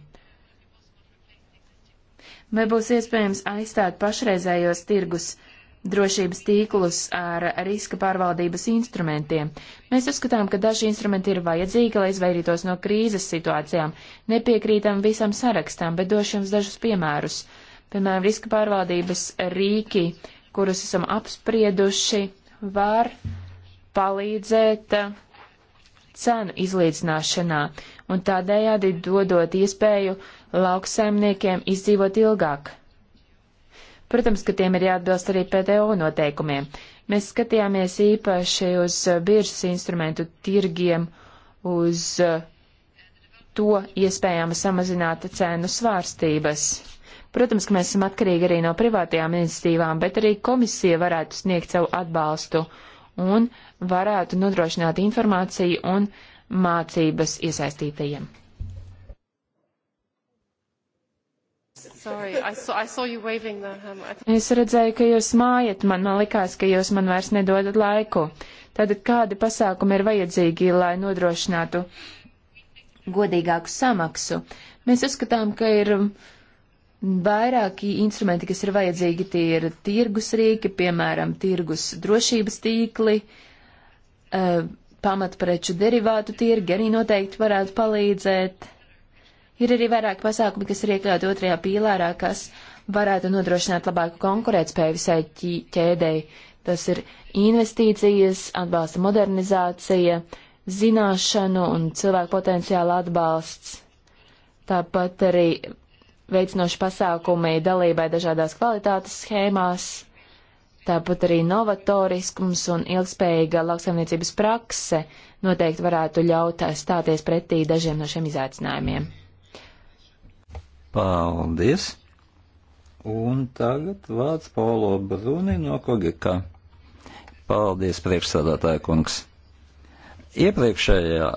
Vai būs iespējams aizstāt pašreizējos tirgus instrumentus? drošības tīklus ar riska pārvaldības instrumentiem. Mēs uzskatām, ka daži instrumenti ir vajadzīgi, lai izvairītos no krīzes situācijām. Nepiekrītam visam sarakstam, bet došu jums dažus piemērus. Piemēram, riska pārvaldības rīki, kurus esam apsprieduši, var palīdzēt cenu izlīdzināšanā un tādējādi dodot iespēju lauksaimniekiem izdzīvot ilgāk. Protams, ka tiem ir jāatbilst arī PTO noteikumiem. Mēs skatījāmies īpaši uz biržas instrumentu tirgiem, uz eh, to iespējama samazināta cēnu svārstības. Protams, ka mēs esam atkarīgi arī no privātajām iniciatīvām, bet arī komisija varētu sniegt savu atbalstu un varētu nodrošināt informāciju un mācības iesaistītajiem. Sorry, I saw, I saw you waving the hammer. Es redzēju, ka jūs mājat man, man likās, ka jūs man vairs nedodat laiku. Tātad kādi pasākumi ir vajadzīgi, lai nodrošinātu godīgāku samaksu? Mēs uzskatām, ka ir vairāki instrumenti, kas ir vajadzīgi. Tie ir tirgus rīki, piemēram, tirgus drošības tīkli, eh, pamatpreču derivātu tirgi arī noteikti varētu palīdzēt Ir arī vairāk pasākumi, kas ir iekļauti otrajā pīlārā, kas varētu nodrošināt labāku konkurētspēju visai ķēdēji. Tas ir investīcijas, atbalsta modernizācija, zināšanu un cilvēku potenciāla atbalsts. Tāpat arī veicinoši pasākumi dalībai dažādās kvalitātes schēmās, tāpat arī novatoriskums un ilgspējīga lauksaimniecības prakse noteikti varētu ļaut stāties pretī dažiem no šiem izaicinājumiem. Paldies! Un tagad vārds Paulo Bruni no Kogika. Paldies, priekšsādātāja kungs! Iepriekšējā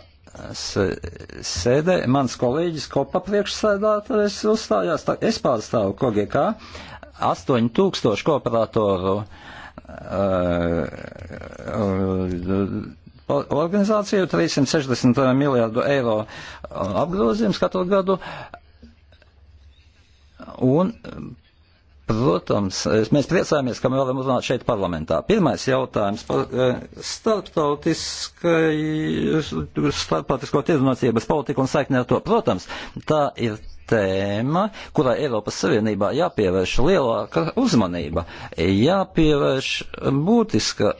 sēdē mans kolēģis kopa priekšsēdātājs uzstājās, tā, es pārstāvu Kogikā 8000 kooperatoru uh, organizāciju, 360 miljārdu eiro apgrozījums katru gadu. Uh, Un, um, protams, mēs priecājamies, ka mēs varam uzrunāt šeit parlamentā. Pirmais jautājums par uh, starptautisko tirdzniecības politiku un saikni ar to. Protams, tā ir tēma, kurai Eiropas Savienībā jāpievērš lielāka uzmanība, jāpievērš būtiska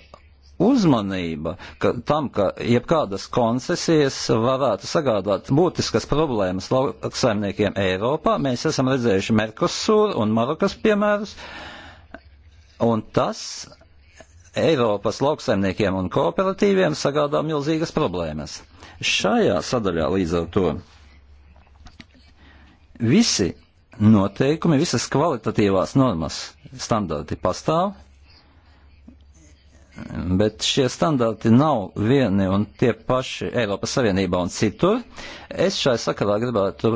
uzmanība ka, tam, ka jebkādas koncesijas varētu sagādāt būtiskas problēmas lauksaimniekiem Eiropā. Mēs esam redzējuši Merkosur un Marokas piemērus, un tas Eiropas lauksaimniekiem un kooperatīviem sagādā milzīgas problēmas. Šajā sadaļā līdz ar to visi noteikumi, visas kvalitatīvās normas standarti pastāv Bet šie standarti nav vieni un tie paši Eiropas Savienībā un citur. Es šai sakarā gribētu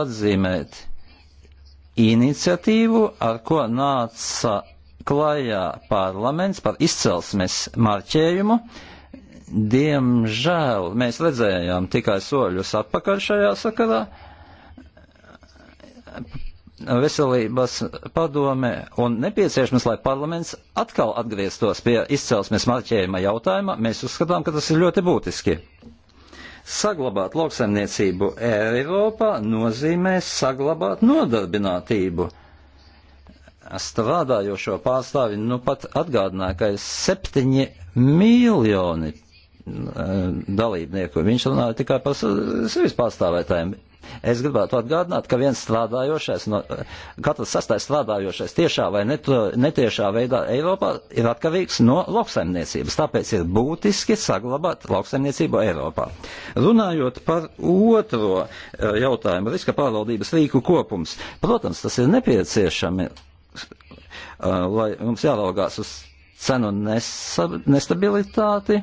atzīmēt iniciatīvu, ar ko nāca klajā parlaments par izcelsmes marķējumu. Diemžēl mēs redzējām tikai soļus atpakaļ šajā sakarā veselības padome un nepieciešams, lai parlaments atkal atgrieztos pie izcelsmes marķējuma jautājuma, mēs uzskatām, ka tas ir ļoti būtiski. Saglabāt lauksaimniecību Eiropā nozīmē saglabāt nodarbinātību. Strādājošo pārstāvi nu pat atgādināja, ka ir septiņi miljoni eh, dalībnieku. Viņš runāja tikai par sevis pārstāvētājiem. Es gribētu atgādināt, ka viens strādājošais, no, katrs sastais strādājošais tiešā vai neto, netiešā veidā Eiropā ir atkarīgs no lauksaimniecības. Tāpēc ir būtiski saglabāt lauksaimniecību Eiropā. Runājot par otro eh, jautājumu, riska pārvaldības rīku kopums. Protams, tas ir nepieciešami, eh, lai mums jāraugās uz cenu nestabilitāti.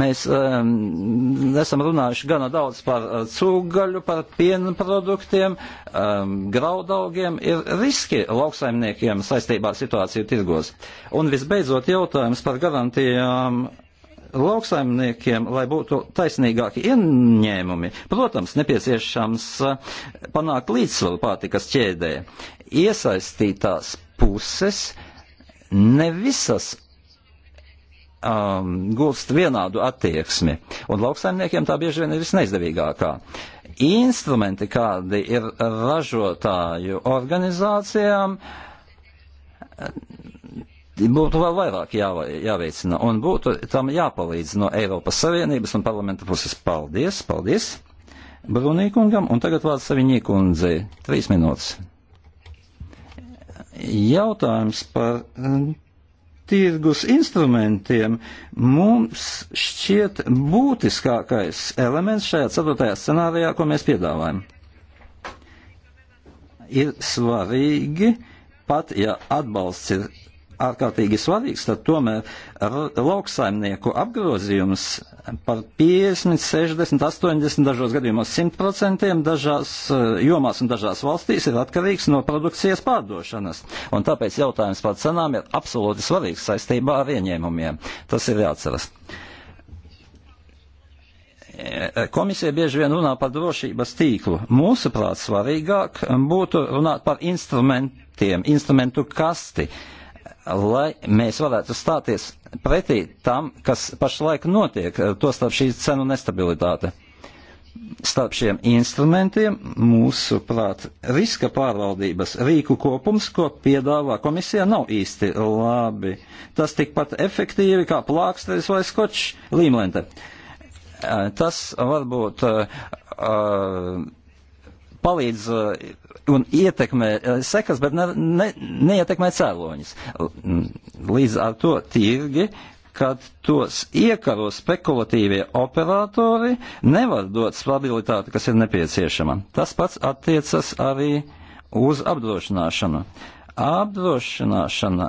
Mēs um, esam runājuši gana daudz par uh, cūgaļu, par piena produktiem, um, graudaugiem. Ir riski lauksaimniekiem saistībā ar situāciju tirgos. Un visbeidzot jautājums par garantijām lauksaimniekiem, lai būtu taisnīgāki ieņēmumi. Protams, nepieciešams uh, panākt līdzsvaru pārtikas ķēdē. Iesaistītās puses ne visas um, gūst vienādu attieksmi, un lauksaimniekiem tā bieži vien ir visneizdevīgākā. Instrumenti, kādi ir ražotāju organizācijām, būtu vēl vairāk jā, jāveicina, un būtu tam jāpalīdz no Eiropas Savienības un parlamenta puses. Paldies, paldies Brunīkungam, un tagad vārds Saviņīkundzei. Trīs minūtes. Jautājums par tirgus instrumentiem, mums šķiet būtiskākais elements šajā ceturtajā scenārijā, ko mēs piedāvājam. Ir svarīgi, pat ja atbalsts ir ārkārtīgi svarīgs, tad tomēr lauksaimnieku apgrozījums par 50, 60, 80, dažos gadījumos 100% dažās eh, jomās un dažās valstīs ir atkarīgs no produkcijas pārdošanas. Un tāpēc jautājums par cenām ir absolūti svarīgs saistībā ar ieņēmumiem. Tas ir jāatceras. Eh, komisija bieži vien runā par drošības tīklu. Mūsuprāt, svarīgāk būtu runāt par instrumentiem, instrumentu kasti. Uh, lai mēs varētu stāties pretī tam, kas pašlaik notiek, tostarp šī cenu nestabilitāte. Starp šiem instrumentiem mūsu prāt riska pārvaldības rīku kopums, ko piedāvā komisija, nav īsti labi. Tas tikpat efektīvi kā plāksteris vai skočs līmlente. Eh, tas varbūt uh, uh, palīdz uh, un ietekmē uh, sekas, bet ne, ne, neietekmē cēloņus. Līdz ar to tirgi, kad tos iekaro spekulatīvie operatori, nevar dot stabilitāti, kas ir nepieciešama. Tas pats attiecas arī uz apdrošināšanu. Apdrošināšana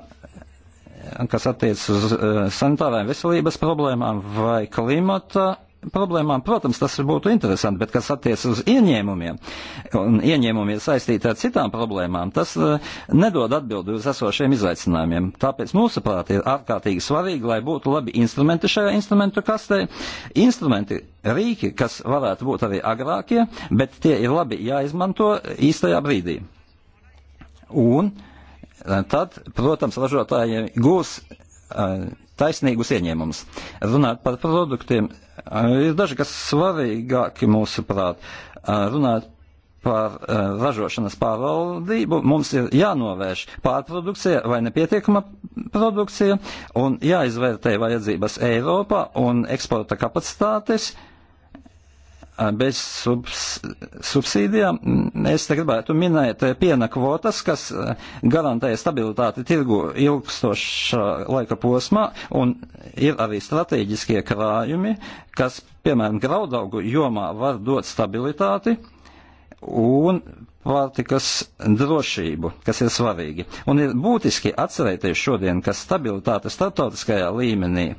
kas attiecas uz uh, sanitārajām veselības problēmām vai klimata problēmām, protams, tas būtu interesanti, bet kas attiec uz ieņēmumiem un ieņēmumi ir saistīti ar citām problēmām, tas eh, nedod atbildi uz esošiem izaicinājumiem. Tāpēc mūsuprāt ir ārkārtīgi svarīgi, lai būtu labi instrumenti šajā instrumentu kastē. Instrumenti rīki, kas varētu būt arī agrākie, bet tie ir labi jāizmanto īstajā brīdī. Un eh, tad, protams, ražotājiem gūs uh, taisnīgus ieņēmumus. Runāt par produktiem eh, ir daži, kas svarīgāki mūsuprāt. Eh, runāt par eh, ražošanas pārvaldību mums ir jānovērš pārprodukcija vai nepietiekama produkcija un jāizvērtē vajadzības Eiropā un eksporta kapacitātes. Uh, bez subs, subsīdijām. Mm, es te gribētu minēt eh, piena kvotas, kas eh, garantē stabilitāti tirgu ilgstošā laika posmā, un ir arī strateģiskie krājumi, kas, piemēram, graudaugu jomā var dot stabilitāti un pārtikas drošību, kas ir svarīgi. Un ir būtiski atcerēties šodien, ka stabilitāte starptautiskajā līmenī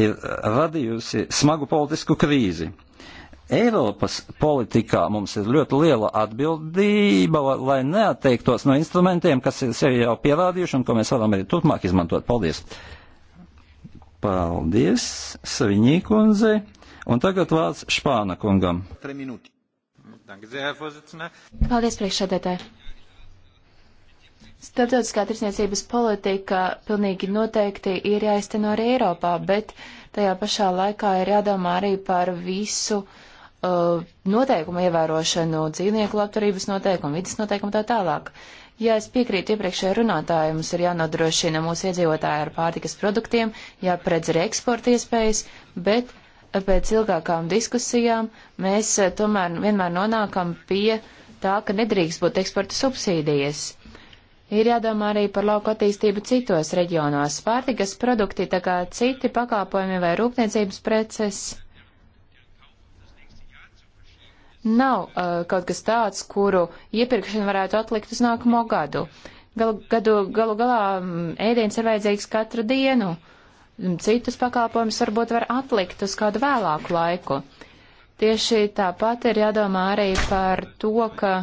ir radījusi smagu politisku krīzi Eiropas politikā mums ir ļoti liela atbildība, lai neatteiktos no instrumentiem, kas ir sevi jau pierādījuši un ko mēs varam arī turpmāk izmantot. Paldies! Paldies, Saviņī kundze! Un tagad vārds Špāna kungam. Paldies, priekšsēdētāji! Starptautiskā tirsniecības politika pilnīgi noteikti ir jāizteno arī Eiropā, bet tajā pašā laikā ir jādomā arī par visu uh, uh, noteikumu ievērošanu, dzīvnieku labturības noteikumu, vidas noteikumu tā tālāk. Ja es piekrītu iepriekšējai runātājai, mums ir jānodrošina mūsu iedzīvotāji ar pārtikas produktiem, jāpredz arī eksporta iespējas, bet uh, pēc ilgākām diskusijām mēs uh, tomēr vienmēr nonākam pie tā, ka nedrīkst būt eksporta subsīdijas. Ir jādomā arī par lauku attīstību citos reģionos. Pārtikas produkti, tā kā citi pakāpojumi vai rūpniecības preces nav uh, kaut kas tāds, kuru iepirkšana varētu atlikt uz nākamo gadu. Galu, gadu, galu galā mm, ēdiens ir vajadzīgs katru dienu. Mm, citus pakalpojumus varbūt var atlikt uz kādu vēlāku laiku. Tieši tāpat ir jādomā arī par to, ka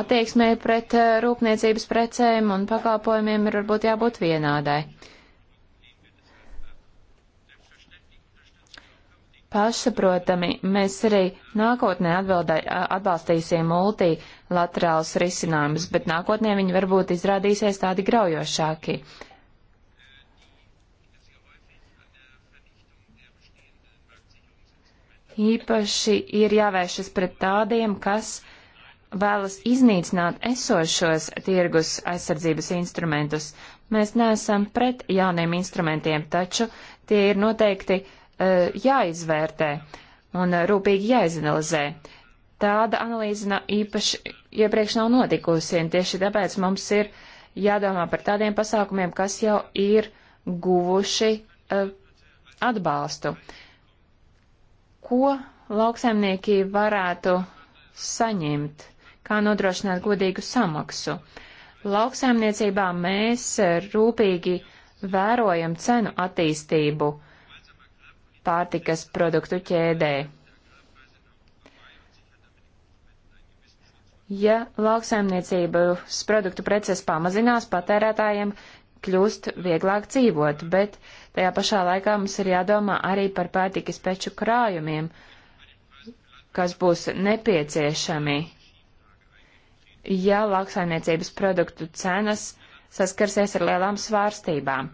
attieksmē pret uh, rūpniecības precēm un pakalpojumiem ir varbūt jābūt vienādai. Uh, Pašsaprotami, mēs arī nākotnē atbildai, atbalstīsim multilaterālus risinājumus, bet nākotnē viņi varbūt izrādīsies tādi graujošāki. Īpaši ir jāvēršas pret tādiem, kas vēlas iznīcināt esošos tirgus aizsardzības instrumentus. Mēs neesam pret jauniem instrumentiem, taču tie ir noteikti uh, Eh, jāizvērtē un eh, rūpīgi jāizanalizē. Tāda analīze īpaši iepriekš nav notikusi, un tieši tāpēc mums ir jādomā par tādiem pasākumiem, kas jau ir guvuši uh, atbalstu. Ko lauksaimnieki varētu saņemt? Kā nodrošināt godīgu samaksu? Lauksaimniecībā mēs rūpīgi vērojam cenu attīstību. Uh, pārtikas produktu ķēdē. Ja lauksaimniecības produktu preces pamazinās, patērētājiem kļūst vieglāk dzīvot, bet tajā pašā laikā mums ir jādomā arī par pārtikas peču krājumiem, kas būs nepieciešami, ja lauksaimniecības produktu cenas saskarsies ar lielām svārstībām.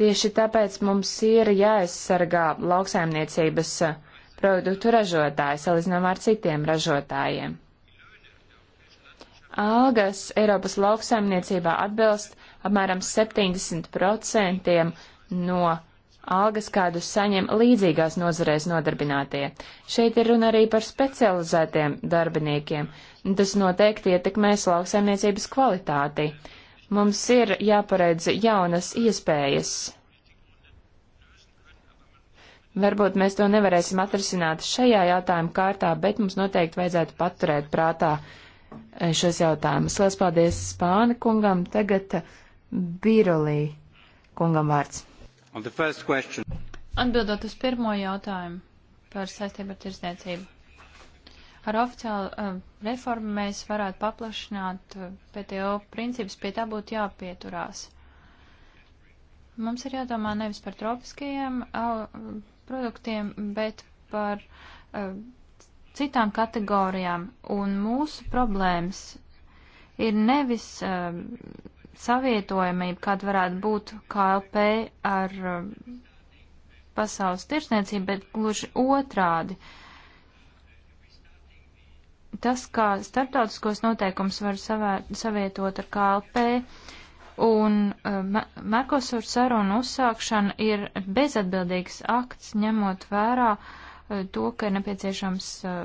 Tieši tāpēc mums ir jāaizsargā lauksaimniecības eh, produktu ražotāji salīdzinām ar citiem ražotājiem. Algas Eiropas lauksaimniecībā atbilst apmēram 70% no algas, kādu saņem līdzīgās nozarēs nodarbinātie. Šeit ir runa arī par specializētiem darbiniekiem. Tas noteikti ietekmēs lauksaimniecības kvalitāti. Mums ir jāparedz jaunas iespējas. Varbūt mēs to nevarēsim atrisināt šajā jautājuma kārtā, bet mums noteikti vajadzētu paturēt prātā eh, šos jautājumus. Lielas paldies Spāna kungam, tagad eh, Birolī kungam vārds. Atbildot uz pirmo jautājumu par saistību ar tirsniecību ar oficiālu uh, reformu mēs varētu paplašināt uh, eh, PTO principus, pie tā būtu jāpieturās. Mums ir jādomā nevis par tropiskajiem uh, produktiem, bet par uh, citām kategorijām. Un mūsu problēmas ir nevis uh, savietojamība, kāda varētu būt KLP ar uh, pasaules tirsniecību, bet gluži otrādi. Uh, tas, kā starptautiskos noteikums var savā, savietot ar KLP, un uh, Merkosur sarunu uzsākšana ir bezatbildīgs akts, ņemot vērā uh, to, ka ir nepieciešams uh,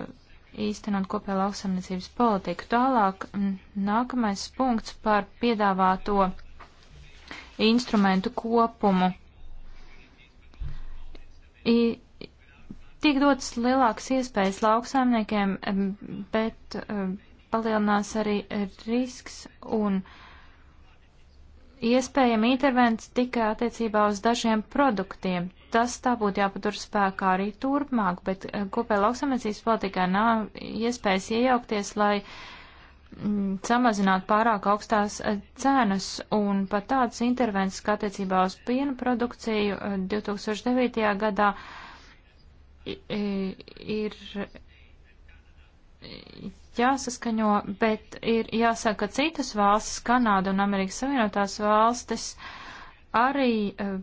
īstenot kopējā lauksamniecības politiku. Tālāk nākamais punkts par piedāvāto instrumentu kopumu. I, Tiek dotas lielākas iespējas lauksaimniekiem, bet palielinās arī risks un iespējama intervents tikai attiecībā uz dažiem produktiem. Tas tā būtu jāpatur spēkā arī turpmāk, bet eh, kopēja lauksamniecības politikā nav iespējas iejaukties, lai mm, samazinātu pārāk augstās eh, cenas un pat tādas intervences, kā attiecībā uz piena produkciju 2009. Eh, gadā ir jāsaskaņo, bet ir jāsaka, ka citas valstis, Kanāda un Amerikas Savienotās valstis, arī uh,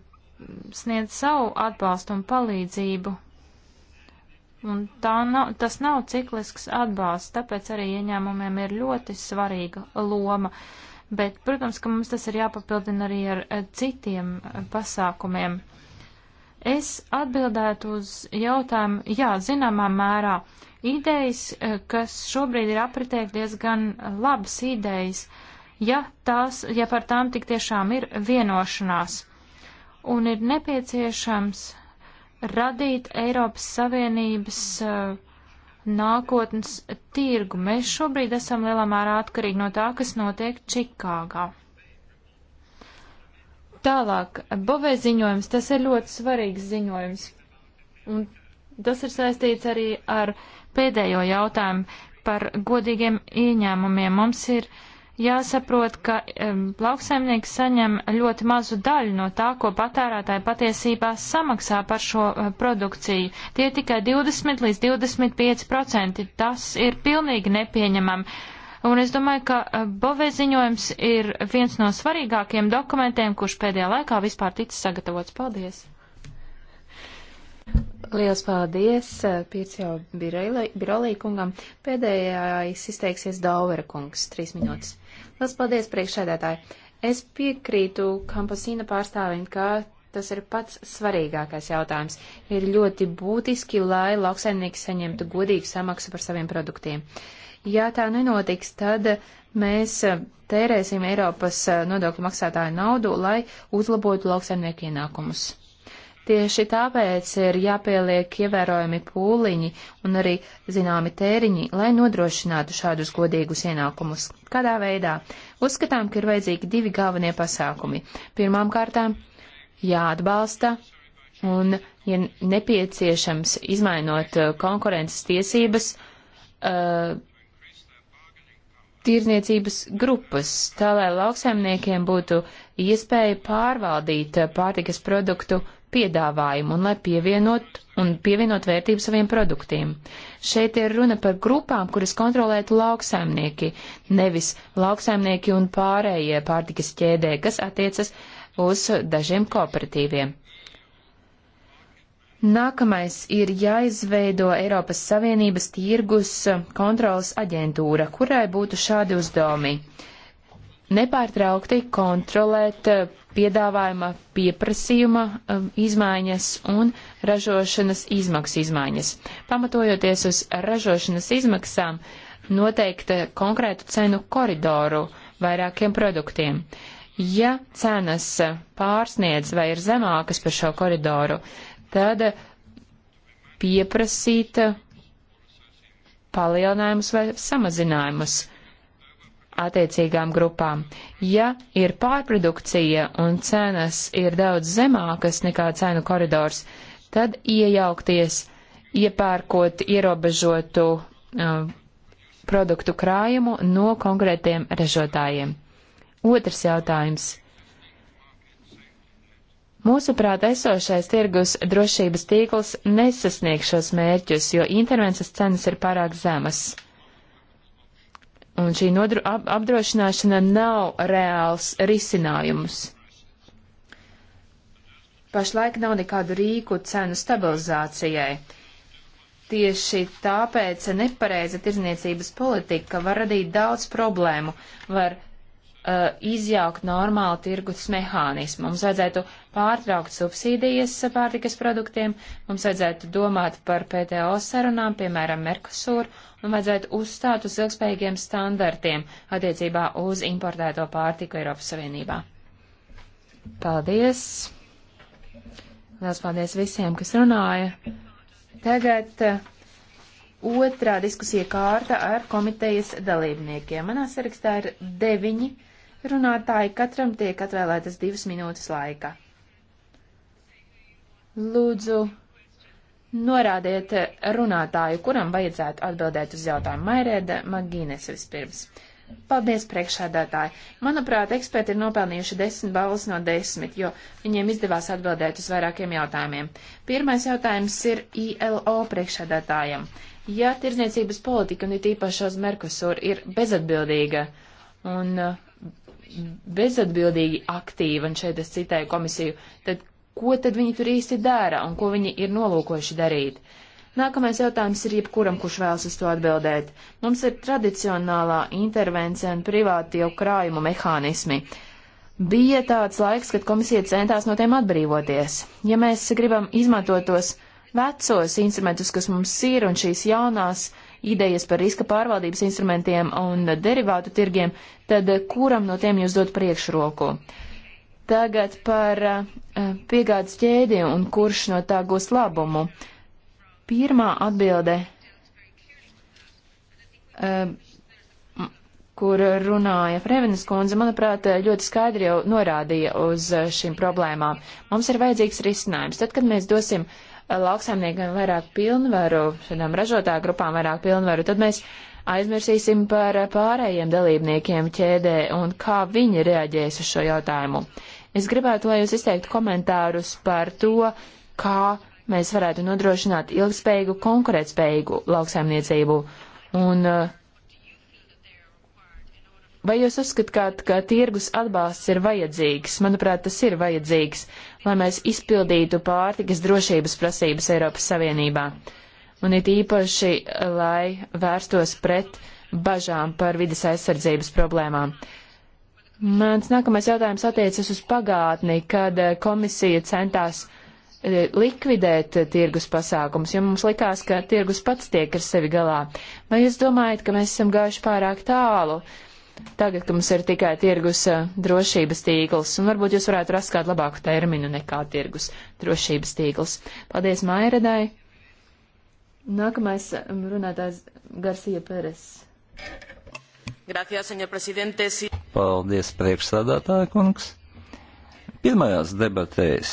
sniedz savu atbalstu un palīdzību. Un tā nav, tas nav ciklisks atbalsts, tāpēc arī ieņēmumiem ir ļoti svarīga loma. Bet, protams, ka mums tas ir jāpapildina arī ar uh, citiem uh, pasākumiem. Uh, Es atbildētu uz jautājumu, jā, zināmā mērā. Idejas, eh, kas šobrīd ir apritē diezgan eh, labas idejas, ja, tās, ja par tām tik tiešām ir vienošanās. Un ir nepieciešams radīt Eiropas Savienības uh, nākotnes tirgu. Mēs šobrīd esam lielā mērā atkarīgi no tā, kas notiek Čikāgā. Tālāk, Bovē ziņojums, tas ir ļoti svarīgs ziņojums. Un tas ir saistīts arī ar pēdējo jautājumu par godīgiem ieņēmumiem. Mums ir jāsaprot, ka um, lauksaimnieks saņem ļoti mazu daļu no tā, ko patērētāji patiesībā samaksā par šo uh, produkciju. Tie tikai 20 līdz 25 procenti. Tas ir pilnīgi nepieņemami Un es domāju, ka eh, Bove ziņojums ir viens no svarīgākiem dokumentiem, kurš pēdējā laikā vispār ticis sagatavots. Paldies! Liels paldies eh, Pircio Birolī kungam. Pēdējais izteiksies Dauvera kungs, trīs minūtes. Liels paldies priekšsēdētāji. Es piekrītu Kampasīna pārstāvim, ka tas ir pats svarīgākais jautājums. Ir ļoti būtiski, lai lauksaimnieki saņemtu godīgu samaksu par saviem produktiem. Uh, Ja tā nenotiks, tad mēs tērēsim Eiropas eh, nodokļu maksātāju naudu, lai uzlabotu lauksaimnieku ienākumus. Tieši tāpēc ir jāpieliek ievērojami pūliņi un arī zināmi tēriņi, lai nodrošinātu šādus godīgus ienākumus. Kādā veidā? Uzskatām, ka ir vajadzīgi divi galvenie pasākumi. Pirmām kārtām jāatbalsta un, ja nepieciešams, izmainot eh, konkurences tiesības, eh, tirniecības grupas, tā lai lauksaimniekiem būtu iespēja pārvaldīt pārtikas produktu piedāvājumu un lai pievienot, un pievienot vērtību saviem produktiem. Šeit ir runa par grupām, kuras kontrolētu lauksaimnieki, nevis lauksaimnieki un pārējie pārtikas ķēdē, kas attiecas uz dažiem kooperatīviem. Nākamais ir jāizveido Eiropas Savienības tirgus kontrolas aģentūra, kurai būtu šādi uzdevumi. Nepārtraukti kontrolēt eh, piedāvājuma pieprasījuma eh, izmaiņas un ražošanas izmaksu izmaiņas. Pamatojoties uz ražošanas izmaksām, noteikt eh, konkrētu cenu koridoru vairākiem produktiem. Ja cenas pārsniedz vai ir zemākas par šo koridoru, tad pieprasīt palielinājumus vai samazinājumus attiecīgām grupām. Ja ir pārprodukcija un cenas ir daudz zemākas nekā cenu koridors, tad iejaukties, iepērkot ierobežotu uh, produktu krājumu no konkrētiem ražotājiem. Otrs jautājums Mūsuprāt, esošais tirgus drošības tīkls nesasniegš šos mērķus, jo intervences cenas ir pārāk zemas. Un šī nodru, ap, apdrošināšana nav reāls risinājums. Pašlaik nav nekādu rīku cenu stabilizācijai. Tieši tāpēc nepareiza tirzniecības politika var radīt daudz problēmu, var uh, izjaukt normālu tirgus mehānismu. Mums vajadzētu pārtraukt subsīdijas pārtikas produktiem, mums vajadzētu domāt par PTO sarunām, piemēram, Merkusūru, un vajadzētu uzstāt uz ilgspējīgiem standartiem attiecībā uz importēto pārtiku Eiropas Savienībā. Paldies! Liels paldies visiem, kas runāja. Tagad uh, otrā diskusija kārta ar komitejas dalībniekiem. Manā sarakstā ir deviņi Runātāji katram tiek atvēlētas divas minūtes laika. Lūdzu, norādiet runātāju, kuram vajadzētu atbildēt uz jautājumu. Mairēda Magīnes vispirms. Paldies, priekšādātāji! Manuprāt, eksperti ir nopelnījuši desmit balvas no desmit, jo viņiem izdevās atbildēt uz vairākiem jautājumiem. Pirmais jautājums ir ILO priekšādātājiem. Ja tirdzniecības politika, un it īpaši uz Merkusur, ir bezatbildīga un uh, bezatbildīgi aktīva, un šeit es citēju komisiju, tad ko tad viņi tur īsti dara un ko viņi ir nolūkojuši darīt? Nākamais jautājums ir jebkuram, kurš vēlas uz to atbildēt. Mums ir tradicionālā intervence un privātie krājumu mehānismi. Bija tāds laiks, kad komisija centās no tiem atbrīvoties. Ja mēs gribam izmantot tos vecos instrumentus, kas mums ir, un šīs jaunās uh, idejas par riska pārvaldības instrumentiem un derivātu tirgiem, tad eh, kuram no tiem jūs dot priekšroku? Tagad par eh, piegādes ķēdi un kurš no tā gūs labumu. Pirmā atbilde, eh, kur runāja Frevenes kundze, manuprāt, ļoti skaidri jau norādīja uz šīm problēmām. Mums ir vajadzīgs risinājums. Tad, kad mēs dosim uh, lauksaimniekiem vairāk pilnvaru, šādām ražotāju grupām vairāk pilnvaru, tad mēs aizmirsīsim par pārējiem dalībniekiem ķēdē un kā viņi reaģēs uz šo jautājumu. Es gribētu, lai jūs izteiktu komentārus par to, kā mēs varētu nodrošināt ilgspējīgu, konkurētspējīgu lauksaimniecību un uh, Vai jūs uzskatāt, ka tirgus atbalsts ir vajadzīgs? Manuprāt, tas ir vajadzīgs, lai mēs izpildītu pārtikas drošības prasības Eiropas Savienībā. Un it īpaši, lai vērstos pret bažām par vidas aizsardzības problēmām. Mans nākamais jautājums attiecas uz pagātni, kad eh, komisija centās eh, likvidēt eh, tirgus pasākums, jo mums likās, ka tirgus pats tiek ar sevi galā. Vai jūs domājat, ka mēs esam gājuši pārāk tālu? Tagad, ka mums ir tikai tirgus eh, drošības tīkls, un varbūt jūs varētu rast kādu labāku terminu nekā tirgus drošības tīkls. Paldies Mairedai. Nākamais eh, runātājs Garcija Peres. Gracias, senor presidente. Paldies, priekšsādātāja kungs. Pirmajās debatēs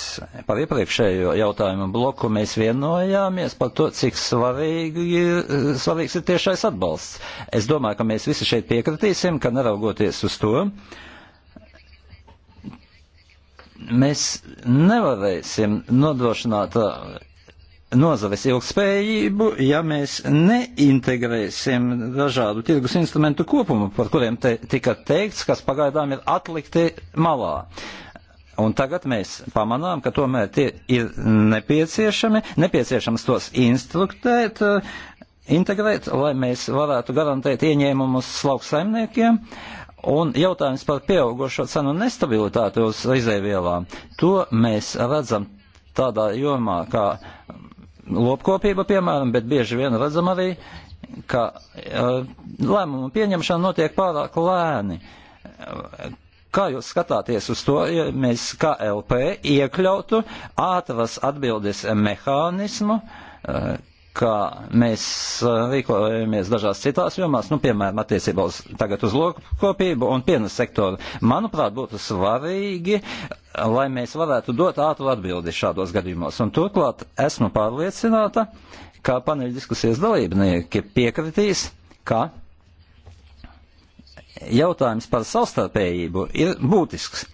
par iepriekšējo jautājumu bloku mēs vienojāmies par to, cik svarīgi, svarīgs ir tiešais atbalsts. Es domāju, ka mēs visi šeit piekritīsim, ka neraugoties uz to, mēs nevarēsim nodrošināt uh, nozares ilgspējību, ja mēs neintegrēsim dažādu tirgus instrumentu kopumu, par kuriem te tika teikts, kas pagaidām ir atlikti malā. Un tagad mēs pamanām, ka tomēr tie ir nepieciešami, nepieciešams tos instruktēt, integrēt, lai mēs varētu garantēt ieņēmumus lauksaimniekiem. Un jautājums par pieaugušo cenu nestabilitāti uz izēvielām, to mēs redzam tādā jomā kā lopkopība, piemēram, bet bieži vien redzam arī, ka uh, lēmumu pieņemšana notiek pārāk lēni Kā jūs skatāties uz to, ja mēs KLP iekļautu ātras atbildes mehānismu, eh, kā mēs eh, rīkojamies dažās citās jomās, nu, piemēram, attiecībā uz, tagad uz lokopību un piena sektoru. Manuprāt, būtu svarīgi, lai mēs varētu dot ātru atbildi šādos gadījumos. Un turklāt esmu pārliecināta, ka paneļa diskusijas dalībnieki piekritīs, ka jautājums par savstarpējību ir būtisks.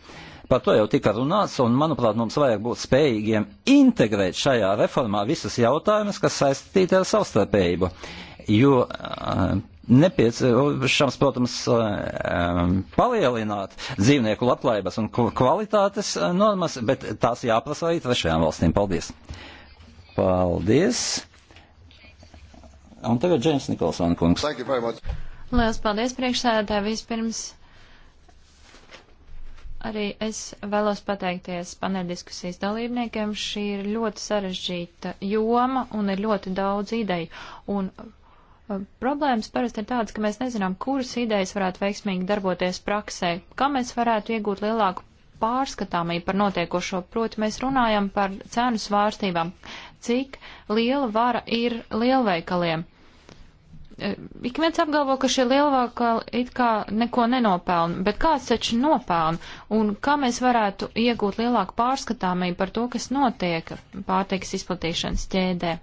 Par to jau tika runāts, un, manuprāt, mums vajag būt spējīgiem integrēt šajā reformā visus jautājumus, kas saistīti ar savstarpējību. Jo eh, nepieciešams, protams, eh, palielināt dzīvnieku labklājības un kvalitātes eh, normas, bet tās jāprasa arī trešajām valstīm. Paldies! Paldies! Un tagad Džeims Nikolsons kungs. Lielas paldies priekšsēdētāji. Vispirms arī es vēlos pateikties paneldiskusijas dalībniekiem. Šī ir ļoti sarežģīta joma un ir ļoti daudz ideju. Un uh, Problēmas parasti ir tādas, ka mēs nezinām, kuras idejas varētu veiksmīgi darboties praksē, kā mēs varētu iegūt lielāku pārskatāmību par notiekošo. Proti, mēs runājam par cenu svārstībām, cik liela vara ir lielveikaliem. Uh, Eh, ik viens apgalvo, ka šie lielveikali it kā neko nenopelna, bet kāds taču nopelna un kā mēs varētu iegūt lielāku pārskatāmību par to, kas notiek pārtiks izplatīšanas ķēdē.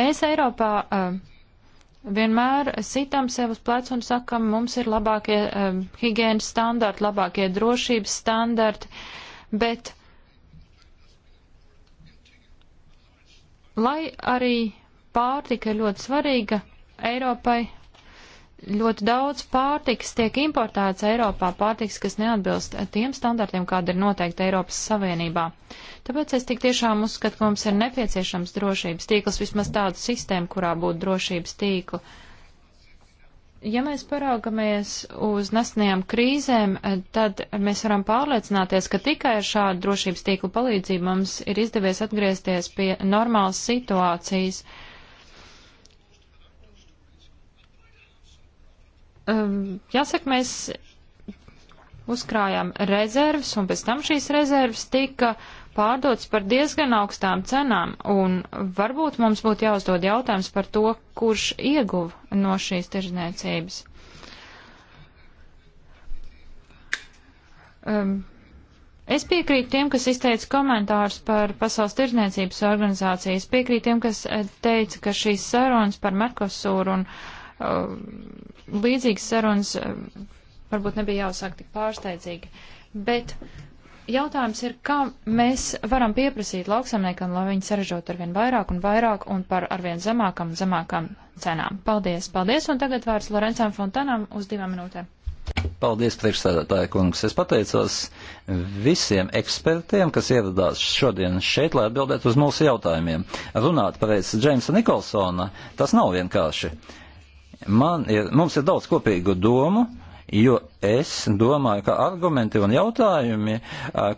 Mēs Eiropā uh, vienmēr sitām sev uz plecu un sakam, mums ir labākie uh, eh, higienas standarti, labākie drošības standarti, bet lai arī pārtika ir ļoti svarīga Eiropai. Ļoti daudz pārtiks tiek importēts Eiropā, pārtiks, kas neatbilst tiem standartiem, kāda ir noteikta Eiropas Savienībā. Tāpēc es tik tiešām uzskatu, ka mums ir nepieciešams drošības tīkls, vismaz tāda sistēma, kurā būtu drošības tīkla. Ja mēs paraugamies uz nesenajām krīzēm, tad mēs varam pārliecināties, ka tikai ar šādu drošības tīklu palīdzību mums ir izdevies atgriezties pie normālas situācijas. Uh, um, jāsaka, mēs uzkrājām rezerves, un pēc tam šīs rezerves tika pārdotas par diezgan augstām cenām, un varbūt mums būtu jāuzdod jautājums par to, kurš ieguva no šīs tirzniecības. Um, es piekrītu tiem, kas izteica komentārus par Pasaules tirzniecības organizācijas, piekrītu tiem, kas teica, ka šīs sarunas par Merkosūru un uh, Uh, līdzīgas sarunas uh, varbūt nebija jāuzsāk tik pārsteidzīgi. Bet jautājums ir, kā mēs varam pieprasīt lauksamniekam, lai viņi sarežot arvien vairāk un vairāk un par arvien zemākam, zemākam cenām. Paldies, paldies, un tagad vārds Lorencam Fontanam uz divām minūtēm. Paldies, priekšstādātāja kungs. Es pateicos visiem ekspertiem, kas ieradās šodien šeit, lai atbildētu uz mūsu jautājumiem. Runāt par Džeimsa Nikolsona, tas nav vienkārši. Uh, Man ir, mums ir daudz kopīgu domu, jo es domāju, ka argumenti un jautājumi,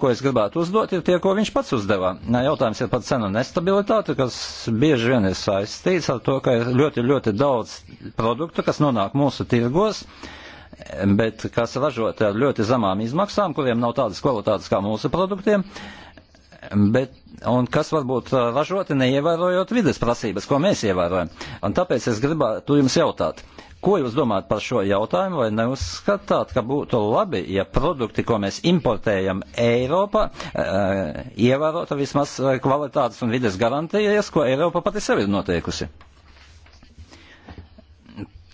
ko es gribētu uzdot, ir tie, ko viņš pats uzdevā. Jautājums ir par cenu nestabilitāti, kas bieži vien ir saistīts ar to, ka ir ļoti, ļoti daudz produktu, kas nonāk mūsu tirgos, bet kas ražot ar ļoti zamām izmaksām, kuriem nav tādas kvalitātes kā mūsu produktiem. Uh, bet, un kas varbūt ražoti neievērojot vides prasības, ko mēs ievērojam. Un tāpēc es gribētu jums jautāt, ko jūs domājat par šo jautājumu, vai neuzskatāt, ka būtu labi, ja produkti, ko mēs importējam Eiropā, ievērotu vismaz kvalitātes un vides garantijas, ko Eiropa pati sev ir noteikusi?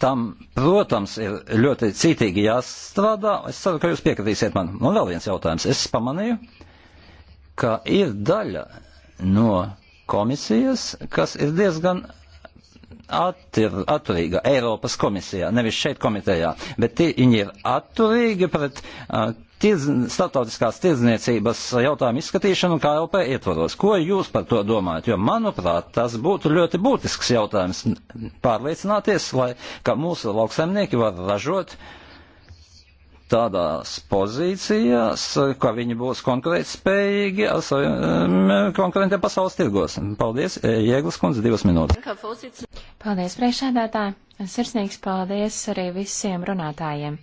Tam, protams, ir ļoti cītīgi jāstrādā. Es ceru, ka jūs piekritīsiet man. Un vēl viens jautājums. Es pamanīju, uh, ka ir daļa no komisijas, kas ir diezgan attir, atturīga Eiropas komisijā, nevis šeit komitejā, bet viņi ir atturīgi pret uh, tirz, startautiskās tirdzniecības jautājumu izskatīšanu KLP ietvaros. Ko jūs par to domājat? Jo, manuprāt, tas būtu ļoti būtisks jautājums pārliecināties, lai, ka mūsu lauksaimnieki var ražot uh, tādās pozīcijās, ka viņi būs konkurēt spējīgi konkurentiem pasaules tirgos. Paldies, e, Jēglas kundze, divas minūtes. Paldies, priekšādātāji. Sirsnīgs paldies arī visiem runātājiem.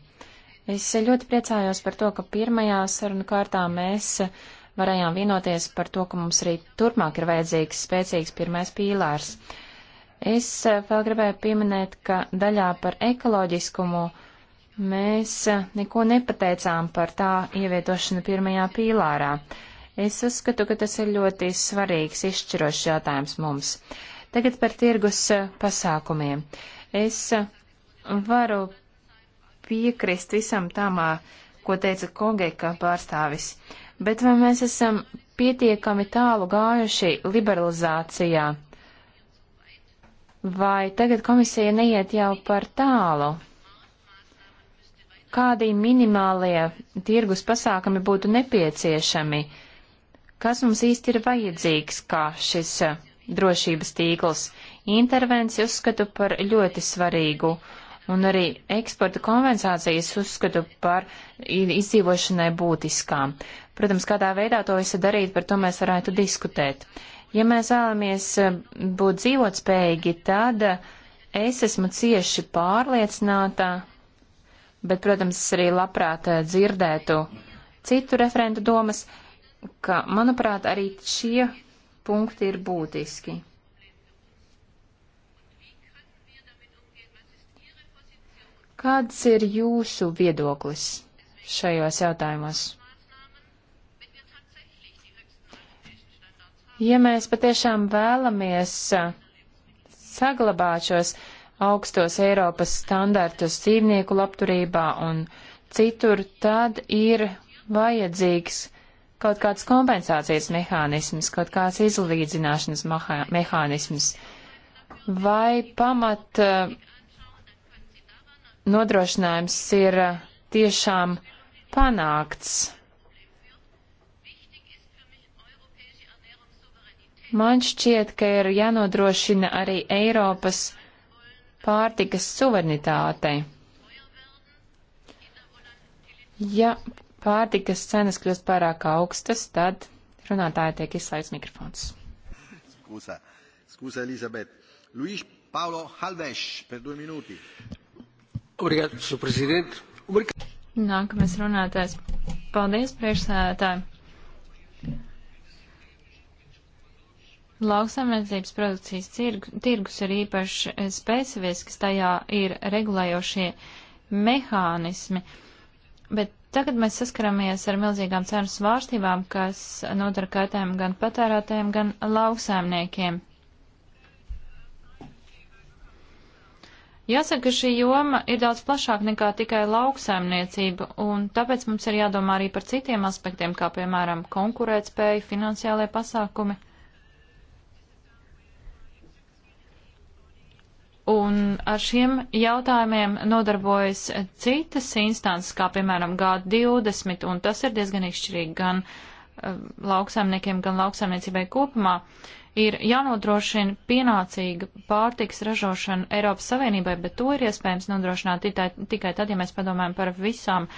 Es ļoti priecājos par to, ka pirmajā sarunu kārtā mēs varējām vienoties par to, ka mums arī turpmāk ir vajadzīgs spēcīgs pirmais pīlārs. Es e, vēl gribēju pieminēt, ka daļā par ekoloģiskumu uh, Mēs neko nepateicām par tā ievietošanu pirmajā pīlārā. Es uzskatu, ka tas ir ļoti svarīgs, izšķirošs jautājums mums. Tagad par tirgus pasākumiem. Es varu piekrist visam tam, ko teica Kogeka pārstāvis, bet vai mēs esam pietiekami tālu gājuši liberalizācijā? Vai tagad komisija neiet jau par tālu? kādi minimālie tirgus pasākumi būtu nepieciešami, kas mums īsti ir vajadzīgs, kā šis eh, drošības tīkls. Intervenciju uzskatu par ļoti svarīgu, un arī eksporta konvencācijas uzskatu par izdzīvošanai būtiskām. Protams, kādā veidā to visu darīt, par to mēs varētu diskutēt. Ja mēs vēlamies eh, būt dzīvotspējīgi, tad eh, es esmu cieši pārliecināta, bet, protams, es arī labprāt eh, dzirdētu citu referentu domas, ka, manuprāt, arī šie punkti ir būtiski. Kāds ir jūsu viedoklis šajos jautājumos? Ja mēs patiešām vēlamies eh, saglabāt šos augstos Eiropas standartus dzīvnieku labturībā un citur, tad ir vajadzīgs kaut kāds kompensācijas mehānisms, kaut kāds izlīdzināšanas mehānisms. Vai pamat eh, nodrošinājums ir eh, tiešām panākts? Man šķiet, ka ir jānodrošina arī Eiropas pārtikas suverenitātei. Ja pārtikas cenas kļūst pārāk augstas, tad runātāja tiek izslēgts mikrofons. Scusa, scusa Elisabeth. Luis Paulo Halveš, per divi minūti. Obrigado, Sr. Presidente. Obrigado. Nākamais runātājs. Paldies, priekšsēdētāji. Lauksamniecības produkcijas cirgu, tirgus ir īpaši specifisks, tajā ir regulējošie mehānismi, bet tagad mēs saskaramies ar milzīgām cenu svārstībām, kas nodara kaitējumu gan patērētājiem, gan lauksaimniekiem. Jāsaka, ka šī joma ir daudz plašāk nekā tikai lauksaimniecība, un tāpēc mums ir jādomā arī par citiem aspektiem, kā piemēram konkurētspēja, finansiālajie pasākumi. Un ar šiem jautājumiem nodarbojas citas instances, kā piemēram G20, un tas ir diezgan izšķirīgi gan uh, lauksaimniekiem, gan lauksaimniecībai kopumā. Ir jānodrošina pienācīga pārtiks ražošana Eiropas Savienībai, bet to ir iespējams nodrošināt tikai, tikai tad, ja mēs padomājam par visām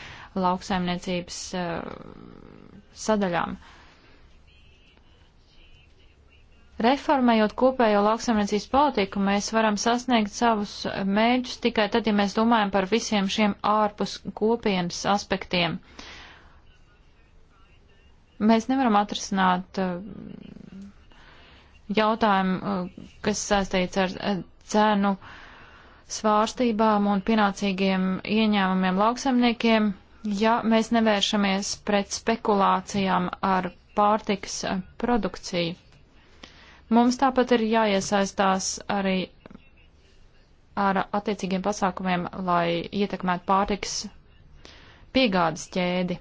lauksaimniecības uh, sadaļām. Uh, Reformējot kopējo lauksamniecības politiku, mēs varam sasniegt savus mērķus tikai tad, ja mēs domājam par visiem šiem ārpus kopienas aspektiem. Mēs nevaram atrisināt uh, jautājumu, uh, kas saistīts ar uh, cenu svārstībām un pienācīgiem ieņēmumiem lauksamniekiem, ja mēs nevēršamies pret spekulācijām ar pārtikas produkciju. Mums tāpat ir jāiesaistās arī ar attiecīgiem pasākumiem, lai ietekmētu pārtiks piegādes ķēdi.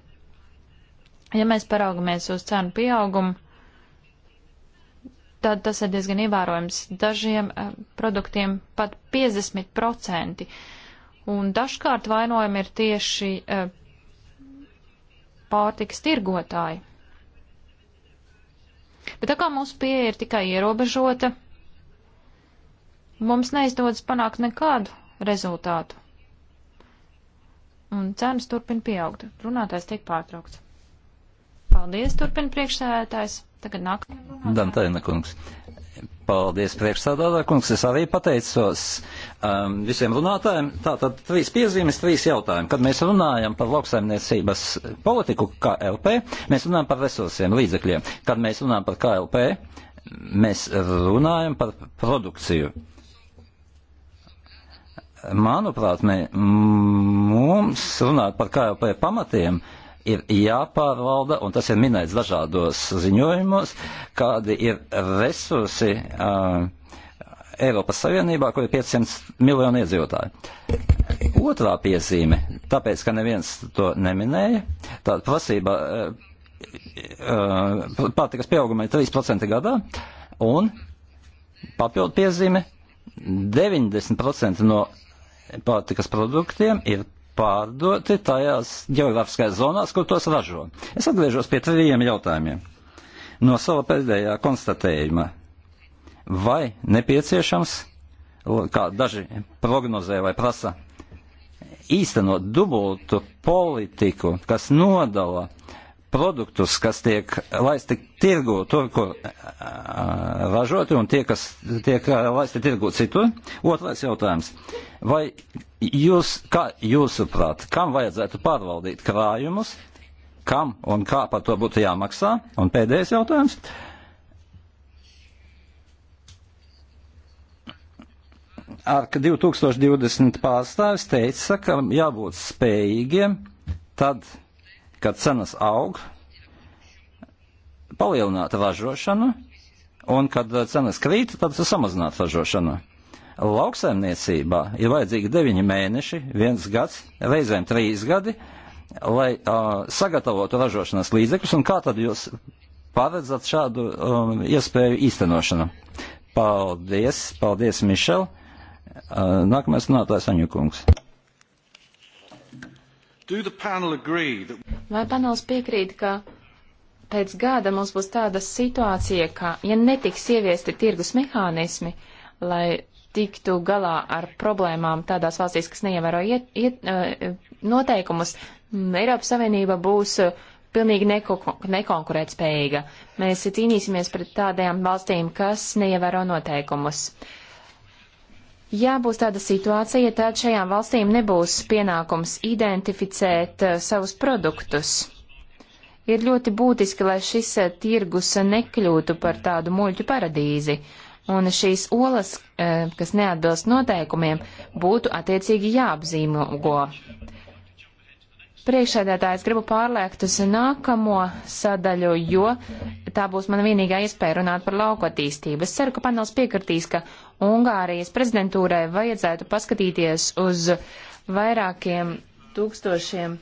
Ja mēs paraugamies uz cenu pieaugumu, tad tas ir diezgan ievērojams. Dažiem eh, produktiem pat 50%. Un dažkārt vainojumi ir tieši eh, pārtiks tirgotāji. Bet tā kā mūsu pieeja ir tikai ierobežota, mums neizdodas panākt nekādu rezultātu. Un cenas turpina pieaugt. Runātājs tiek pārtraukts. Paldies, turpina priekšsēdētājs. Tagad nāk. Dantaina kungs. Paldies, priekšsādātā kungs. Es arī pateicos um, visiem runātājiem. Tātad trīs piezīmes, trīs jautājumi. Kad mēs runājam par lauksaimniecības politiku KLP, mēs runājam par resursiem, līdzekļiem. Kad mēs runājam par KLP, mēs runājam par produkciju. Manuprāt, mē, mums runāt par KLP pamatiem. Uh, ir jāpārvalda, un tas ir minēts dažādos ziņojumos, kādi ir resursi uh, Eiropas Savienībā, kur ir 500 miljoni iedzīvotāji. Otrā piezīme, tāpēc, ka neviens to neminēja, tāda prasība uh, uh, pārtikas pieauguma ir 3% gadā, un papildu piezīme, 90% no pārtikas produktiem ir pārdoti tajās ģeogrāfiskajās zonās, kur tos ražo. Es atgriežos pie trījiem jautājumiem. No sava pēdējā konstatējuma, vai nepieciešams, kā daži prognozē vai prasa, īstenot dubultu politiku, kas nodala produktus, kas tiek laisti tirgu tur, kur ražoti, un tie, kas tiek laisti tirgu citur. Otrais jautājums. Vai jūs, kā jūsuprāt, kam vajadzētu pārvaldīt krājumus, kam un kā par to būtu jāmaksā? Un pēdējais jautājums. Ar 2020 pārstāvis teica, ka jābūt spējīgiem tad kad cenas aug, palielināt ražošanu, un kad eh, cenas krīt, tad samazināt ražošanu. Lauksaimniecībā ir vajadzīgi 9 mēneši, 1 gads, reizēm 3 gadi, lai uh, sagatavotu ražošanas līdzekļus, un kā tad jūs paredzat šādu um, iespēju īstenošanu? Paldies, paldies, Mišel. Uh, nākamais runātājs Aņukungs. Vai panelis piekrīt, ka pēc gada mums būs tāda situācija, ka, ja netiks ieviesti tirgus mehānismi, lai tiktu galā ar problēmām tādās valstīs, kas neievēro iet, iet, noteikumus, Eiropas Savienība būs pilnīgi nekonkurētspējīga. Mēs cīnīsimies pret tādām valstīm, kas neievēro noteikumus. Ja būs tāda situācija, tad šajām valstīm nebūs pienākums identificēt uh, savus produktus. Ir ļoti būtiski, lai šis uh, tirgus nekļūtu par tādu muļķu paradīzi, un šīs olas, uh, kas neatbilst noteikumiem, būtu attiecīgi jāapzīmogo. Priekšsēdētājs gribu pārlēkt uz nākamo sadaļu, jo tā būs mana vienīgā iespēja runāt par lauku attīstību. Es ceru, ka panels piekritīs, ka Ungārijas prezidentūrai vajadzētu paskatīties uz vairākiem tūkstošiem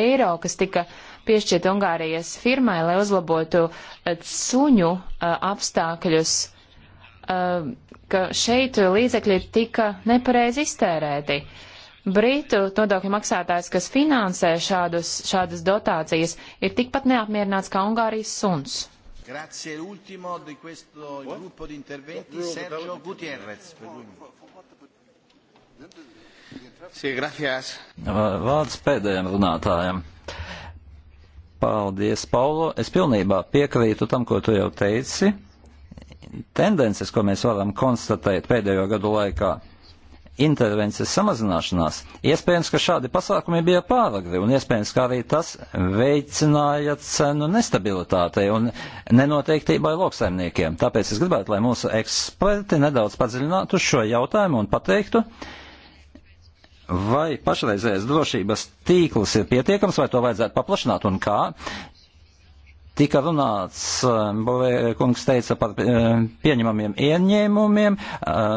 eiro, kas tika piešķirt Ungārijas firmai, lai uzlabotu eh, suņu eh, apstākļus, eh, ka šeit līdzekļi tika nepareizi iztērēti. Uh, Britu nodokļu maksātājs, kas finansē šādus, šādas dotācijas, ir tikpat neapmierināts kā Ungārijas suns. Grazie, l'ultimo di questo gruppo di interventi, Sergio Gutierrez. Sì, gracias. Vārds pēdējiem runātājiem. Paldies, Paulo. Es pilnībā piekrītu tam, ko tu jau teici. Tendences, ko mēs varam konstatēt pēdējo gadu laikā, intervences samazināšanās, iespējams, ka šādi pasākumi bija pāragri un iespējams, ka arī tas veicināja cenu nestabilitātei un nenoteiktībai lauksaimniekiem. Tāpēc es gribētu, lai mūsu eksperti nedaudz padziļinātu šo jautājumu un pateiktu, vai pašreizējais drošības tīkls ir pietiekams, vai to vajadzētu paplašināt un kā. Tika runāts, eh, Bolē eh, kungs teica par eh, pieņemamiem ieņēmumiem.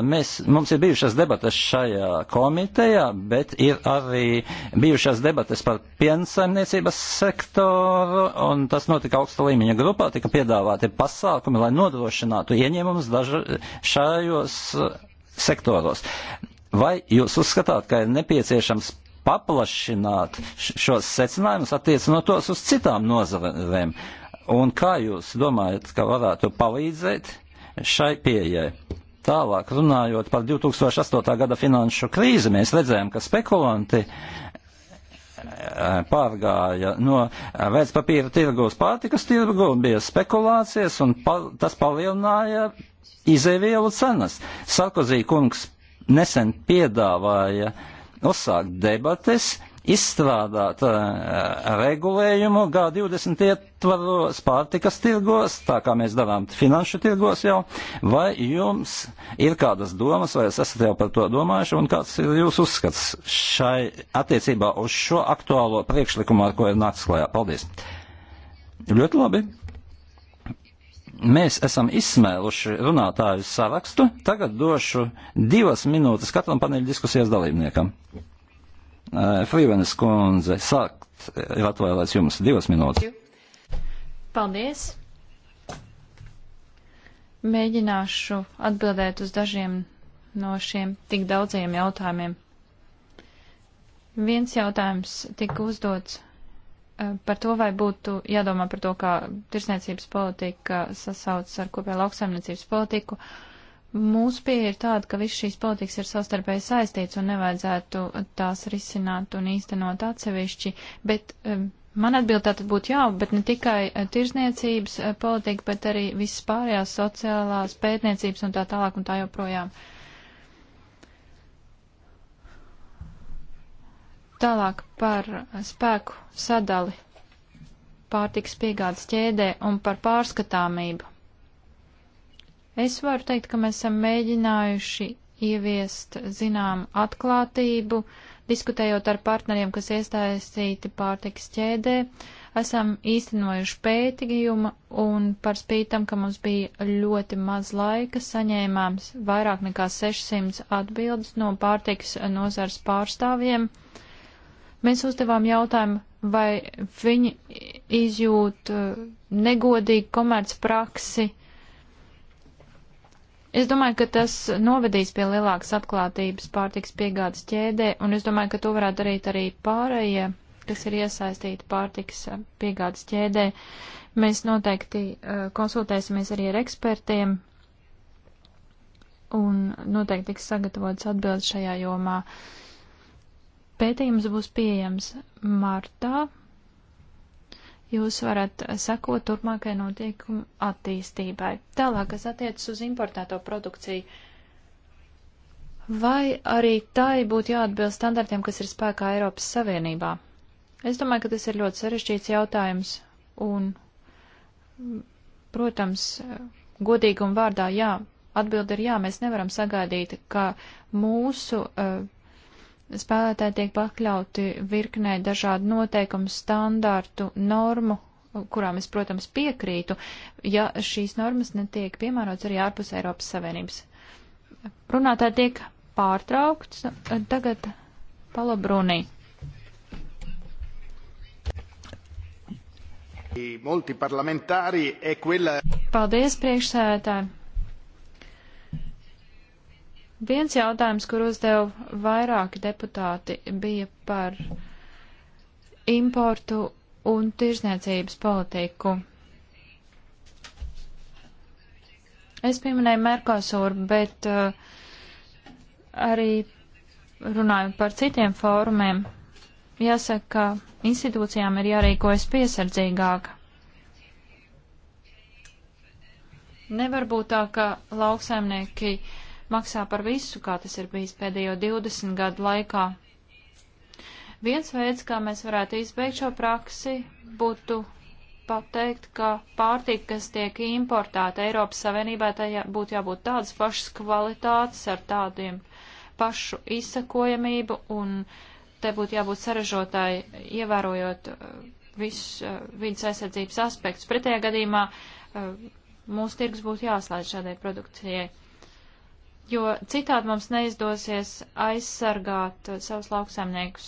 Mēs, mums ir bijušas debatas šajā komitejā, bet ir arī bijušas debatas par piensaimniecības sektoru, un tas notika augsta līmeņa grupā, tika piedāvāti pasākumi, lai nodrošinātu ieņēmumus dažu šajos sektoros. Vai jūs uzskatāt, ka ir nepieciešams paplašināt šos secinājumus attiecinot tos uz citām nozarēm? un kā jūs domājat, ka varētu palīdzēt šai pieejai? Tālāk runājot par 2008. gada finanšu krīzi, mēs redzējām, ka spekulanti eh, pārgāja no vērtspapīra tirgus pārtikas tirgu, bija spekulācijas un pa, tas palielināja izēvielu cenas. Sarkozī kungs nesen piedāvāja uzsākt debates izstrādāt eh, regulējumu G20 ietvaros pārtikas tirgos, tā kā mēs darām finanšu tirgos jau, vai jums ir kādas domas, vai es esat jau par to domājuši, un kāds ir jūsu uzskats šai attiecībā uz šo aktuālo priekšlikumu, ar ko ir nācis klajā? Paldies! Ļoti labi! Mēs esam izsmēluši runātāju sarakstu. Tagad došu divas minūtes katram paneļa diskusijas dalībniekam. Eh, Frīvenes kundze, sākt ir atvēlēts jums divas minūtes. Paldies! Mēģināšu atbildēt uz dažiem no šiem tik daudziem jautājumiem. Viens jautājums tika uzdots eh, par to, vai būtu jādomā par to, kā tirsniecības politika sasaucas ar kopēju lauksaimniecības politiku. Uh, Mūsu pieeja ir tāda, ka viss šīs politikas ir savstarpēji saistīts un nevajadzētu tās risināt un īstenot atsevišķi, bet um, man atbild tātad būtu jā, bet ne tikai uh, tirzniecības uh, politika, bet arī viss pārējās sociālās pētniecības un tā tālāk un tā joprojām. Tālāk par uh, spēku sadali pārtiks piegādes ķēdē un par pārskatāmību Es varu teikt, ka mēs esam mēģinājuši ieviest zinām atklātību, diskutējot ar partneriem, kas iesaistīti pārtiks ķēdē. Esam īstenojuši pētījumu un par spītam, ka mums bija ļoti maz laika, saņēmām vairāk nekā 600 atbildes no pārtiks nozars pārstāvjiem. Mēs uzdevām jautājumu, vai viņi izjūt eh, negodīgu komercpraksi praksi Es domāju, ka tas novedīs pie lielākas atklātības pārtiks piegādes ķēdē, un es domāju, ka to varētu darīt arī pārējie, kas ir iesaistīti pārtiks eh, piegādes ķēdē. Mēs noteikti uh, konsultēsimies arī ar ekspertiem, un noteikti tiks sagatavotas atbildes šajā jomā. Pētījums būs pieejams martā, jūs varat sekot turpmākai notiekumu attīstībai. Tālāk, kas attiecas uz importēto produkciju, vai arī tai būtu jāatbilst standartiem, kas ir spēkā Eiropas Savienībā? Es domāju, ka tas ir ļoti sarežģīts jautājums, un, protams, godīguma vārdā jā, atbildi ir jā, mēs nevaram sagaidīt, ka mūsu uh, spēlētāji tiek pakļauti virknē dažādu noteikumu, standārtu, normu, kurām es, protams, piekrītu, ja šīs normas netiek piemērots arī ārpus Eiropas Savienības. Runātāji tiek pārtraukts. Tagad Palo Brunī. E Paldies, priekšsēdētāji! Viens jautājums, kur uzdev vairāki deputāti, bija par importu un tirzniecības politiku. Es pieminēju Merkosūru, bet uh, arī runājot par citiem fórumiem, jāsaka, ka institūcijām ir jārīkojas piesardzīgāk. Nevar būt tā, ka lauksaimnieki uh, maksā par visu, kā tas ir bijis pēdējo 20 gadu laikā. Viens veids, kā mēs varētu izbeigt šo praksi, būtu pateikt, ka pārtika, kas tiek importēta Eiropas Savienībā, tai būtu jābūt tādas pašas kvalitātes ar tādiem pašu izsakojamību un te būtu jābūt sarežotāji, ievērojot uh, visus uh, vidas aizsardzības aspektus. Pretējā gadījumā uh, mūsu tirgus būtu jāslēdz šādai produkcijai. Uh, jo citādi mums neizdosies aizsargāt uh, savus lauksaimniekus.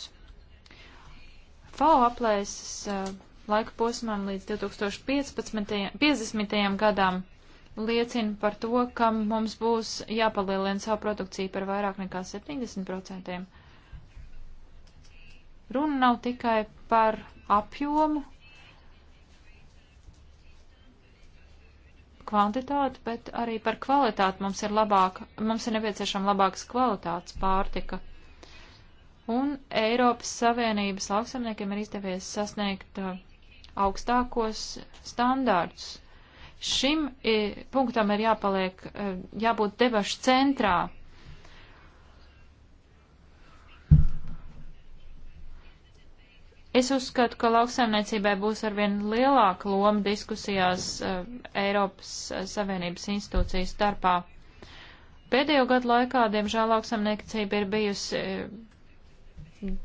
FAO aplēses uh, laika posmām līdz 2050. gadam liecina par to, ka mums būs jāpalielina savu produkciju par vairāk nekā 70%. Runa nav tikai par apjomu, kvantitāti, bet arī par kvalitāti mums ir labāk, mums ir nepieciešama labākas kvalitātes pārtika. Un Eiropas Savienības lauksamniekiem ir izdevies sasniegt uh, augstākos standārtus. Šim punktam ir jāpaliek, uh, jābūt debašu centrā Es uzskatu, ka lauksaimniecībai būs arvien lielāka loma diskusijās uh, Eiropas eh, Savienības institūciju starpā. Pēdējo gadu laikā, diemžēl, lauksaimniecība ir bijusi eh,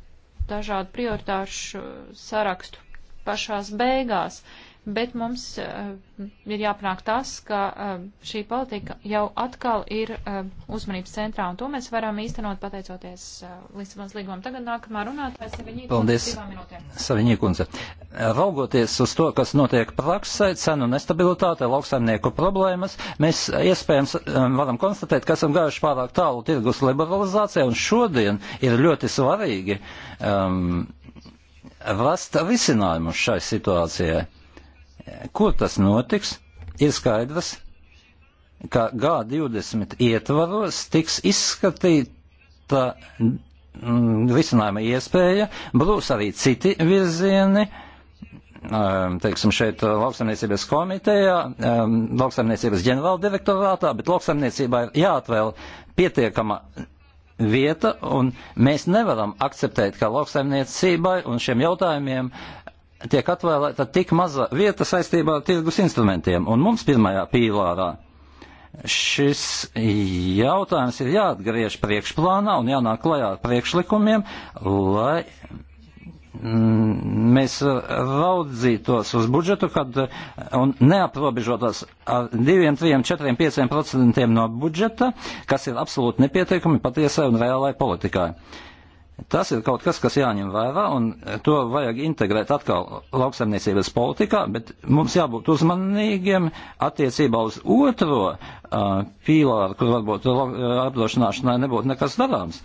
dažādu prioritāšu sarakstu pašās beigās. Uh, bet mums uh, ir jāpanāk tas, ka uh, šī politika jau atkal ir uh, uzmanības centrā, un to mēs varam īstenot pateicoties uh, Lisabonas līgumam. Tagad nākamā runātāja Saviņīkundze. Paldies, Saviņīkundze. Raugoties uz to, kas notiek praksē, cenu nestabilitāte, lauksaimnieku problēmas, mēs iespējams um, varam konstatēt, ka esam gājuši pārāk tālu tirgus liberalizācijā, un šodien ir ļoti svarīgi. Um, rast risinājumu šai situācijai kur tas notiks, ir skaidrs, ka G20 ietvaros tiks izskatīta mm, risinājuma iespēja, būs arī citi virzieni. Um, teiksim, šeit lauksaimniecības komitejā, um, lauksaimniecības ģenerāldirektorātā, bet lauksaimniecībā ir jāatvēl pietiekama vieta, un mēs nevaram akceptēt, ka lauksaimniecībai un šiem jautājumiem tiek atvēlēta tik maza vieta saistībā ar tirgus instrumentiem. Un mums pirmajā pīlārā šis jautājums ir jāatgriež priekšplānā un jānāk klajā ar priekšlikumiem, lai mm, mēs raudzītos uz budžetu, kad un neaprobežotos ar 2, 3, 4, 5 procentiem no budžeta, kas ir absolūti nepietiekami patiesai un reālai politikai. Uh, Tas ir kaut kas, kas jāņem vērā, un to vajag integrēt atkal lauksaimniecības politikā, bet mums jābūt uzmanīgiem attiecībā uz otro uh, pīlāru, kur varbūt apdrošināšanai nebūtu nekas darāms.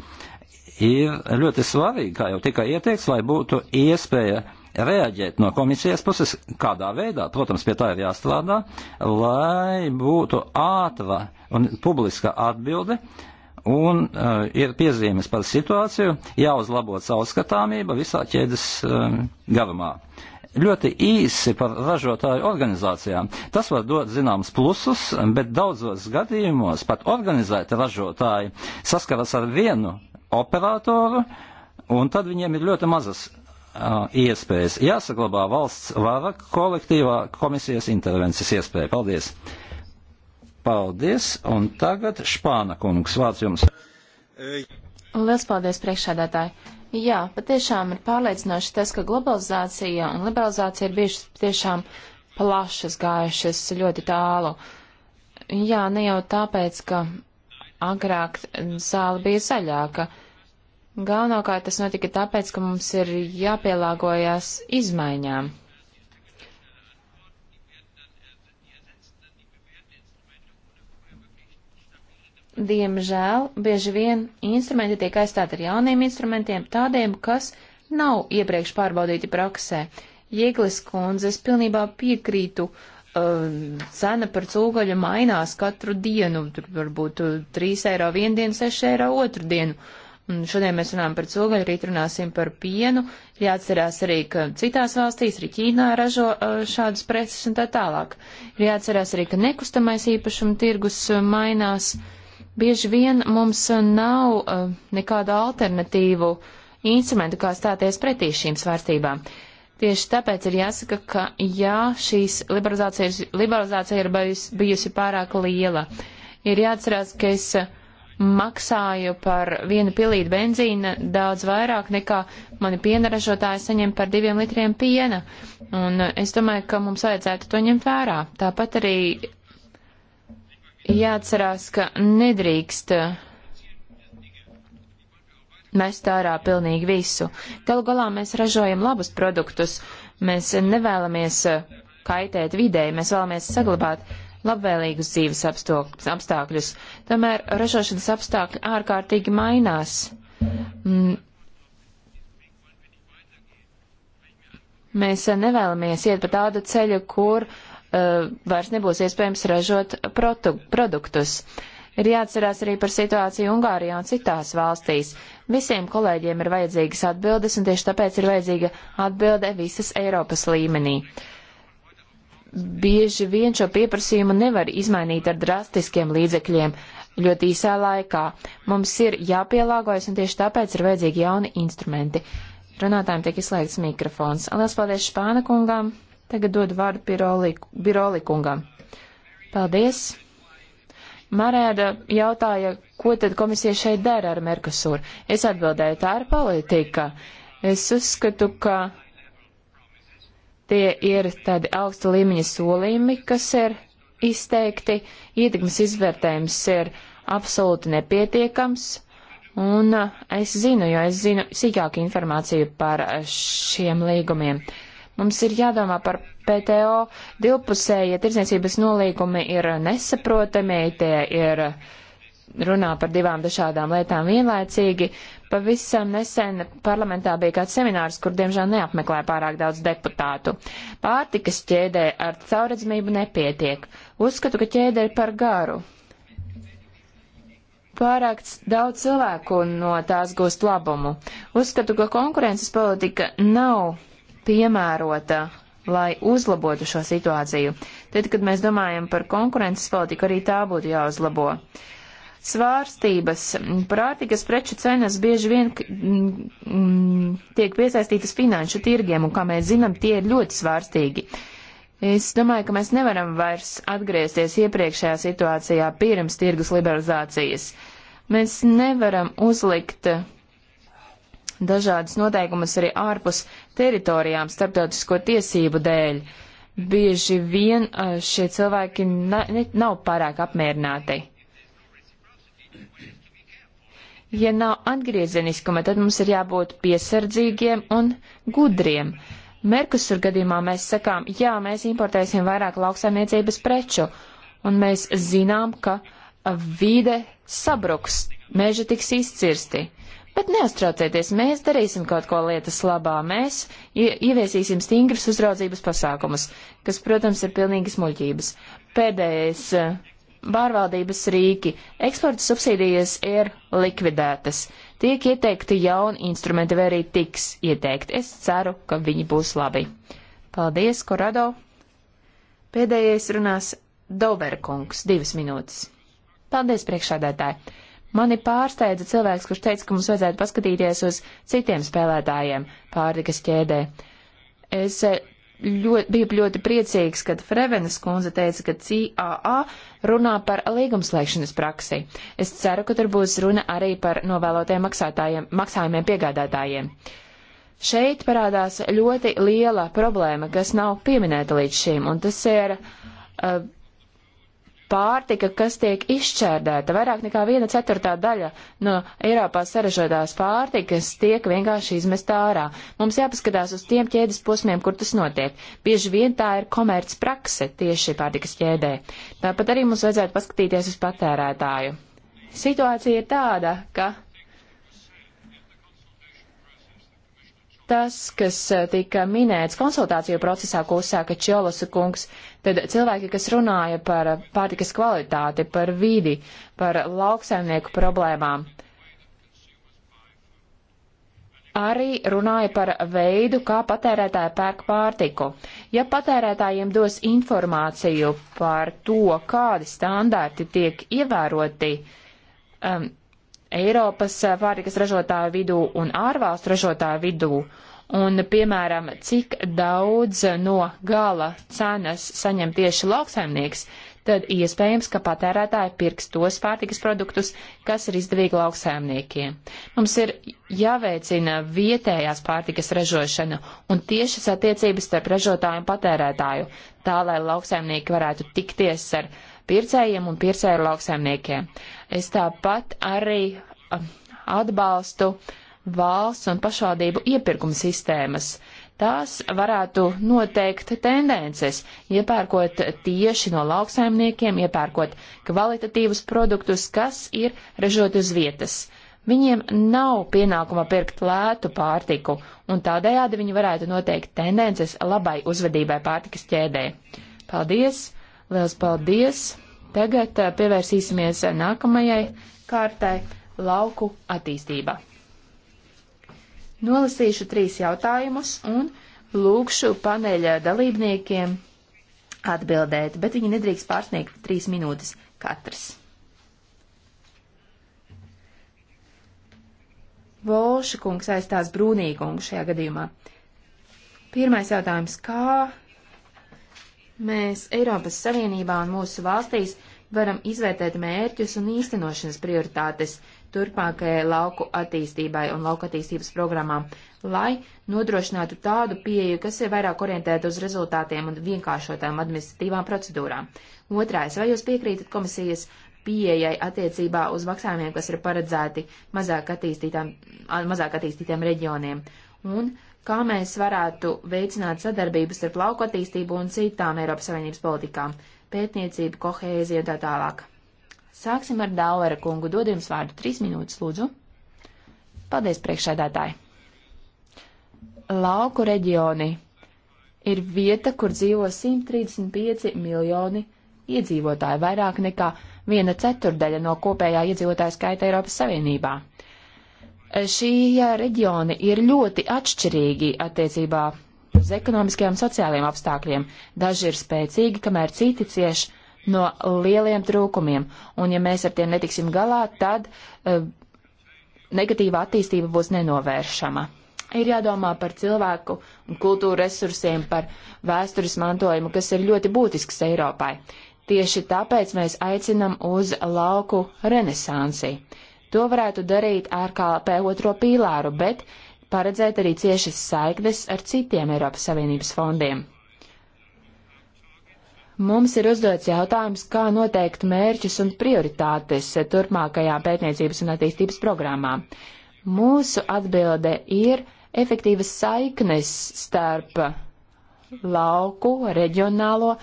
Ir ļoti svarīgi, kā jau tika ieteikts, lai būtu iespēja reaģēt no komisijas puses, kādā veidā, protams, pie tā ir jāstrādā, lai būtu ātra un publiska atbilde uh, un uh, ir piezīmes par situāciju, jāuzlabot caurskatāmība visā ķēdes um, garumā. Ļoti īsi par ražotāju organizācijām. Tas var dot zināms plusus, bet daudzos gadījumos pat organizēti ražotāji saskaras ar vienu operatoru, un tad viņiem ir ļoti mazas uh, iespējas. Jāsaglabā valsts vara kolektīvā komisijas intervences iespēja. Paldies! Paldies, un tagad Špāna kungs, vārds jums. Lielas paldies, priekšsēdētāji. Jā, patiešām ir pārliecinoši tas, ka globalizācija un liberalizācija ir bijušas tiešām plašas gājušas ļoti tālu. Jā, ne jau tāpēc, ka agrāk zāle bija zaļāka. Galvenokārt tas notika tāpēc, ka mums ir jāpielāgojas izmaiņām. diemžēl, bieži vien instrumenti tiek aizstāti ar jauniem instrumentiem, tādiem, kas nav iepriekš pārbaudīti praksē. Jēglis kundze, es pilnībā piekrītu, uh, cena par cūgaļu mainās katru dienu, tur varbūt 3 uh, eiro vienu dienu, 6 eiro otru dienu. Un šodien mēs runājam par cūgaļu, rīt runāsim par pienu, jāatcerās arī, ka citās valstīs, arī Ķīnā ražo uh, šādas preces un tā tālāk. Ir jāatcerās arī, ka nekustamais īpašuma tirgus uh, mainās. Uh, Bieži vien mums nav uh, nekādu alternatīvu instrumentu, kā stāties pretī šīm svārstībām. Tieši tāpēc ir jāsaka, ka jā, šīs liberalizācijas, liberalizācija ir bijusi, bijusi pārāk liela. Ir jāatcerās, ka es eh, maksāju par vienu pilīti benzīna daudz vairāk nekā mani pienaražotāji saņem par diviem litriem piena. Un eh, es domāju, ka mums vajadzētu to ņemt vērā. Tāpat arī jāatcerās, ka nedrīkst mest ārā pilnīgi visu. Galu galā mēs ražojam labus produktus, mēs nevēlamies eh, kaitēt videi, mēs vēlamies saglabāt labvēlīgus dzīves apstākļus. Tomēr ražošanas apstākļi ārkārtīgi mainās. Mm. Mēs nevēlamies iet pa tādu ceļu, kur uh, Uh, vairs nebūs iespējams ražot protu, produktus. Ir jāatcerās arī par situāciju Ungārijā un citās valstīs. Visiem kolēģiem ir vajadzīgas atbildes, un tieši tāpēc ir vajadzīga atbilde visas Eiropas līmenī. Bieži vien šo pieprasījumu nevar izmainīt ar drastiskiem līdzekļiem ļoti īsā laikā. Mums ir jāpielāgojas, un tieši tāpēc ir vajadzīgi jauni instrumenti. Runātājiem tiek izslēgts mikrofons. Lielas paldies Špāna kungām! Tagad dod vārdu Biroli kungam. Paldies! Marēda jautāja, ko tad komisija šeit dara ar Merkusūru. Es atbildēju, tā ir politika. Es uzskatu, ka tie ir tādi augsta līmeņa solījumi, kas ir izteikti, ietekmes izvērtējums ir absolūti nepietiekams, un es zinu, jo es zinu sīkāku informāciju par šiem līgumiem. Uh, Mums ir jādomā par PTO divpusējie ja tirdzniecības nolīgumi ir nesaprotami, tie ir runā par divām dažādām lietām vienlaicīgi. Pavisam nesen parlamentā bija kāds seminārs, kur diemžēl neapmeklēja pārāk daudz deputātu. Pārtikas ķēdē ar caurredzamību nepietiek. Uzskatu, ka ķēde ir par garu pārāk daudz cilvēku no tās gūst labumu. Uzskatu, ka konkurences politika nav piemērota, lai uzlabotu šo situāciju. Tad, kad mēs domājam par konkurences politiku, arī tā būtu jāuzlabo. Svārstības pārtikas preču cenas bieži vien mm, tiek piesaistītas finanšu tirgiem, un, kā mēs zinām, tie ir ļoti svārstīgi. Es domāju, ka mēs nevaram vairs atgriezties iepriekšējā situācijā pirms tirgus liberalizācijas. Mēs nevaram uzlikt dažādas noteikumus arī ārpus teritorijām starptautisko tiesību dēļ. Bieži vien uh, šie cilvēki na, ne, nav pārāk apmierināti. Ja nav atgriezeniskuma, tad mums ir jābūt piesardzīgiem un gudriem. Merkusur gadījumā mēs sakām, jā, mēs importēsim vairāk lauksaimniecības preču, un mēs zinām, ka vide sabruks, meži tiks izcirsti. Bet neuztraucieties, mēs darīsim kaut ko lietas labā. Mēs ieviesīsim stingrus uzraudzības pasākumus, kas, protams, ir pilnīgi smuļķības. Pēdējais eh, pārvaldības rīki - eksporta subsīdijas ir likvidētas. Tiek ieteikti jauni instrumenti, vai arī tiks ieteikti. Es ceru, ka viņi būs labi. Paldies, Korado! Pēdējais runās Doverkungs, divas minūtes. Paldies, priekšādētāji! Mani pārsteidza cilvēks, kurš teica, ka mums vajadzētu paskatīties uz citiem spēlētājiem pārtikas ķēdē. Es eh, ļoti, biju ļoti priecīgs, kad Frevenas kundze teica, ka CAA runā par līgumslēgšanas praksi. Es ceru, ka tur būs runa arī par novēlotiem maksājumiem piegādātājiem. Šeit parādās ļoti liela problēma, kas nav pieminēta līdz šim, un tas ir uh, pārtika, kas tiek izšķērdēta. Vairāk nekā viena ceturtā daļa no Eiropā saražotās pārtikas tiek vienkārši izmesta ārā. Mums jāpaskatās uz tiem ķēdes posmiem, kur tas notiek. Bieži vien tā ir komerc prakse tieši pārtikas ķēdē. Tāpat arī mums vajadzētu paskatīties uz patērētāju. Situācija ir tāda, ka tas, kas eh, tika minēts konsultāciju procesā, ko uzsāka Čolosa kungs, tad cilvēki, kas runāja par pārtikas kvalitāti, par vidi, par lauksaimnieku problēmām, arī runāja par veidu, kā patērētāji pērk pārtiku. Ja patērētājiem dos informāciju par to, kādi standarti tiek ievēroti, um, Eiropas pārtikas ražotāju vidū un ārvalstu ražotāju vidū. Un, piemēram, cik daudz no gala cenas saņem tieši lauksaimnieks, tad iespējams, ka patērētāji pirks tos pārtikas produktus, kas ir izdevīgi lauksaimniekiem. Mums ir jāveicina vietējās pārtikas ražošana un tiešas attiecības starp ražotāju un patērētāju, tā lai lauksaimnieki varētu tikties ar pircējiem un pircēju lauksaimniekiem. Es tāpat arī um, atbalstu valsts un pašvaldību iepirkuma sistēmas. Tās varētu noteikt tendences, iepērkot tieši no lauksaimniekiem, iepērkot kvalitatīvus produktus, kas ir ražot uz vietas. Viņiem nav pienākuma pirkt lētu pārtiku, un tādējādi viņi varētu noteikt tendences labai uzvedībai pārtikas ķēdē. Paldies! Liels paldies! Tagad pievērsīsimies nākamajai kārtai - lauku attīstība. Nolasīšu trīs jautājumus un lūkšu paneļa dalībniekiem atbildēt, bet viņi nedrīkst pārsniegt trīs minūtes katrs. Volša kungs aizstās brūnīgungu šajā gadījumā. Pirmais jautājums - kā Mēs Eiropas Savienībā un mūsu valstīs varam izvērtēt mērķus un īstenošanas prioritātes turpmākajai lauku attīstībai un lauku attīstības programmām, lai nodrošinātu tādu pieeju, kas ir vairāk orientēta uz rezultātiem un vienkāršotām administratīvām procedūrām. Otrais, vai jūs piekrītat komisijas pieejai attiecībā uz maksājumiem, kas ir paredzēti mazāk attīstītām, mazāk attīstītām reģioniem? Un uh, kā mēs varētu veicināt sadarbības ar lauku attīstību un citām Eiropas Savienības politikām - pētniecību, kohēziju un tā tālāk. Sāksim ar Dauvera kungu. Dod jums vārdu trīs minūtes, lūdzu. Paldies, priekšsēdētāji. Lauku reģioni ir vieta, kur dzīvo 135 miljoni iedzīvotāji, vairāk nekā viena ceturdaļa no kopējā iedzīvotāja skaita Eiropas Savienībā šie reģioni ir ļoti atšķirīgi attiecībā uz ekonomiskajiem un sociālajiem apstākļiem. Daži ir spēcīgi, kamēr citi cieš no lieliem trūkumiem, un ja mēs ar tiem netiksim galā, tad e, negatīva attīstība būs nenovēršama. Ir jādomā par cilvēku un kultūra resursiem, par vēstures mantojumu, kas ir ļoti būtisks Eiropai. Tieši tāpēc mēs aicinam uz lauku renesansi. To varētu darīt ārkārpē otro pīlāru, bet paredzēt arī ciešas saiknes ar citiem Eiropas Savienības fondiem. Mums ir uzdots jautājums, kā noteikt mērķus un prioritātes turpmākajā pētniecības un attīstības programmā. Mūsu atbilde ir efektīvas saiknes starp lauku, reģionālo,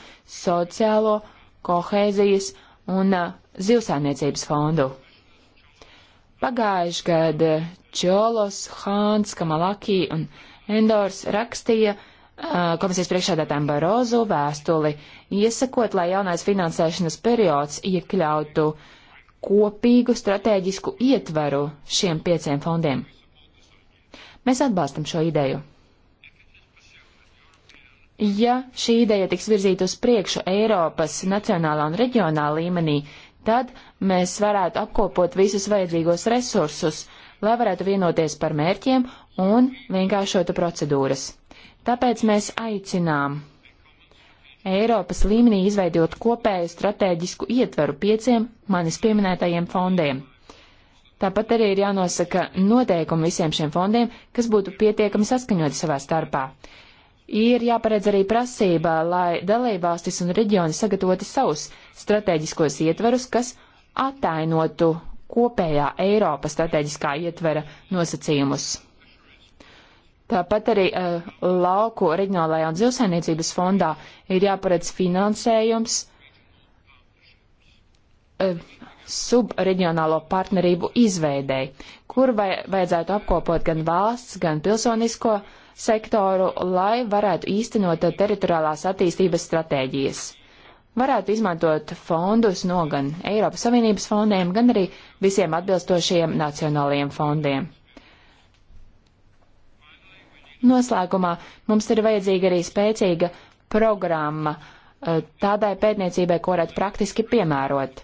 sociālo, kohēzijas un uh, zivsāniecības fondu. Pagājuši gada Čolos, Hāns, Kamalaki un Endors rakstīja uh, komisijas priekšādātājiem Barozu vēstuli, iesakot, lai jaunais finansēšanas periods iekļautu kopīgu strateģisku ietveru šiem pieciem fondiem. Mēs atbalstam šo ideju. Ja šī ideja tiks virzīta uz priekšu Eiropas nacionālā un reģionālā līmenī, tad mēs varētu apkopot visus vajadzīgos resursus, lai varētu vienoties par mērķiem un vienkāršotu procedūras. Tāpēc mēs aicinām Eiropas līmenī izveidot kopēju strateģisku ietveru pieciem manis pieminētajiem fondiem. Tāpat arī ir jānosaka noteikumi visiem šiem fondiem, kas būtu pietiekami saskaņoti savā starpā. Ir jāparedz arī prasība, lai dalībvalstis un reģioni sagatavoti savus strateģiskos ietverus, kas atainotu kopējā Eiropas strateģiskā ietvera nosacījumus. Tāpat arī uh, lauku reģionālajā un zivsainiecības fondā ir jāparedz finansējums uh, subreģionālo partnerību izveidēji, kur vai, vajadzētu apkopot gan valsts, gan pilsonisko sektoru, lai varētu īstenot teritoriālās attīstības stratēģijas varētu izmantot fondus no gan Eiropas Savienības fondiem, gan arī visiem atbilstošajiem nacionālajiem fondiem. Noslēgumā mums ir vajadzīga arī spēcīga programma eh, tādai pētniecībai, ko varētu praktiski piemērot.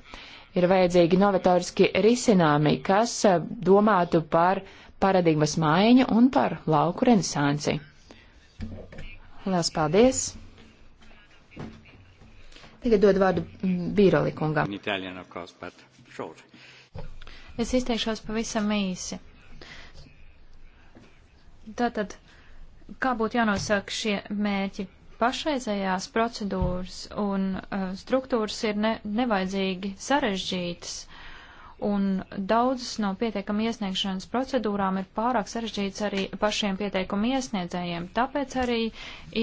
Ir vajadzīgi novatoriski risinājumi, kas eh, domātu par paradigmas maiņu un par lauku renesansi. Lielas paldies! Tagad dod vārdu mm, Bīroli kungam. Es izteikšos pavisam īsi. Tātad, kā būtu jānosaka šie mērķi? Pašreizējās procedūras un uh, struktūras ir ne, nevajadzīgi sarežģītas. Uh, un daudzas no pieteikuma iesniegšanas procedūrām ir pārāk sarežģītas arī pašiem pieteikuma iesniedzējiem. Tāpēc arī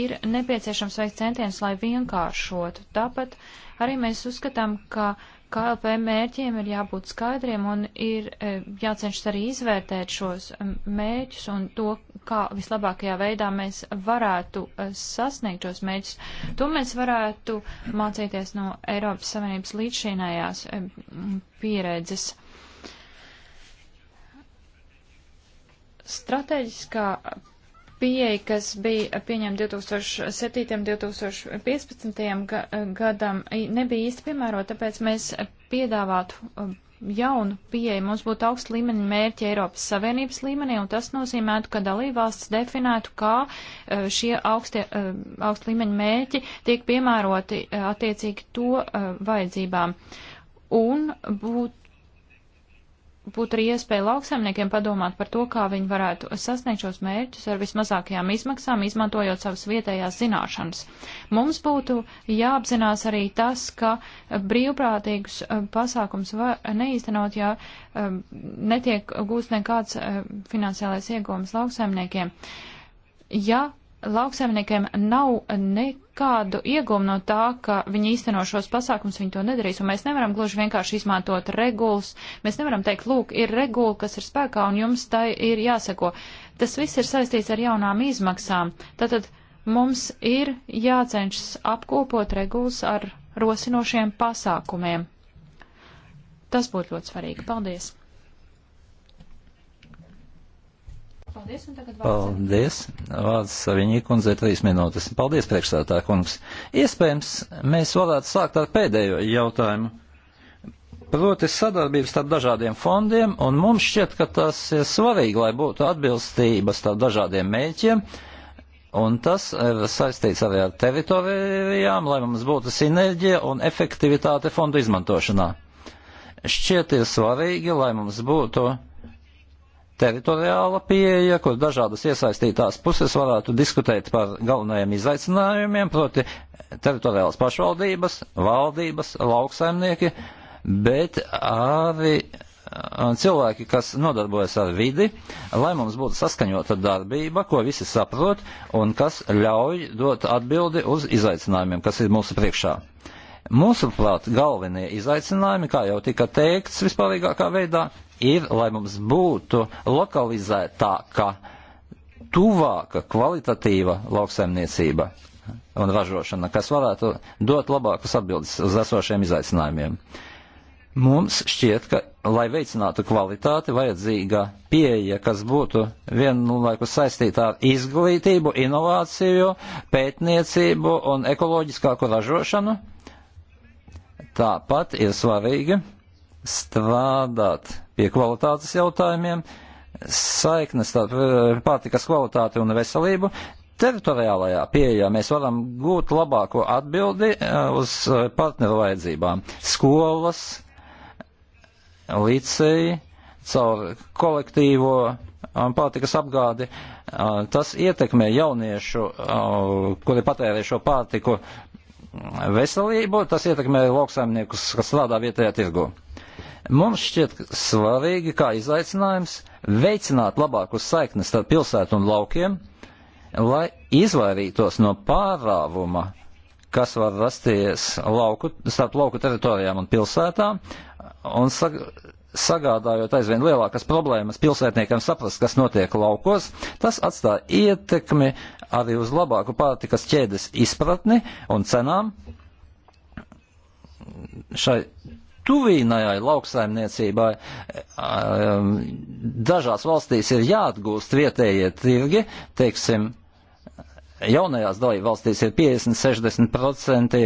ir nepieciešams veikt centienus, lai vienkāršotu. Tāpat arī mēs uzskatām, ka uh, KLP mērķiem ir jābūt skaidriem un ir e, jācenšas arī izvērtēt šos mērķus un to, kā vislabākajā veidā mēs varētu e, sasniegt šos mērķus. To mēs varētu mācīties no Eiropas Savienības līdzšīnējās e, pieredzes. Stratēģiskā pieeja, kas bija pieņemta 2007. un 2015. gadam, nebija īsti piemērota, tāpēc mēs piedāvātu um, jaunu pieeju. Mums būtu augsta līmeņa mērķi Eiropas Savienības līmenī, un tas nozīmētu, ka dalībvalstis definētu, kā uh, šie augstie, um, augsta līmeņa mērķi tiek piemēroti uh, attiecīgi to uh, vajadzībām. Un būtu būtu arī iespēja lauksaimniekiem padomāt par to, kā viņi varētu sasniegt šos mērķus ar vismazākajām izmaksām, izmantojot savas vietējās zināšanas. Mums būtu jāapzinās arī tas, ka brīvprātīgus eh, pasākums var neīstenot, ja eh, netiek gūst nekāds eh, finansiālais iegūmas lauksaimniekiem. Ja lauksaimniekiem nav ne, kādu iegumu no tā, ka viņi īsteno šos pasākums, viņi to nedarīs, un mēs nevaram gluži vienkārši izmantot regulas. Mēs nevaram teikt, lūk, ir regula, kas ir spēkā, un jums tai ir jāseko. Tas viss ir saistīts ar jaunām izmaksām. Tātad mums ir jācenšas apkopot regulas ar rosinošiem pasākumiem. Tas būtu ļoti svarīgi. Paldies! Paldies, un tagad vārds. Paldies. Vārds Saviņī kundze trīs minūtes. Paldies, priekšstādā kungs. Iespējams, mēs varētu sākt ar pēdējo jautājumu. Proti sadarbības starp dažādiem fondiem, un mums šķiet, ka tas ir svarīgi, lai būtu atbilstība starp dažādiem mēķiem, un tas ir saistīts arī ar teritorijām, lai mums būtu sinerģija un efektivitāte fondu izmantošanā. Šķiet ir svarīgi, lai mums būtu teritoriāla pieeja, kur dažādas iesaistītās puses varētu diskutēt par galvenajiem izaicinājumiem, proti teritoriālas pašvaldības, valdības, lauksaimnieki, bet arī uh, cilvēki, kas nodarbojas ar vidi, lai mums būtu saskaņota darbība, ko visi saprot un kas ļauj dot atbildi uz izaicinājumiem, kas ir mūsu priekšā. Uh, Mūsuprāt, galvenie izaicinājumi, kā jau tika teikts vispārīgākā veidā, ir, lai mums būtu lokalizētāka, tuvāka, kvalitatīva lauksaimniecība un ražošana, kas varētu dot labākas atbildes uz esošiem izaicinājumiem. Mums šķiet, ka, lai veicinātu kvalitāti, vajadzīga pieeja, kas būtu vienlaikus saistīta ar izglītību, inovāciju, pētniecību un ekoloģiskāku ražošanu, Tāpat ir svarīgi strādāt pie kvalitātes jautājumiem, saiknes starp eh, pārtikas kvalitāti un veselību. Teritoriālajā pieejā mēs varam gūt labāko atbildi eh, uz eh, partneru vajadzībām. Skolas, liceji, caur kolektīvo pārtikas apgādi. Tas ietekmē jauniešu, kuri patērē šo pārtiku, veselību, tas ietekmē lauksaimniekus, kas strādā vietējā tirgu. Mums šķiet svarīgi, kā izaicinājums, veicināt labākus saiknes starp pilsētu un laukiem, lai izvairītos no pārāvuma, kas var rasties lauku, starp lauku teritorijām un pilsētām, un sag sagādājot aizvien lielākas problēmas pilsētniekiem saprast, kas notiek laukos, tas atstāja ietekmi arī uz labāku pārtikas ķēdes izpratni un cenām šai tuvīnajai lauksaimniecībai um, dažās valstīs ir jāatgūst vietējie tirgi, teiksim, jaunajās dalībvalstīs ir 50-60%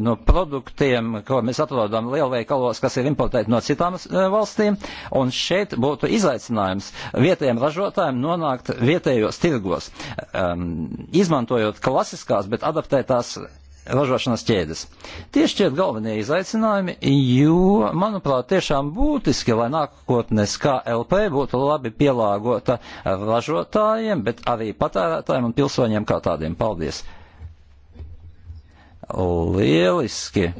no produktiem, ko mēs atrodam lielveikalos, kas ir importēti no citām valstīm, un šeit būtu izaicinājums vietējiem ražotājiem nonākt vietējos tirgos, um, izmantojot klasiskās, bet adaptētās ražošanas ķēdes. Tie šķiet galvenie izaicinājumi, jo, manuprāt, tiešām būtiski, lai nākotnes KLP būtu labi pielāgota ražotājiem, bet arī patērētājiem un pilsoņiem kā tādiem. Paldies! Lieliski!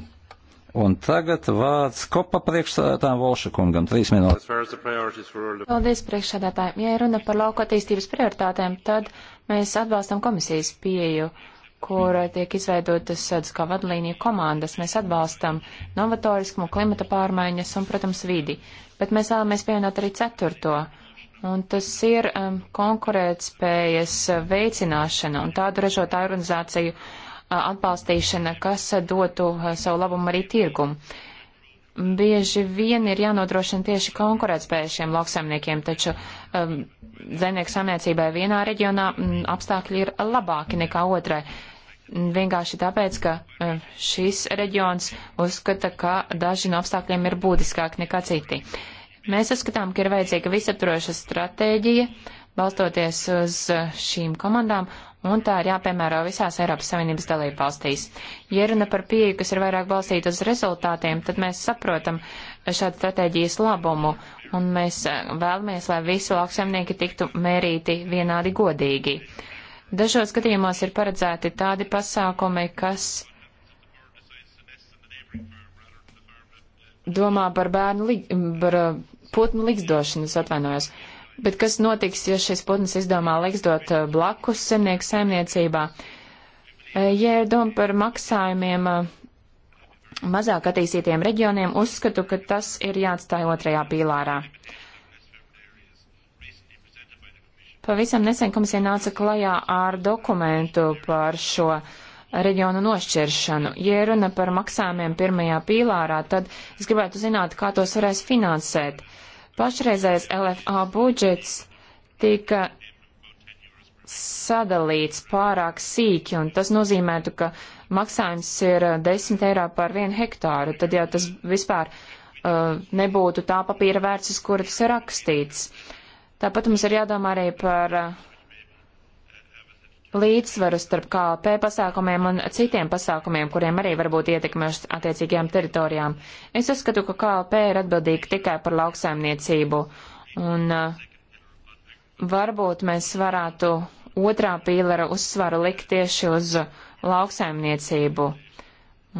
Un tagad vārds kopa priekšstādātājiem Volšakungam. Trīs minūtes. Paldies priekšstādātājiem. Ja runa par lauku attīstības prioritātēm, tad mēs atbalstam komisijas pieju, kur tiek izveidotas tādas kā vadlīnija komandas. Mēs atbalstam novatoriskumu, klimata pārmaiņas un, protams, vidi. Bet mēs vēlamies pievienot arī ceturto. Un tas ir um, konkurētspējas veicināšana un tādu ražotāju organizāciju uh, atbalstīšana, kas dotu uh, savu labumu arī tirgumu. Bieži vien ir jānodrošina tieši konkurētspēja šiem lauksaimniekiem, taču um, zemnieku samniecībai vienā reģionā m, mm, apstākļi ir labāki nekā otrai. Vienkārši tāpēc, ka um, šis reģions uzskata, ka daži no apstākļiem ir būtiskāki nekā citi. Mēs uzskatām, ka ir vajadzīga visaptroša stratēģija, balstoties uz uh, šīm komandām, un tā ir jāpiemēro visās Eiropas Savienības dalību valstīs. Ja runa par pieeju, kas ir vairāk balstīta uz rezultātiem, tad mēs saprotam šādu stratēģijas labumu, un mēs eh, vēlamies, lai visi lauksaimnieki tiktu mērīti vienādi godīgi. Dažos gadījumos ir paredzēti tādi pasākumi, kas domā par bērnu, li... par eh, putnu likstošanas atvainojos. Uh, Bet kas notiks, ja šis putns izdomā liksdot eh, blakus zemnieku saimniecībā? Eh, ja ir doma par maksājumiem eh, mazāk attīstītiem reģioniem, uzskatu, ka tas ir jāatstāj otrajā pīlārā. Pavisam nesen komisija nāca klajā ar dokumentu par šo uh, reģionu nošķiršanu. Ja runa par maksājumiem pirmajā pīlārā, tad es gribētu zināt, kā tos varēs finansēt. Pašreizējais LFA budžets tika sadalīts pārāk sīki, un tas nozīmētu, ka maksājums ir 10 eiro par vienu hektāru. Tad jau tas vispār uh, nebūtu tā papīra vērts, uz kura tas ir rakstīts. Tāpat mums ir jādomā arī par uh, līdzsvaru starp KLP pasākumiem un citiem pasākumiem, kuriem arī var būt ietekme uz attiecīgajām teritorijām. Es uzskatu, ka KLP ir atbildīga tikai par lauksaimniecību, un uh, varbūt mēs varētu otrā pīlera uzsvaru likt tieši uz lauksaimniecību.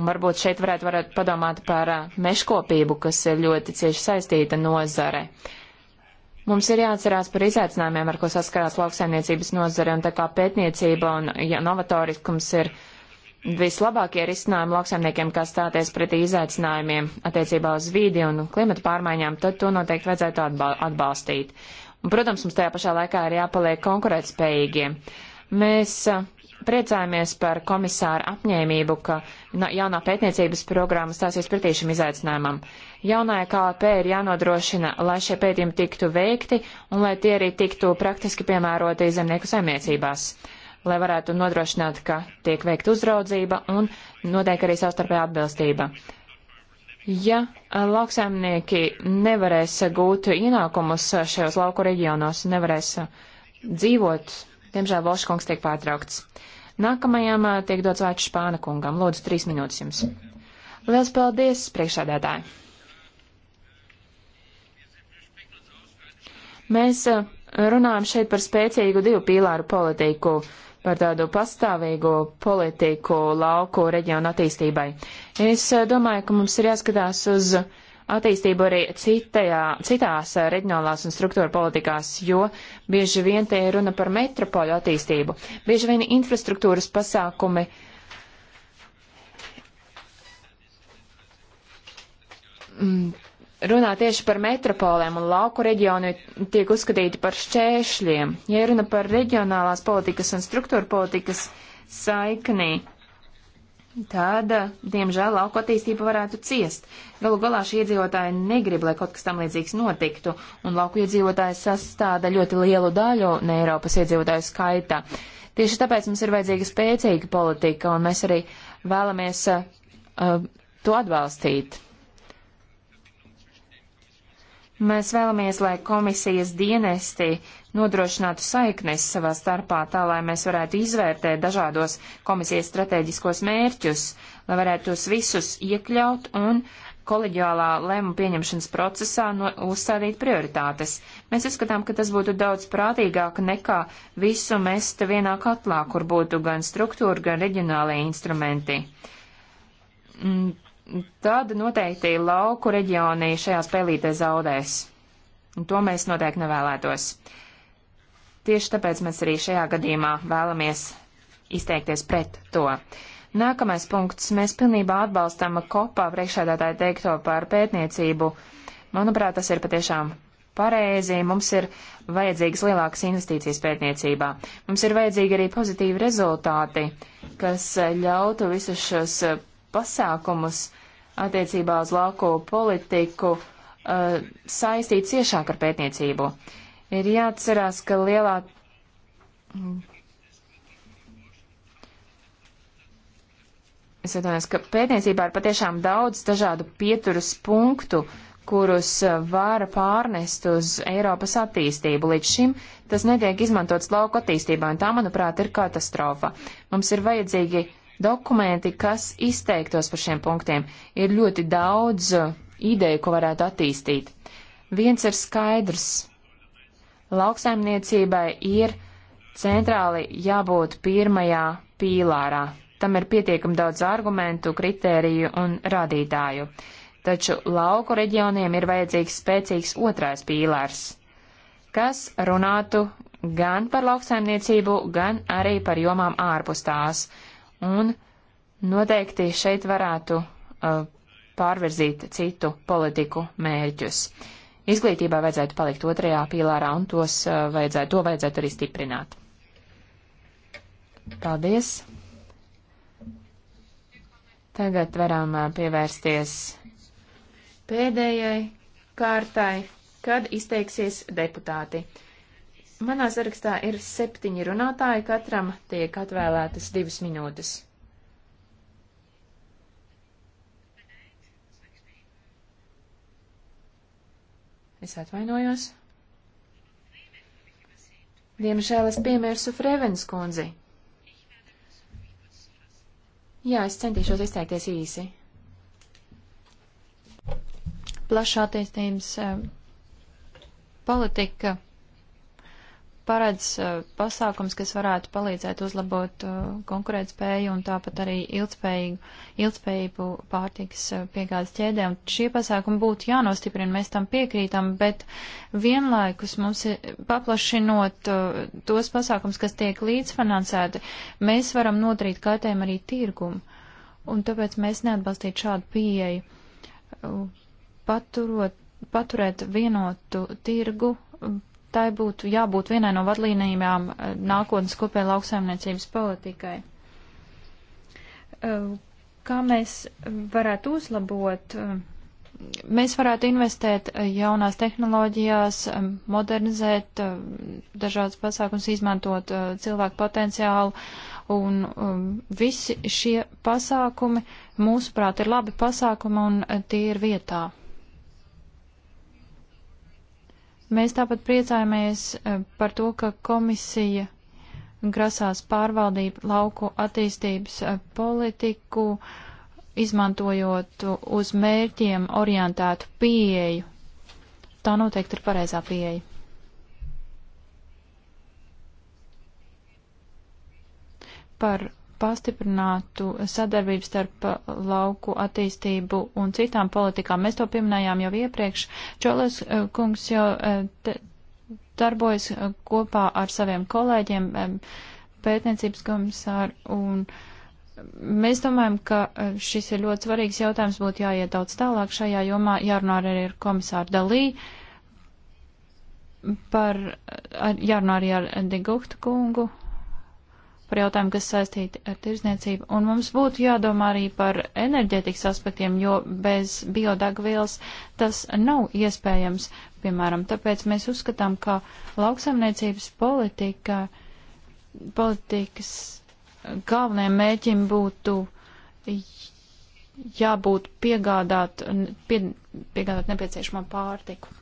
Varbūt šeit varētu, varētu padomāt par uh, meškopību, kas ir ļoti cieši saistīta nozare. No Mums ir jāatcerās par izaicinājumiem, ar ko saskarās lauksaimniecības nozare, un tā kā pētniecība un ja, novatoriskums ir vislabākie risinājumi lauksaimniekiem, kā stāties pretī izaicinājumiem attiecībā uz vīdi un klimata pārmaiņām, tad to noteikti vajadzētu atbalstīt. Un, protams, mums tajā pašā laikā ir jāpaliek konkurētspējīgiem. Mēs priecājamies par komisāru apņēmību, ka jaunā pētniecības programma stāsies pretī šim izaicinājumam. Jaunajā KLP ir jānodrošina, lai šie pētījumi tiktu veikti un lai tie arī tiktu praktiski piemēroti zemnieku saimniecībās, lai varētu nodrošināt, ka tiek veikta uzraudzība un notiek arī savstarpējā atbilstība. Ja eh, lauksaimnieki nevarēs gūt ienākumus šajos lauku reģionos, nevarēs eh, dzīvot, diemžēl Volškungs tiek pārtraukts. Nākamajam eh, tiek dots vārds Špāna kungam. Lūdzu, trīs minūtes jums. Liels paldies, priekšādētāji! Mēs eh, runājam šeit par spēcīgu divu pīlāru politiku, par tādu pastāvīgu politiku lauku reģionu attīstībai. Es eh, domāju, ka mums ir jāskatās uz attīstību arī citajā, citās eh, reģionālās un struktūra politikās, jo bieži vien te ir runa par metropoļu attīstību. Bieži vien infrastruktūras pasākumi mm, runā tieši par metropolēm un lauku reģionu tiek uzskatīti par šķēršļiem. Ja runa par reģionālās politikas un struktūra politikas saiknī, tad, diemžēl, lauku attīstība varētu ciest. Galu galā šie iedzīvotāji negrib, lai kaut kas tam līdzīgs notiktu, un lauku iedzīvotāji sastāda ļoti lielu daļu ne Eiropas iedzīvotāju skaita. Tieši tāpēc mums ir vajadzīga spēcīga politika, un mēs arī vēlamies uh, to atbalstīt. Mēs vēlamies, lai komisijas dienesti nodrošinātu saiknes savā starpā, tā lai mēs varētu izvērtēt dažādos komisijas strateģiskos mērķus, lai varētu tos visus iekļaut un koleģiālā lēmu pieņemšanas procesā no, uzstādīt prioritātes. Mēs uzskatām, ka tas būtu daudz prātīgāk nekā visu mest vienā katlā, kur būtu gan struktūra, gan reģionālie instrumenti mm, tad noteikti lauku reģioni šajā spēlītē zaudēs. Un to mēs noteikti nevēlētos. Tieši tāpēc mēs arī šajā gadījumā vēlamies izteikties pret to. Nākamais punkts. Mēs pilnībā atbalstam kopā priekšēdētāju teikto par pētniecību. Manuprāt, tas ir patiešām pareizi. Mums ir vajadzīgas lielākas investīcijas pētniecībā. Mums ir vajadzīgi arī pozitīvi rezultāti, kas ļautu visus šos pasākumus attiecībā uz lauku politiku uh, saistīt ciešāk ar pētniecību. Ir jāatcerās, ka lielā. Es atvainojos, ka pētniecībā ir patiešām daudz dažādu pieturas punktu, kurus eh, var pārnest uz Eiropas attīstību. Līdz šim tas netiek izmantots lauku attīstībā, un tā, manuprāt, ir katastrofa. Mums ir vajadzīgi uh, dokumenti, kas izteiktos par šiem punktiem. Ir ļoti daudz uh, ideju, ko varētu attīstīt. Viens ir skaidrs. Lauksaimniecībai ir centrāli jābūt pirmajā pīlārā. Tam ir pietiekami daudz argumentu, kritēriju un radītāju. Taču lauku reģioniem ir vajadzīgs spēcīgs otrais pīlārs, kas runātu gan par lauksaimniecību, gan arī par jomām ārpus tās un noteikti šeit varētu uh, pārvirzīt citu politiku mērķus. Izglītībā vajadzētu palikt otrajā pīlārā un tos uh, vajadzētu, to vajadzētu arī stiprināt. Paldies! Tagad varam uh, pievērsties pēdējai kārtai, kad izteiksies deputāti. Manā sarakstā ir septiņi runātāji, katram tiek atvēlētas divas minūtes. Es atvainojos. Diemžēl es piemērsu Frevens kundzi. Jā, es centīšos izteikties īsi. Plašā attīstības eh, politika paredz eh, pasākums, kas varētu palīdzēt uzlabot eh, konkurētspēju un tāpat arī ilgspējīgu, ilgspējību pārtikas eh, piegādes ķēdē. Un šie pasākumi būtu jānostiprina, mēs tam piekrītam, bet vienlaikus mums ir paplašinot tos pasākums, kas tiek līdzfinansēti, mēs varam nodarīt kaitējumu arī tirgumu. Un tāpēc mēs neatbalstītu šādu pieeju. Paturot, paturēt vienotu tirgu tai būtu jābūt vienai no vadlīnijām eh, nākotnes kopē lauksaimniecības politikai. Eh, kā mēs varētu uzlabot? Eh, mēs varētu investēt jaunās tehnoloģijās, modernizēt dažādas pasākums, izmantot cilvēku potenciālu, un um, visi šie pasākumi, mūsuprāt, ir labi pasākumi un tie ir vietā. Mēs tāpat priecājamies eh, par to, ka komisija grasās pārvaldīt lauku attīstības eh, politiku, izmantojot uz mērķiem orientētu pieeju. Tā noteikti ir pareizā pieeja. Par pastiprinātu sadarbību starp lauku attīstību un citām politikām. Mēs to pieminējām jau iepriekš. Čolis eh, kungs jau eh, te, darbojas eh, kopā ar saviem kolēģiem, pētniecības komisāru, un mēs domājam, ka šis ir ļoti svarīgs jautājums, būtu jāiet daudz tālāk šajā jomā, jārunā arī ar komisāru Dalī par, ar, jārunā arī ar Digukta kungu par jautājumu, kas saistīti ar tirzniecību. Un mums būtu jādomā arī par enerģētikas aspektiem, jo bez biodegvielas tas nav iespējams, piemēram. Tāpēc mēs uzskatām, ka lauksaimniecības politika, politikas galvenajam mēķim būtu jābūt piegādāt, pie, piegādāt nepieciešamo pārtiku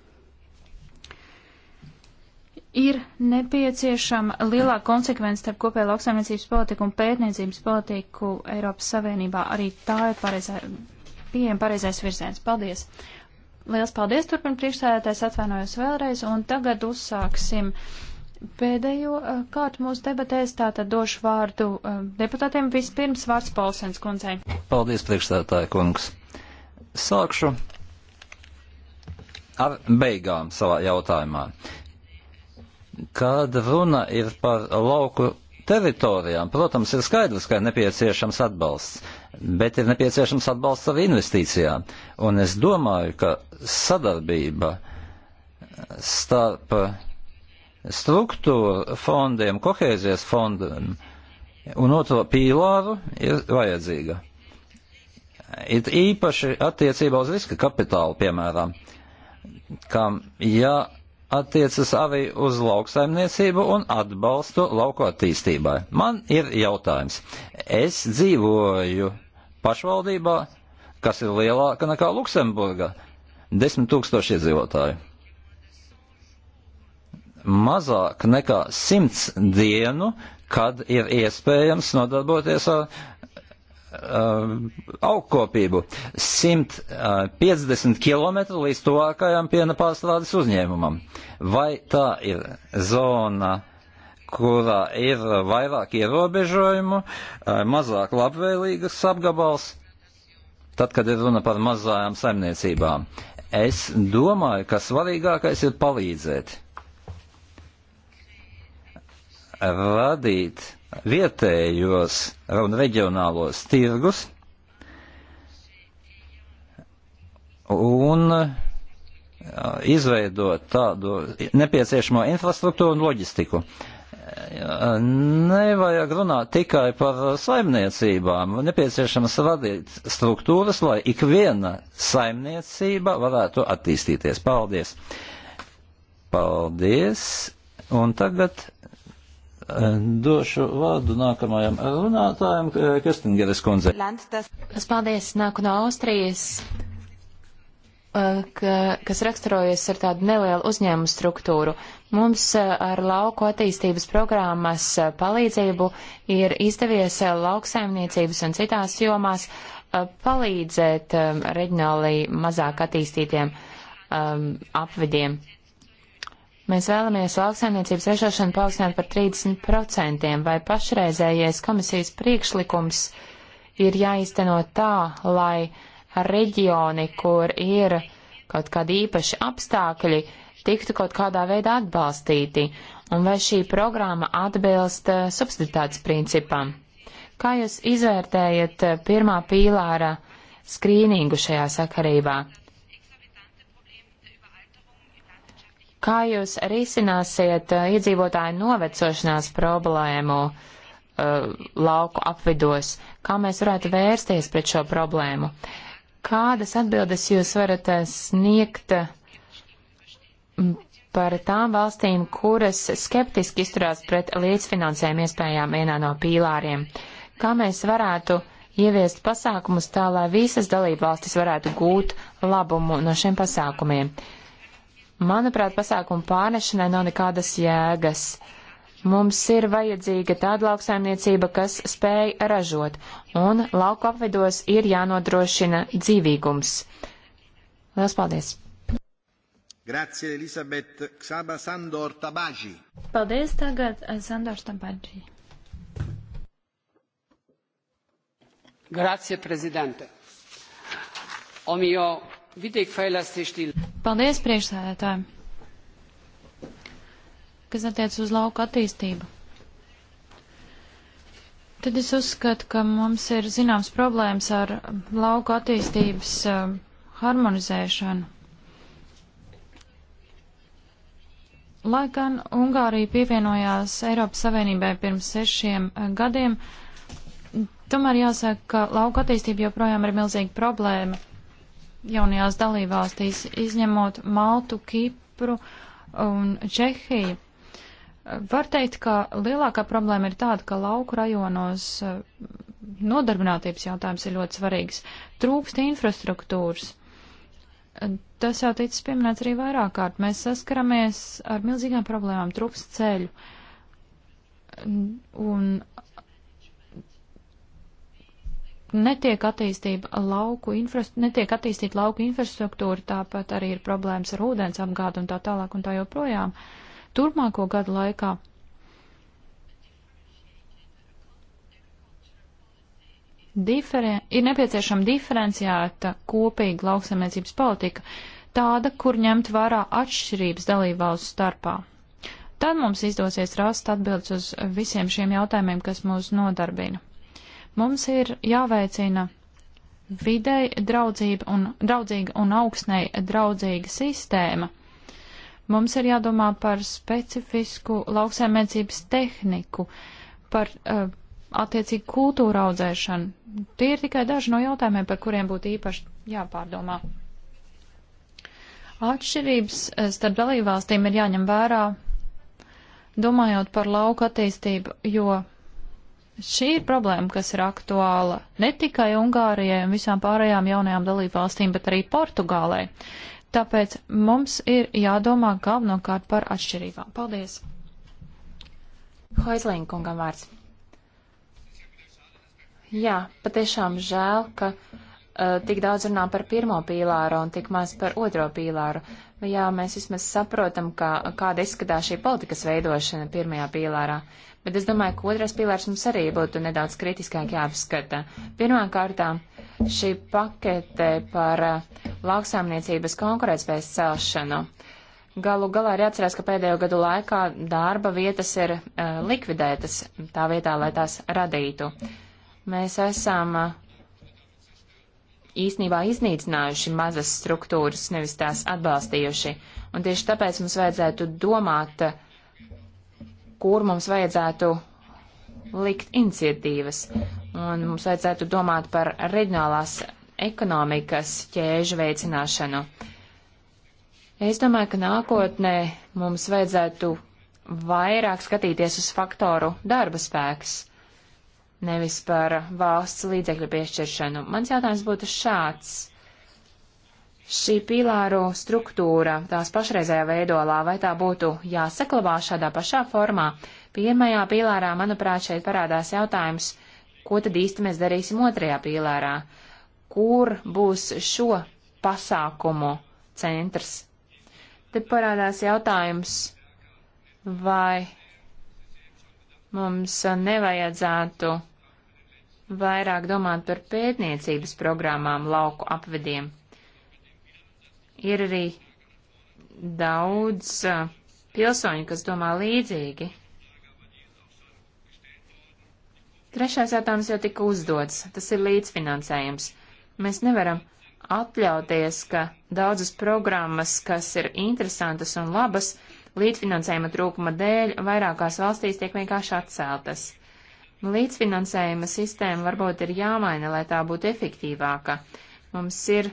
ir nepieciešama lielāka konsekvence starp kopēju lauksaimniecības politiku un pētniecības politiku Eiropas Savienībā. Arī tā ir pareizā, pieejama pareizais virziens. Paldies! Liels paldies, turpin priekšsēdētājs atvainojos vēlreiz, un tagad uzsāksim pēdējo kārtu mūsu debatēs, tātad došu vārdu deputātiem vispirms vārds Polsens kundzei. Paldies, priekšsēdētāja kungs. Sākšu ar beigām savā jautājumā kad runa ir par lauku teritorijām, protams, ir skaidrs, ka ir nepieciešams atbalsts, bet ir nepieciešams atbalsts arī investīcijām. Un es domāju, ka sadarbība starp struktūru fondiem, kohēzijas fondiem un otro pīlāru ir vajadzīga. Ir īpaši attiecībā uz riska kapitālu, piemēram, kam, ja attiecas arī uz lauksaimniecību un atbalstu lauku attīstībai. Man ir jautājums. Es dzīvoju pašvaldībā, kas ir lielāka nekā Luksemburga - 10 tūkstoši iedzīvotāju. Mazāk nekā simts dienu, kad ir iespējams nodarboties ar Uh, augkopību 150 km līdz tuvākajam piena pārstrādes uzņēmumam. Vai tā ir zona, kurā ir vairāk ierobežojumu, uh, mazāk labvēlīgas apgabals, tad, kad ir runa par mazajām saimniecībām? Es domāju, ka svarīgākais ir palīdzēt. Radīt vietējos un reģionālos tirgus, un uh, izveidot tādu nepieciešamo infrastruktūru un loģistiku. Uh, nevajag runāt tikai par saimniecībām, nepieciešams radīt struktūras, lai ikviena saimniecība varētu attīstīties. Paldies! Paldies! Un tagad Došu vārdu nākamajam runātājam, Kestingeres kundze. Es paldies, nāku no Austrijas, ka, kas raksturojas ar tādu nelielu uzņēmumu struktūru. Mums ar lauku attīstības programmas palīdzību ir izdevies lauksaimniecības un citās jomās palīdzēt reģionāli mazāk attīstītiem apvidiem. Mēs vēlamies lauksaimniecības ražošanu paaugstināt par 30%, vai pašreizējais komisijas priekšlikums ir jāizteno tā, lai reģioni, kur ir kaut kādi īpaši apstākļi, tiktu kaut kādā veidā atbalstīti, un vai šī programma atbilst eh, substitāts principam. Kā jūs izvērtējat eh, pirmā pīlāra skrīningu šajā sakarībā? Kā jūs risināsiet uh, iedzīvotāju novecošanās problēmu uh, lauku apvidos? Kā mēs varētu vērsties pret šo problēmu? Kādas atbildes jūs varat uh, sniegt par tām valstīm, kuras skeptiski izturās pret līdzfinansējuma iespējām vienā no pīlāriem. Kā mēs varētu ieviest pasākumus tā, lai visas dalībvalstis varētu gūt labumu no šiem pasākumiem? Manuprāt, pasākumu pārnešanai nav nekādas jēgas. Mums ir vajadzīga tāda lauksaimniecība, kas spēj ražot, un lauku apvidos ir jānodrošina dzīvīgums. Lielas paldies! Grazie, Elisabeth Ksaba Sandor Tabaži. Paldies tagad, eh, Sandor Tabaži. Grazie, prezidente. Omio vidīgfejlesztési. Paldies, priekšsēdētāji. Kas attiec uz lauku attīstību? Tad es uzskatu, ka mums ir zināms problēmas ar lauku attīstības um, harmonizēšanu. Lai gan Ungārija pievienojās Eiropas Savienībai pirms sešiem uh, gadiem, tomēr jāsaka, ka lauka attīstība joprojām ir milzīga problēma jaunajās dalībvalstīs, izņemot Maltu, Kipru un Čehiju. Var teikt, ka lielākā problēma ir tāda, ka lauku rajonos eh, nodarbinātības jautājums ir ļoti svarīgs. Trūkst infrastruktūras. Tas jau ticis pieminēts arī vairāk kārt. Mēs saskaramies ar milzīgām problēmām, trūkst ceļu. Un netiek, lauku netiek attīstīta lauku infrastruktūra, tāpat arī ir problēmas ar ūdens apgādu un tā tālāk un tā joprojām. Turmāko gadu laikā diferen, ir nepieciešama diferenciēta kopīga lauksaimniecības politika, tāda, kur ņemt vērā atšķirības dalībvalstu starpā. Tad mums izdosies rast atbildes uz visiem šiem jautājumiem, kas mūs nodarbina. Mums ir jāveicina videi draudzība un, draudzīga un augstnei draudzīga sistēma. Mums ir jādomā par specifisku lauksēmniecības tehniku, par uh, eh, attiecīgu kultūra audzēšanu. Tie ir tikai daži no jautājumiem, par kuriem būtu īpaši jāpārdomā. Atšķirības eh, starp dalībvalstīm ir jāņem vērā, domājot par lauku attīstību, jo Šī ir problēma, kas ir aktuāla ne tikai Ungārijai un visām pārējām jaunajām dalībvalstīm, bet arī Portugālei. Tāpēc mums ir jādomā galvenokārt par atšķirībām. Paldies! Hoizlīna kungam vārds. Jā, patiešām žēl, ka uh, tik daudz runā par pirmo pīlāru un tik maz par otro pīlāru jā, mēs vismaz saprotam, kā, kāda izskatās šī politikas veidošana pirmajā pīlārā. Bet es domāju, ka otrais pīlārs mums arī būtu nedaudz kritiskāk jāapskata. Pirmkārt, šī pakete par uh, lauksāmniecības konkurētspējas celšanu. Galu galā ir jāatcerās, ka pēdējo gadu laikā darba vietas ir uh, likvidētas tā vietā, lai tās radītu. Mēs esam uh, īsnībā iznīcinājuši mazas struktūras, nevis tās atbalstījuši. Un tieši tāpēc mums vajadzētu domāt, kur mums vajadzētu likt iniciatīvas. Un mums vajadzētu domāt par reģionālās ekonomikas ķēžu veicināšanu. Es domāju, ka nākotnē mums vajadzētu vairāk skatīties uz faktoru darba spēks nevis par valsts līdzekļu piešķiršanu. Mans jautājums būtu šāds. Šī pīlāru struktūra tās pašreizējā veidolā, vai tā būtu jāsaklabā šādā pašā formā? Pirmajā pīlārā, manuprāt, šeit parādās jautājums, ko tad īsti mēs darīsim otrajā pīlārā? Kur būs šo pasākumu centrs? Te parādās jautājums, vai Mums nevajadzētu vairāk domāt par pētniecības programmām lauku apvediem. Ir arī daudz pilsoņu, kas domā līdzīgi. Trešais jautājums jau tika uzdots, tas ir līdzfinansējums. Mēs nevaram atļauties, ka daudzas programmas, kas ir interesantas un labas, līdzfinansējuma trūkuma dēļ vairākās valstīs tiek vienkārši atceltas. Līdzfinansējuma sistēma varbūt ir jāmaina, lai tā būtu efektīvāka. Mums ir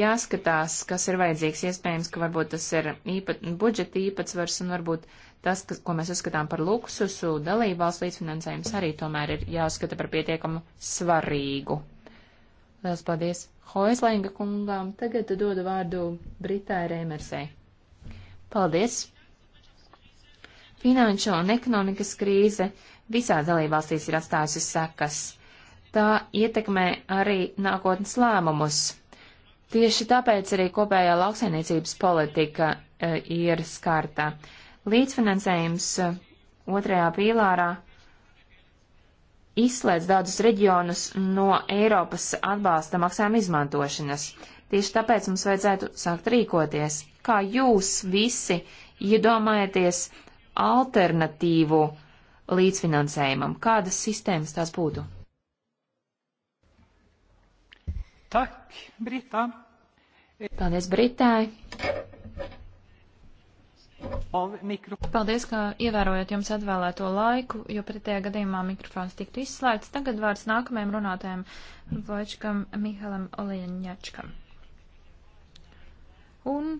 jāskatās, kas ir vajadzīgs. Iespējams, ka varbūt tas ir īpat, budžeta īpatsvars un varbūt tas, kas, ko mēs uzskatām par luksusu, dalību valsts līdzfinansējums arī tomēr ir jāuzskata par pietiekamu svarīgu. Liels paldies Hoislainga kungām. Tagad dodu vārdu Britai Rēmersei. Paldies! Finanšu un ekonomikas krīze visās dalībvalstīs ir atstājusi sekas. Tā ietekmē arī nākotnes lēmumus. Tieši tāpēc arī kopējā lauksainiecības politika e, ir skarta. Līdzfinansējums e, otrajā pīlārā izslēdz daudzus reģionus no Eiropas atbalsta maksājuma izmantošanas. Tieši tāpēc mums vajadzētu sākt rīkoties. Kā jūs visi iedomājaties alternatīvu līdzfinansējumam? Kādas sistēmas tās būtu? Tak, Britā. Paldies, Britai. Paldies, ka ievērojat jums atvēlēto laiku, jo pretējā gadījumā mikrofons tiktu izslēgts. Tagad vārds nākamajam runātājam Vojčkam Mihalam Olieņačkam. Un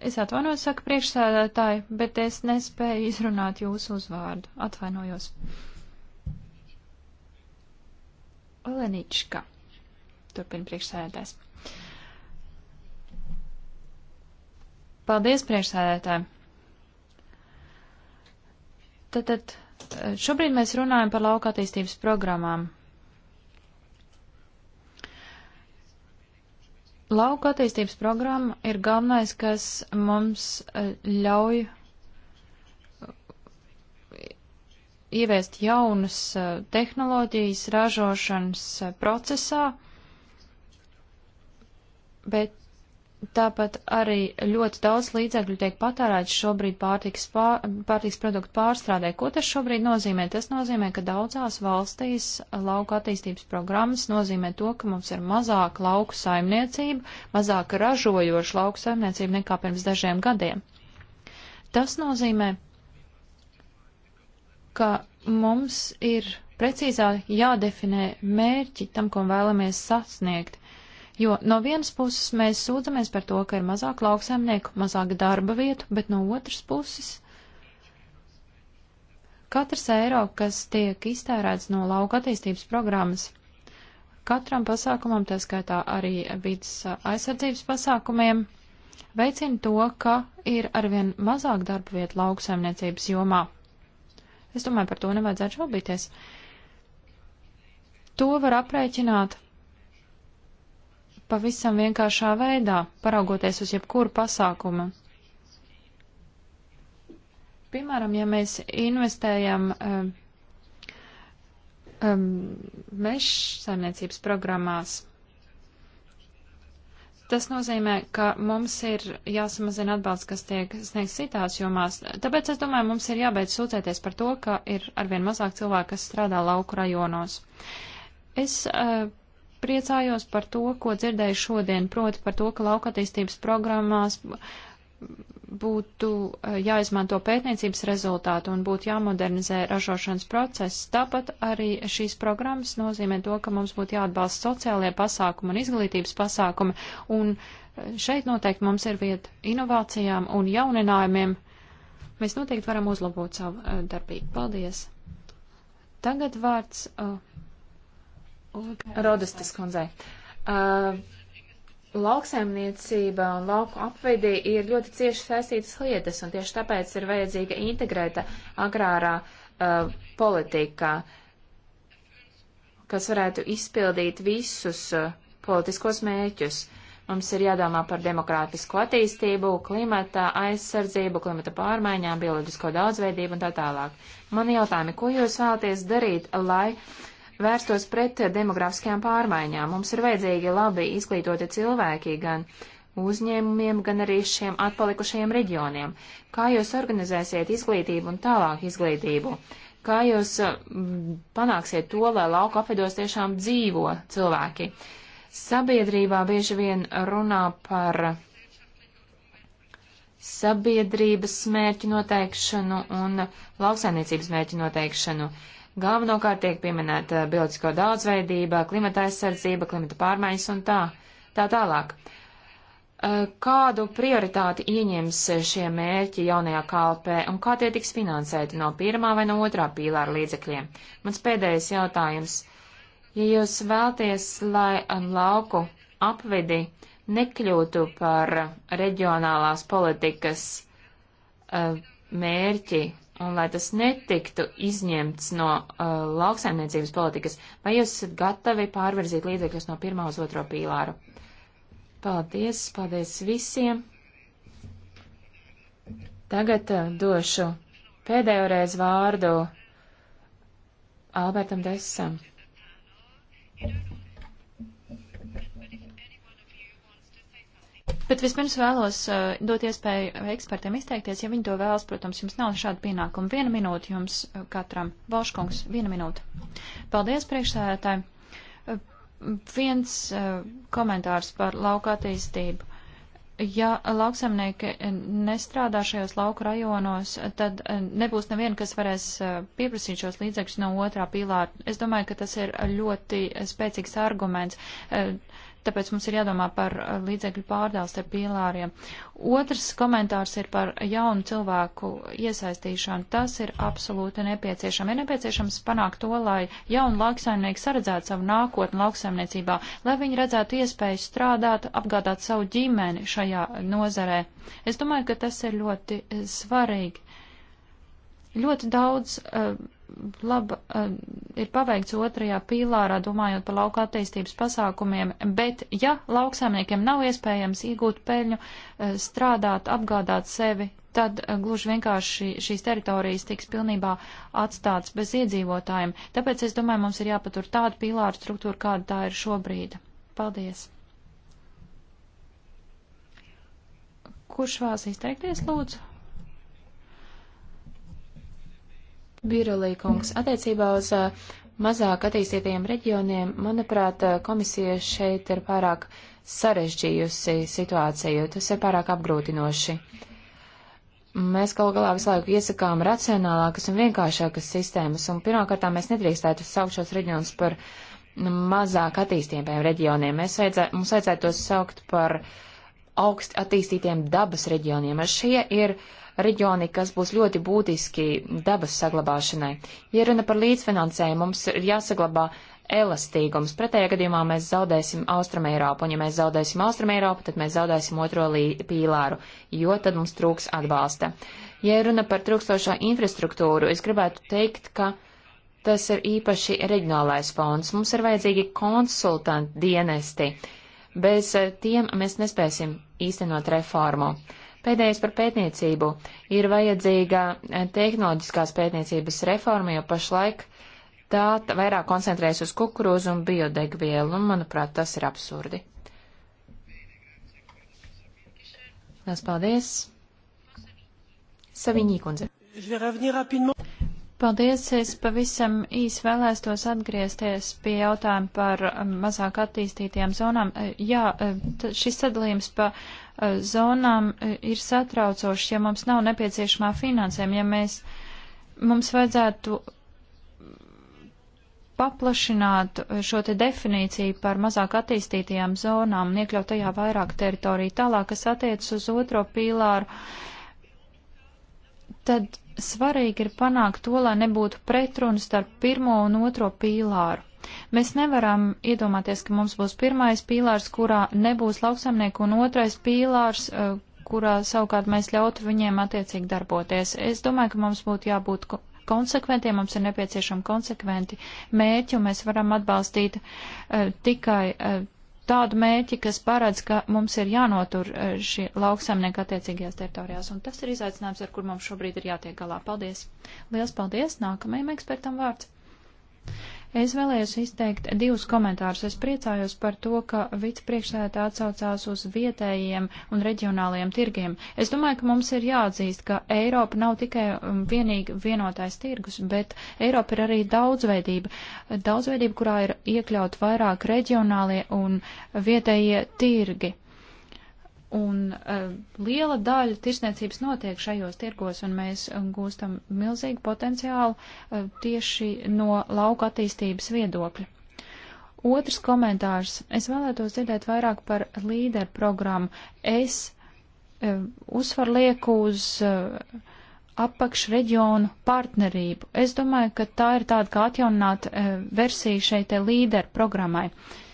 es atvainojos, saka priekšsēdētāji, bet es nespēju izrunāt jūsu uzvārdu. Atvainojos. Olenička. Turpin priekšsēdētājs. Paldies priekšsēdētājiem. Tātad šobrīd mēs runājam par lauka attīstības programmām. Lauka attīstības programma ir galvenais, kas mums e, ļauj e, ieviest jaunas e, tehnoloģijas ražošanas procesā, bet Tāpat arī ļoti daudz līdzekļu tiek patērēts šobrīd pārtiks, pār, pārtiks produktu pārstrādē. Ko tas šobrīd nozīmē? Tas nozīmē, ka daudzās valstīs lauka attīstības programmas nozīmē to, ka mums ir mazāk lauku saimniecība, mazāk ražojoša lauku saimniecība nekā pirms dažiem gadiem. Tas nozīmē, ka mums ir precīzāk jādefinē mērķi tam, ko vēlamies sasniegt. Jo no vienas puses mēs sūdzamies par to, ka ir mazāk lauksaimnieku, mazāk darba vietu, bet no otras puses katrs eiro, kas tiek iztērēts no lauka attīstības programmas, katram pasākumam, tā skaitā arī vidas aizsardzības pasākumiem, veicina to, ka ir arvien mazāk darba vietu lauksaimniecības jomā. Es domāju, par to nevajadzētu šaubīties. To var aprēķināt pavisam vienkāršā veidā, paraugoties uz jebkuru pasākumu. Piemēram, ja mēs investējam um, um, meža saimniecības programmās, tas nozīmē, ka mums ir jāsamazina atbalsts, kas tiek sniegts citās jomās. Tāpēc es domāju, mums ir jābeidz sūdzēties par to, ka ir arvien mazāk cilvēku, kas strādā lauku rajonos. Es uh, priecājos par to, ko dzirdēju šodien, proti par to, ka laukatīstības programmās būtu eh, jāizmanto pētniecības rezultātu un būtu jāmodernizē ražošanas process. Tāpat arī šīs programmas nozīmē to, ka mums būtu jāatbalsta sociālie pasākumi un izglītības pasākumi, un eh, šeit noteikti mums ir vieta inovācijām un jauninājumiem. Mēs noteikti varam uzlabot savu eh, darbību. Paldies! Tagad vārds uh, Rodestis kundzei. Uh, Lauksaimniecība un lauku apvidī ir ļoti cieši saistītas lietas, un tieši tāpēc ir vajadzīga integrēta agrārā uh, politika, kas varētu izpildīt visus uh, politiskos mēķus. Mums ir jādomā par demokrātisku attīstību, klimata aizsardzību, klimata pārmaiņām, bioloģisko daudzveidību un tā tālāk. Man jautājumi, ko jūs vēlaties darīt, lai uh, vērstos pret demografiskajām pārmaiņām. Mums ir vajadzīgi labi izglītoti cilvēki gan uzņēmumiem, gan arī šiem atpalikušajiem reģioniem. Kā jūs organizēsiet izglītību un tālāk izglītību? Kā jūs uh, panāksiet to, lai lauka apvidos tiešām dzīvo cilvēki? Sabiedrībā bieži vien runā par sabiedrības mērķu noteikšanu un lauksainiecības mērķu noteikšanu. Uh, Galvenokārt tiek pieminēta bioloģisko daudzveidība, klimata aizsardzība, klimata pārmaiņas un tā, tā tālāk. Eh, kādu prioritāti ieņems šie mērķi jaunajā kalpē un kā tie tiks finansēti no pirmā vai no otrā pīlāra līdzekļiem? Mans pēdējais jautājums. Ja jūs vēlties, lai lauku apvidi nekļūtu par reģionālās politikas eh, mērķi un lai tas netiktu izņemts no uh, lauksaimniecības politikas, vai jūs esat gatavi pārvirzīt līdzekļus no pirmā uz otro pīlāru? Paldies, paldies visiem! Tagad uh, došu pēdējo reizi vārdu Albertam Desam. Bet vispirms vēlos uh, dot iespēju ekspertiem izteikties, ja viņi to vēlas. Protams, jums nav šāda pienākuma. Viena minūte jums uh, katram. Valškungs, viena minūte. Paldies, priekšsēdētāji. Uh, viens uh, komentārs par lauka attīstību. Ja lauksamnieki nestrādā šajos lauku rajonos, tad uh, nebūs neviena, kas varēs uh, pieprasīt šos līdzekļus no otrā pīlāra. Es domāju, ka tas ir ļoti spēcīgs arguments tāpēc mums ir jādomā par uh, līdzekļu pārdāls ar pīlāriem. Otrs komentārs ir par jaunu cilvēku iesaistīšanu. Tas ir absolūti nepieciešams. Ir nepieciešams panākt to, lai jauni lauksaimnieki saredzētu savu nākotni lauksaimniecībā, lai viņi redzētu iespēju strādāt, apgādāt savu ģimeni šajā nozarē. Es domāju, ka tas ir ļoti eh, svarīgi. Ļoti daudz uh, laba uh, ir paveikts otrajā pīlārā, domājot par lauka attīstības pasākumiem, bet ja lauksaimniekiem nav iespējams iegūt peļņu, uh, strādāt, apgādāt sevi, tad uh, gluži vienkārši šīs teritorijas tiks pilnībā atstātas bez iedzīvotājiem. Tāpēc es domāju, mums ir jāpatur tāda pīlāra struktūra, kāda tā ir šobrīd. Paldies! Kurš vēlas izteikties, lūdzu? Birulīkungs, attiecībā uz uh, mazāk attīstītajiem reģioniem, manuprāt, uh, komisija šeit ir pārāk sarežģījusi situāciju. Tas ir pārāk apgrūtinoši. Mēs galu galā visu laiku iesakām racionālākas un vienkāršākas sistēmas, un pirmkārt mēs nedrīkstētu saukt šos reģionus par mazāk attīstītiem reģioniem. Mēs vajadzē, mums vajadzētu tos saukt par augst attīstītiem dabas reģioniem. Šie ir uh, reģioni, kas būs ļoti būtiski dabas saglabāšanai. Ja runa par līdzfinansējumu, mums ir jāsaglabā elastīgums. Pretējā gadījumā mēs zaudēsim Austrumēropu, un ja mēs zaudēsim Austrumēropu, tad mēs zaudēsim otro pīlāru, jo tad mums trūks atbalsta. Ja runa par trūkstošo infrastruktūru, es gribētu teikt, ka tas ir īpaši reģionālais fonds. Mums ir vajadzīgi konsultanti dienesti. Bez tiem mēs nespēsim īstenot reformu. Pēdējais par pētniecību. Ir vajadzīga eh, tehnoloģiskās pētniecības reforma, jo pašlaik tā vairāk koncentrējas uz kukurūzu un biodegvielu, un, manuprāt, tas ir absurdi. Lielas paldies! Saviņī kundze. Paldies! Es pavisam īsi vēlētos atgriezties pie jautājuma par um, mazāk attīstītajām zonām. Uh, jā, uh, šis sadalījums pa uh, zonām ir satraucošs, ja mums nav nepieciešamā finansēm, ja mēs, mums vajadzētu paplašināt šo te definīciju par mazāk attīstītajām zonām un iekļaut tajā vairāk teritoriju. Tālāk, kas attiecas uz otro pīlāru, tad svarīgi ir panākt to, lai nebūtu pretrunu starp pirmo un otro pīlāru. Mēs nevaram iedomāties, ka mums būs pirmais pīlārs, kurā nebūs lauksamnieku, un otrais pīlārs, e, kurā savukārt mēs ļautu viņiem attiecīgi darboties. Es domāju, ka mums būtu jābūt konsekventiem, mums ir nepieciešami konsekventi mērķi, un mēs varam atbalstīt uh, tikai uh, tādu mērķi, kas paredz, ka mums ir jānotur e, šie lauksaimnieki attiecīgajās teritorijās, un tas ir izaicinājums, ar kur mums šobrīd ir jātiek galā. Paldies! Liels paldies! Nākamajam ekspertam vārds! Es vēlējos izteikt divus komentārus. Es priecājos par to, ka vicepriekšsēdētā atsaucās uz vietējiem un reģionāliem tirgiem. Es domāju, ka mums ir jāatzīst, ka Eiropa nav tikai um, vienīgi vienotais tirgus, bet Eiropa ir arī daudzveidība. Daudzveidība, kurā ir iekļaut vairāk reģionālie un vietējie tirgi. Un uh, liela daļa tirsniecības notiek šajos tirgos, un mēs eh, gūstam milzīgu potenciālu uh, tieši no lauka attīstības viedokļa. Otrs komentārs. Es vēlētos dzirdēt vairāk par līderu programmu. Es uh, uzsvaru lieku uz uh, apakšreģionu partnerību. Es domāju, ka tā ir tāda kā atjaunināta uh, versija šeit līderu programmai. Uh,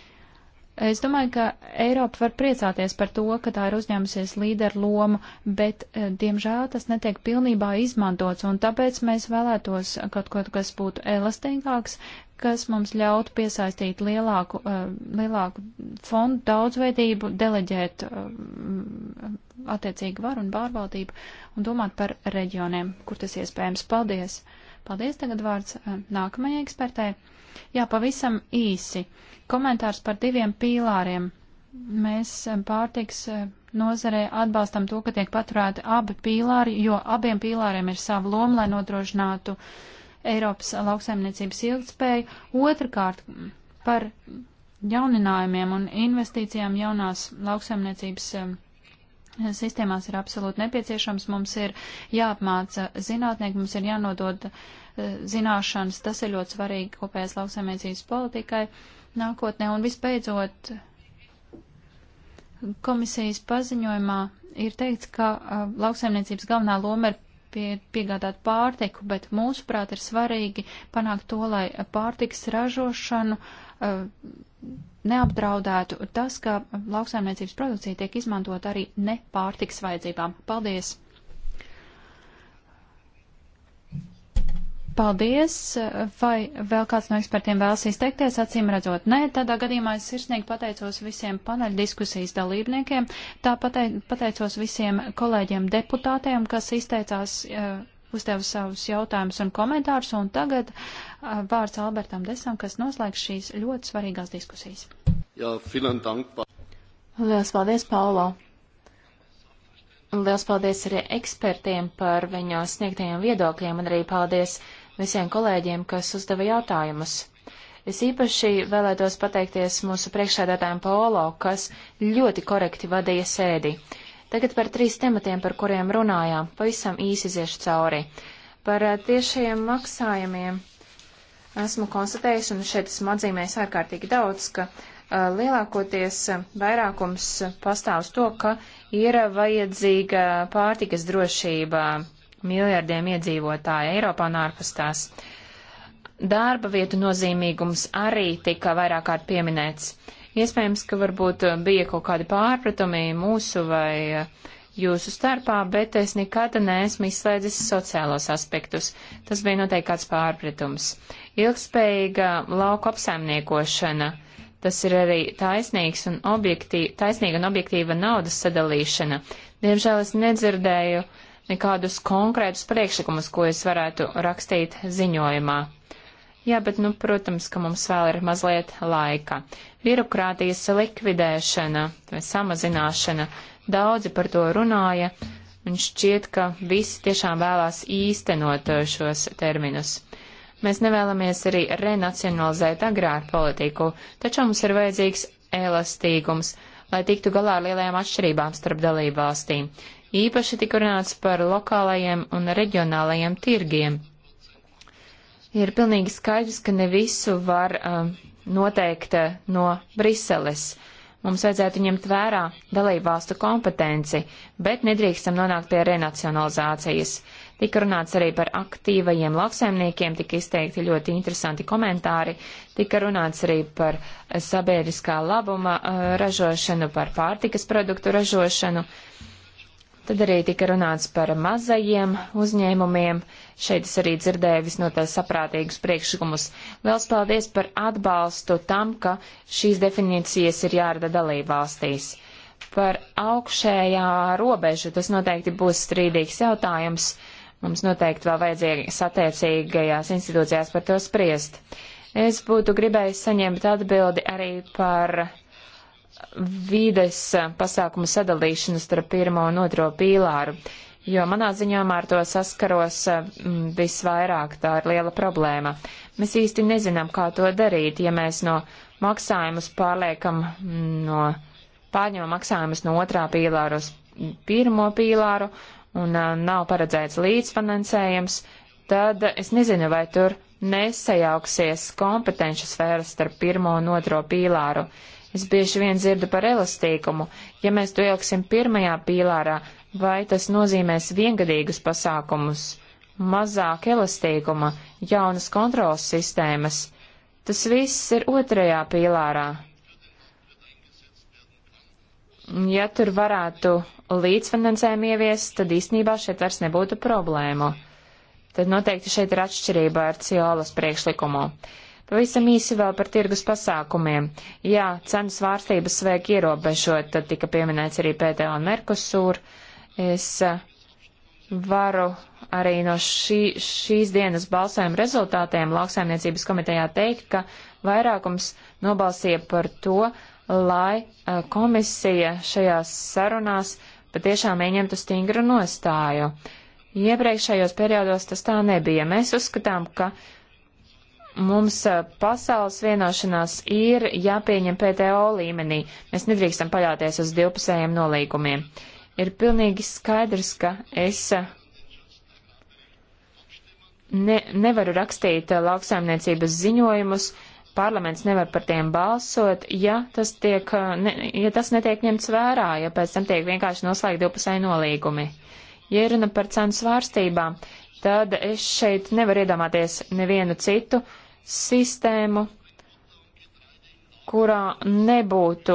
Es domāju, ka Eiropa var priecāties par to, ka tā ir uzņēmusies līderu lomu, bet, e, diemžēl, tas netiek pilnībā izmantots, un tāpēc mēs vēlētos kaut ko, kas būtu elastīgāks, kas mums ļautu piesaistīt lielāku, uh, lielāku fondu daudzveidību, deleģēt uh, attiecīgi varu un pārvaldību un domāt par reģioniem, kur tas iespējams. Paldies! Paldies! Tagad vārds uh, nākamajai ekspertē. Uh, Jā, pavisam īsi. Komentārs par diviem pīlāriem. Mēs eh, pārtiks eh, nozarē atbalstam to, ka tiek paturēti abi pīlāri, jo abiem pīlāriem ir sava loma, lai nodrošinātu Eiropas lauksaimniecības ilgtspēju. Otrakārt, par jauninājumiem un investīcijām jaunās lauksaimniecības eh, sistēmās ir absolūti nepieciešams. Mums ir jāapmāca zinātnieki, mums ir jānodod uh, Eh, zināšanas. Tas ir ļoti svarīgi kopējās lauksaimniecības politikai nākotnē. Un visbeidzot, komisijas paziņojumā ir teikts, ka uh, lauksaimniecības galvenā loma ir pie, piegādāt pārtiku, bet mūsuprāt ir svarīgi panākt to, lai pārtiks ražošanu uh, neapdraudētu tas, ka lauksaimniecības produkcija tiek izmantot arī ne pārtiks vajadzībām. Paldies! Paldies! Vai vēl kāds no ekspertiem vēlas izteikties? Acīm redzot, nē. Tādā gadījumā es sirsnīgi pateicos visiem paneļa diskusijas dalībniekiem. Tā pateicos visiem kolēģiem deputātiem, kas izteicās, e, uzdeva savus jautājumus un komentārus. Un tagad e, vārds Albertam Desam, kas noslēgs šīs ļoti svarīgās diskusijas. Jā, dank, pa... Lielas paldies, Paulo! Lielas paldies arī ekspertiem par viņu sniegtajiem viedokļiem un arī paldies visiem kolēģiem, kas uzdeva jautājumus. Es īpaši vēlētos pateikties mūsu priekšsēdētājiem Paolo, kas ļoti korekti vadīja sēdi. Tagad par trīs tematiem, par kuriem runājām, pavisam īsi iešu cauri. Par eh, tiešajiem maksājumiem esmu konstatējis, un šeit esmu atzīmējis ārkārtīgi daudz, ka uh, lielākoties vairākums pastāv uz to, ka ir vajadzīga pārtikas drošība miljardiem iedzīvotāju Eiropā un ārpus tās. Darba vietu nozīmīgums arī tika vairāk kārt pieminēts. Iespējams, ka varbūt bija kaut kādi pārpratumi mūsu vai jūsu starpā, bet es nekad neesmu izslēdzis sociālos aspektus. Tas bija noteikti kāds pārpratums. Ilgspējīga lauku apsaimniekošana. Tas ir arī taisnīgs un objektīva, taisnīga un objektīva naudas sadalīšana. Diemžēl es nedzirdēju uh, nekādus konkrētus priekšlikumus, ko es varētu rakstīt ziņojumā. Jā, bet, nu, protams, ka mums vēl ir mazliet laika. Birokrātijas likvidēšana vai samazināšana, daudzi par to runāja, un šķiet, ka visi tiešām vēlās īstenot šos terminus. Mēs nevēlamies arī renacionalizēt agrārpolitiku, taču mums ir vajadzīgs elastīgums, lai tiktu galā ar lielajām atšķirībām starp dalību valstīm. Īpaši tika runāts par lokālajiem un reģionālajiem tirgiem. Ir pilnīgi skaidrs, ka ne visu var um, noteikt uh, no Briseles. Mums vajadzētu ņemt vērā dalībvalstu kompetenci, bet nedrīkstam nonākt pie renacionalizācijas. Tika runāts arī par aktīvajiem lauksaimniekiem, tika izteikti ļoti interesanti komentāri, tika runāts arī par sabiedriskā labuma uh, ražošanu, par pārtikas produktu ražošanu. Uh, Tad arī tika runāts par mazajiem uzņēmumiem. Šeit es arī dzirdēju visnotaļ saprātīgus priekšlikumus. Liels paldies par atbalstu tam, ka šīs definīcijas ir jārada dalībvalstīs. Par augšējā robežu tas noteikti būs strīdīgs jautājums. Mums noteikti vēl vajadzēja satiecīgajās institūcijās par to spriest. Es būtu gribējis saņemt atbildi arī par vīdes pasākumu sadalīšanu starp pirmo un otro pīlāru, jo manā ziņojumā ar to saskaros mm, visvairāk, tā ir liela problēma. Mēs īsti nezinām, kā to darīt, ja mēs no maksājumus pārliekam mm, no pārņemam maksājumus no otrā pīlāra uz pirmo pīlāru un nav paredzēts līdzfinansējums, tad es nezinu, vai tur nesajauksies kompetenci sfēras starp pirmo un otro pīlāru. Uh, Es bieži vien dzirdu par elastīgumu. Ja mēs to ieliksim pirmajā pīlārā, vai tas nozīmēs viengadīgus pasākumus, mazāk elastīguma, jaunas kontrolas sistēmas? Tas viss ir otrajā pīlārā. Ja tur varētu līdzfinansējumu ieviest, tad īstenībā šeit vairs nebūtu problēmu. Tad noteikti šeit ir atšķirība ar Ciolas priekšlikumu. Uh, Pavisam īsi vēl par tirgus pasākumiem. Jā, cenu svārstības vajag ierobežot, tad tika pieminēts arī PTO un Merkosūr. Es eh, varu arī no šī, šīs dienas balsājuma rezultātiem lauksaimniecības komitejā teikt, ka vairākums nobalsīja par to, lai eh, komisija šajās sarunās patiešām ieņemtu stingru nostāju. Iepriekšējos periodos tas tā nebija. Mēs uzskatām, ka mums pasaules vienošanās ir jāpieņem PTO līmenī. Mēs nedrīkstam paļauties uz divpusējiem nolīgumiem. Ir pilnīgi skaidrs, ka es ne, nevaru rakstīt lauksaimniecības ziņojumus, parlaments nevar par tiem balsot, ja tas, tiek, ne, ja tas netiek ņemts vērā, ja pēc tam tiek vienkārši noslēgt divpusēji nolīgumi. Ja runa par cenu svārstībām, tad es šeit nevaru iedomāties nevienu citu, uh, sistēmu, kurā nebūtu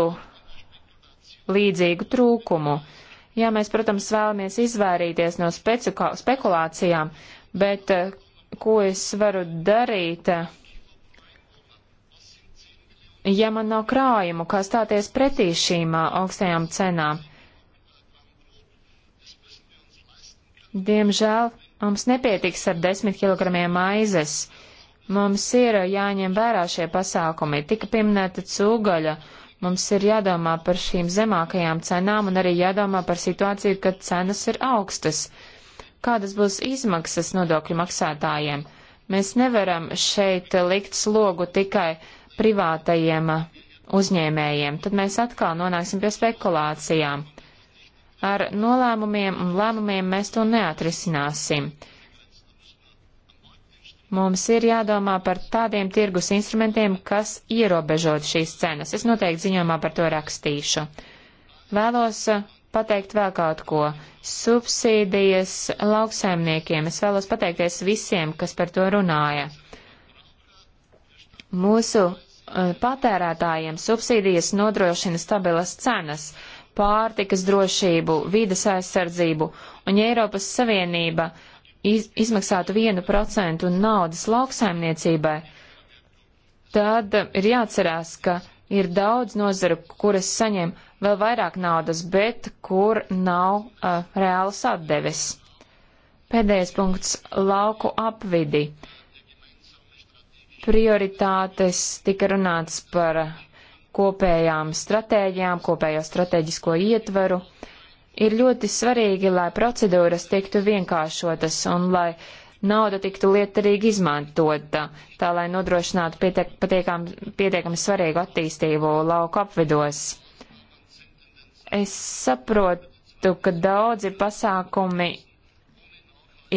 līdzīgu trūkumu. Jā, mēs, protams, vēlamies izvairīties no spekulācijām, bet eh, ko es varu darīt, eh, ja man nav krājumu, kā stāties pretī šīm eh, augstajām cenām? Diemžēl mums nepietiks ar desmit kilogramiem maizes. Mums ir jāņem vērā šie pasākumi. Tika pieminēta cūgaļa. Mums ir jādomā par šīm zemākajām cenām un arī jādomā par situāciju, kad cenas ir augstas. Kādas būs izmaksas nodokļu maksātājiem? Mēs nevaram šeit likt slogu tikai privātajiem uzņēmējiem. Tad mēs atkal nonāksim pie spekulācijām. Ar nolēmumiem un lēmumiem mēs to neatrisināsim. Mums ir jādomā par tādiem tirgus instrumentiem, kas ierobežot šīs cenas. Es noteikti ziņojumā par to rakstīšu. Vēlos uh, pateikt vēl kaut ko. Subsīdijas lauksaimniekiem. Es vēlos pateikties visiem, kas par to runāja. Mūsu uh, patērētājiem subsīdijas nodrošina stabilas cenas, pārtikas drošību, vides aizsardzību, un ja Eiropas Savienība uh, iz, izmaksātu 1% naudas lauksaimniecībai, tad ir jāatcerās, ka ir daudz nozaru, kuras saņem vēl vairāk naudas, bet kur nav uh, reāls atdeves. Pēdējais punkts - lauku apvidi. Prioritātes tika runāts par kopējām stratēģijām, kopējo strateģisko ietveru. Uh, Ir ļoti svarīgi, lai procedūras tiktu vienkāršotas un lai nauda tiktu lietarīgi izmantota, tā lai nodrošinātu pietiek, patiekam, pietiekami svarīgu attīstību lauku apvidos. Es saprotu, ka daudzi pasākumi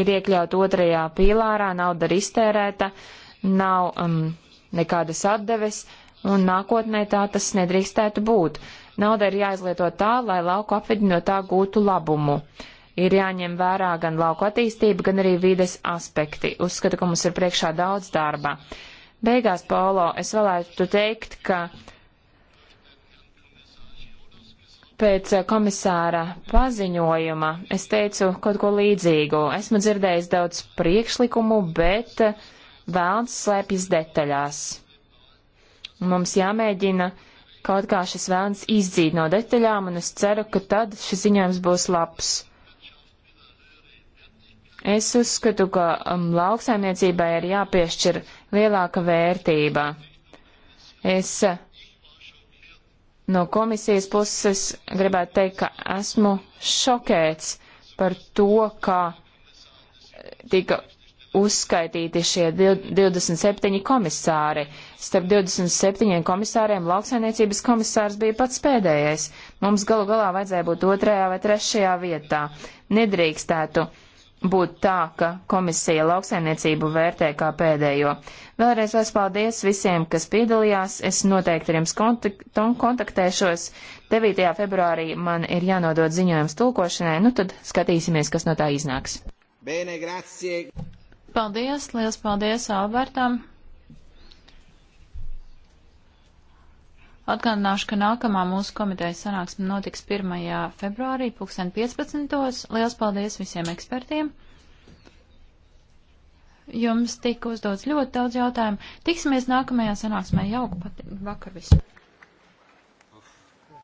ir iekļauti otrajā pīlārā, nauda ir iztērēta, nav um, nekādas atdeves, un nākotnē tā tas nedrīkstētu būt. Uh, Nauda ir jāizlieto tā, lai lauku apvidi no tā gūtu labumu. Ir jāņem vērā gan lauku attīstība, gan arī vides aspekti. Uzskatu, ka mums ir priekšā daudz darba. Beigās, Paolo, es vēlētu teikt, ka pēc komisāra paziņojuma es teicu kaut ko līdzīgu. Esmu dzirdējis daudz priekšlikumu, bet vēlns slēpjas detaļās. Mums jāmēģina uh, kaut kā šis vēns izdzīt no detaļām, un es ceru, ka tad šis ziņojums būs labs. Es uzskatu, ka um, lauksaimniecībai ir jāpiešķir lielāka vērtība. Es no komisijas puses gribētu teikt, ka esmu šokēts par to, ka tika uzskaitīti šie 27 komisāri. Starp 27 komisāriem lauksainiecības komisārs bija pats pēdējais. Mums galu galā vajadzēja būt otrajā vai trešajā vietā. Nedrīkstētu būt tā, ka komisija lauksainiecību vērtē kā pēdējo. Vēlreiz liels paldies visiem, kas piedalījās. Es noteikti ar jums kontaktēšos. 9. februārī man ir jānodod ziņojums tulkošanai. Nu tad skatīsimies, kas no tā iznāks. Bene, grazie. Paldies, liels paldies Albertam. Atgādināšu, ka nākamā mūsu komitejas sanāksme notiks 1. februārī 2015. Liels paldies visiem ekspertiem. Jums tika uzdots ļoti daudz jautājumu. Tiksimies nākamajā sanāksmē. Jauku pat vakar visiem.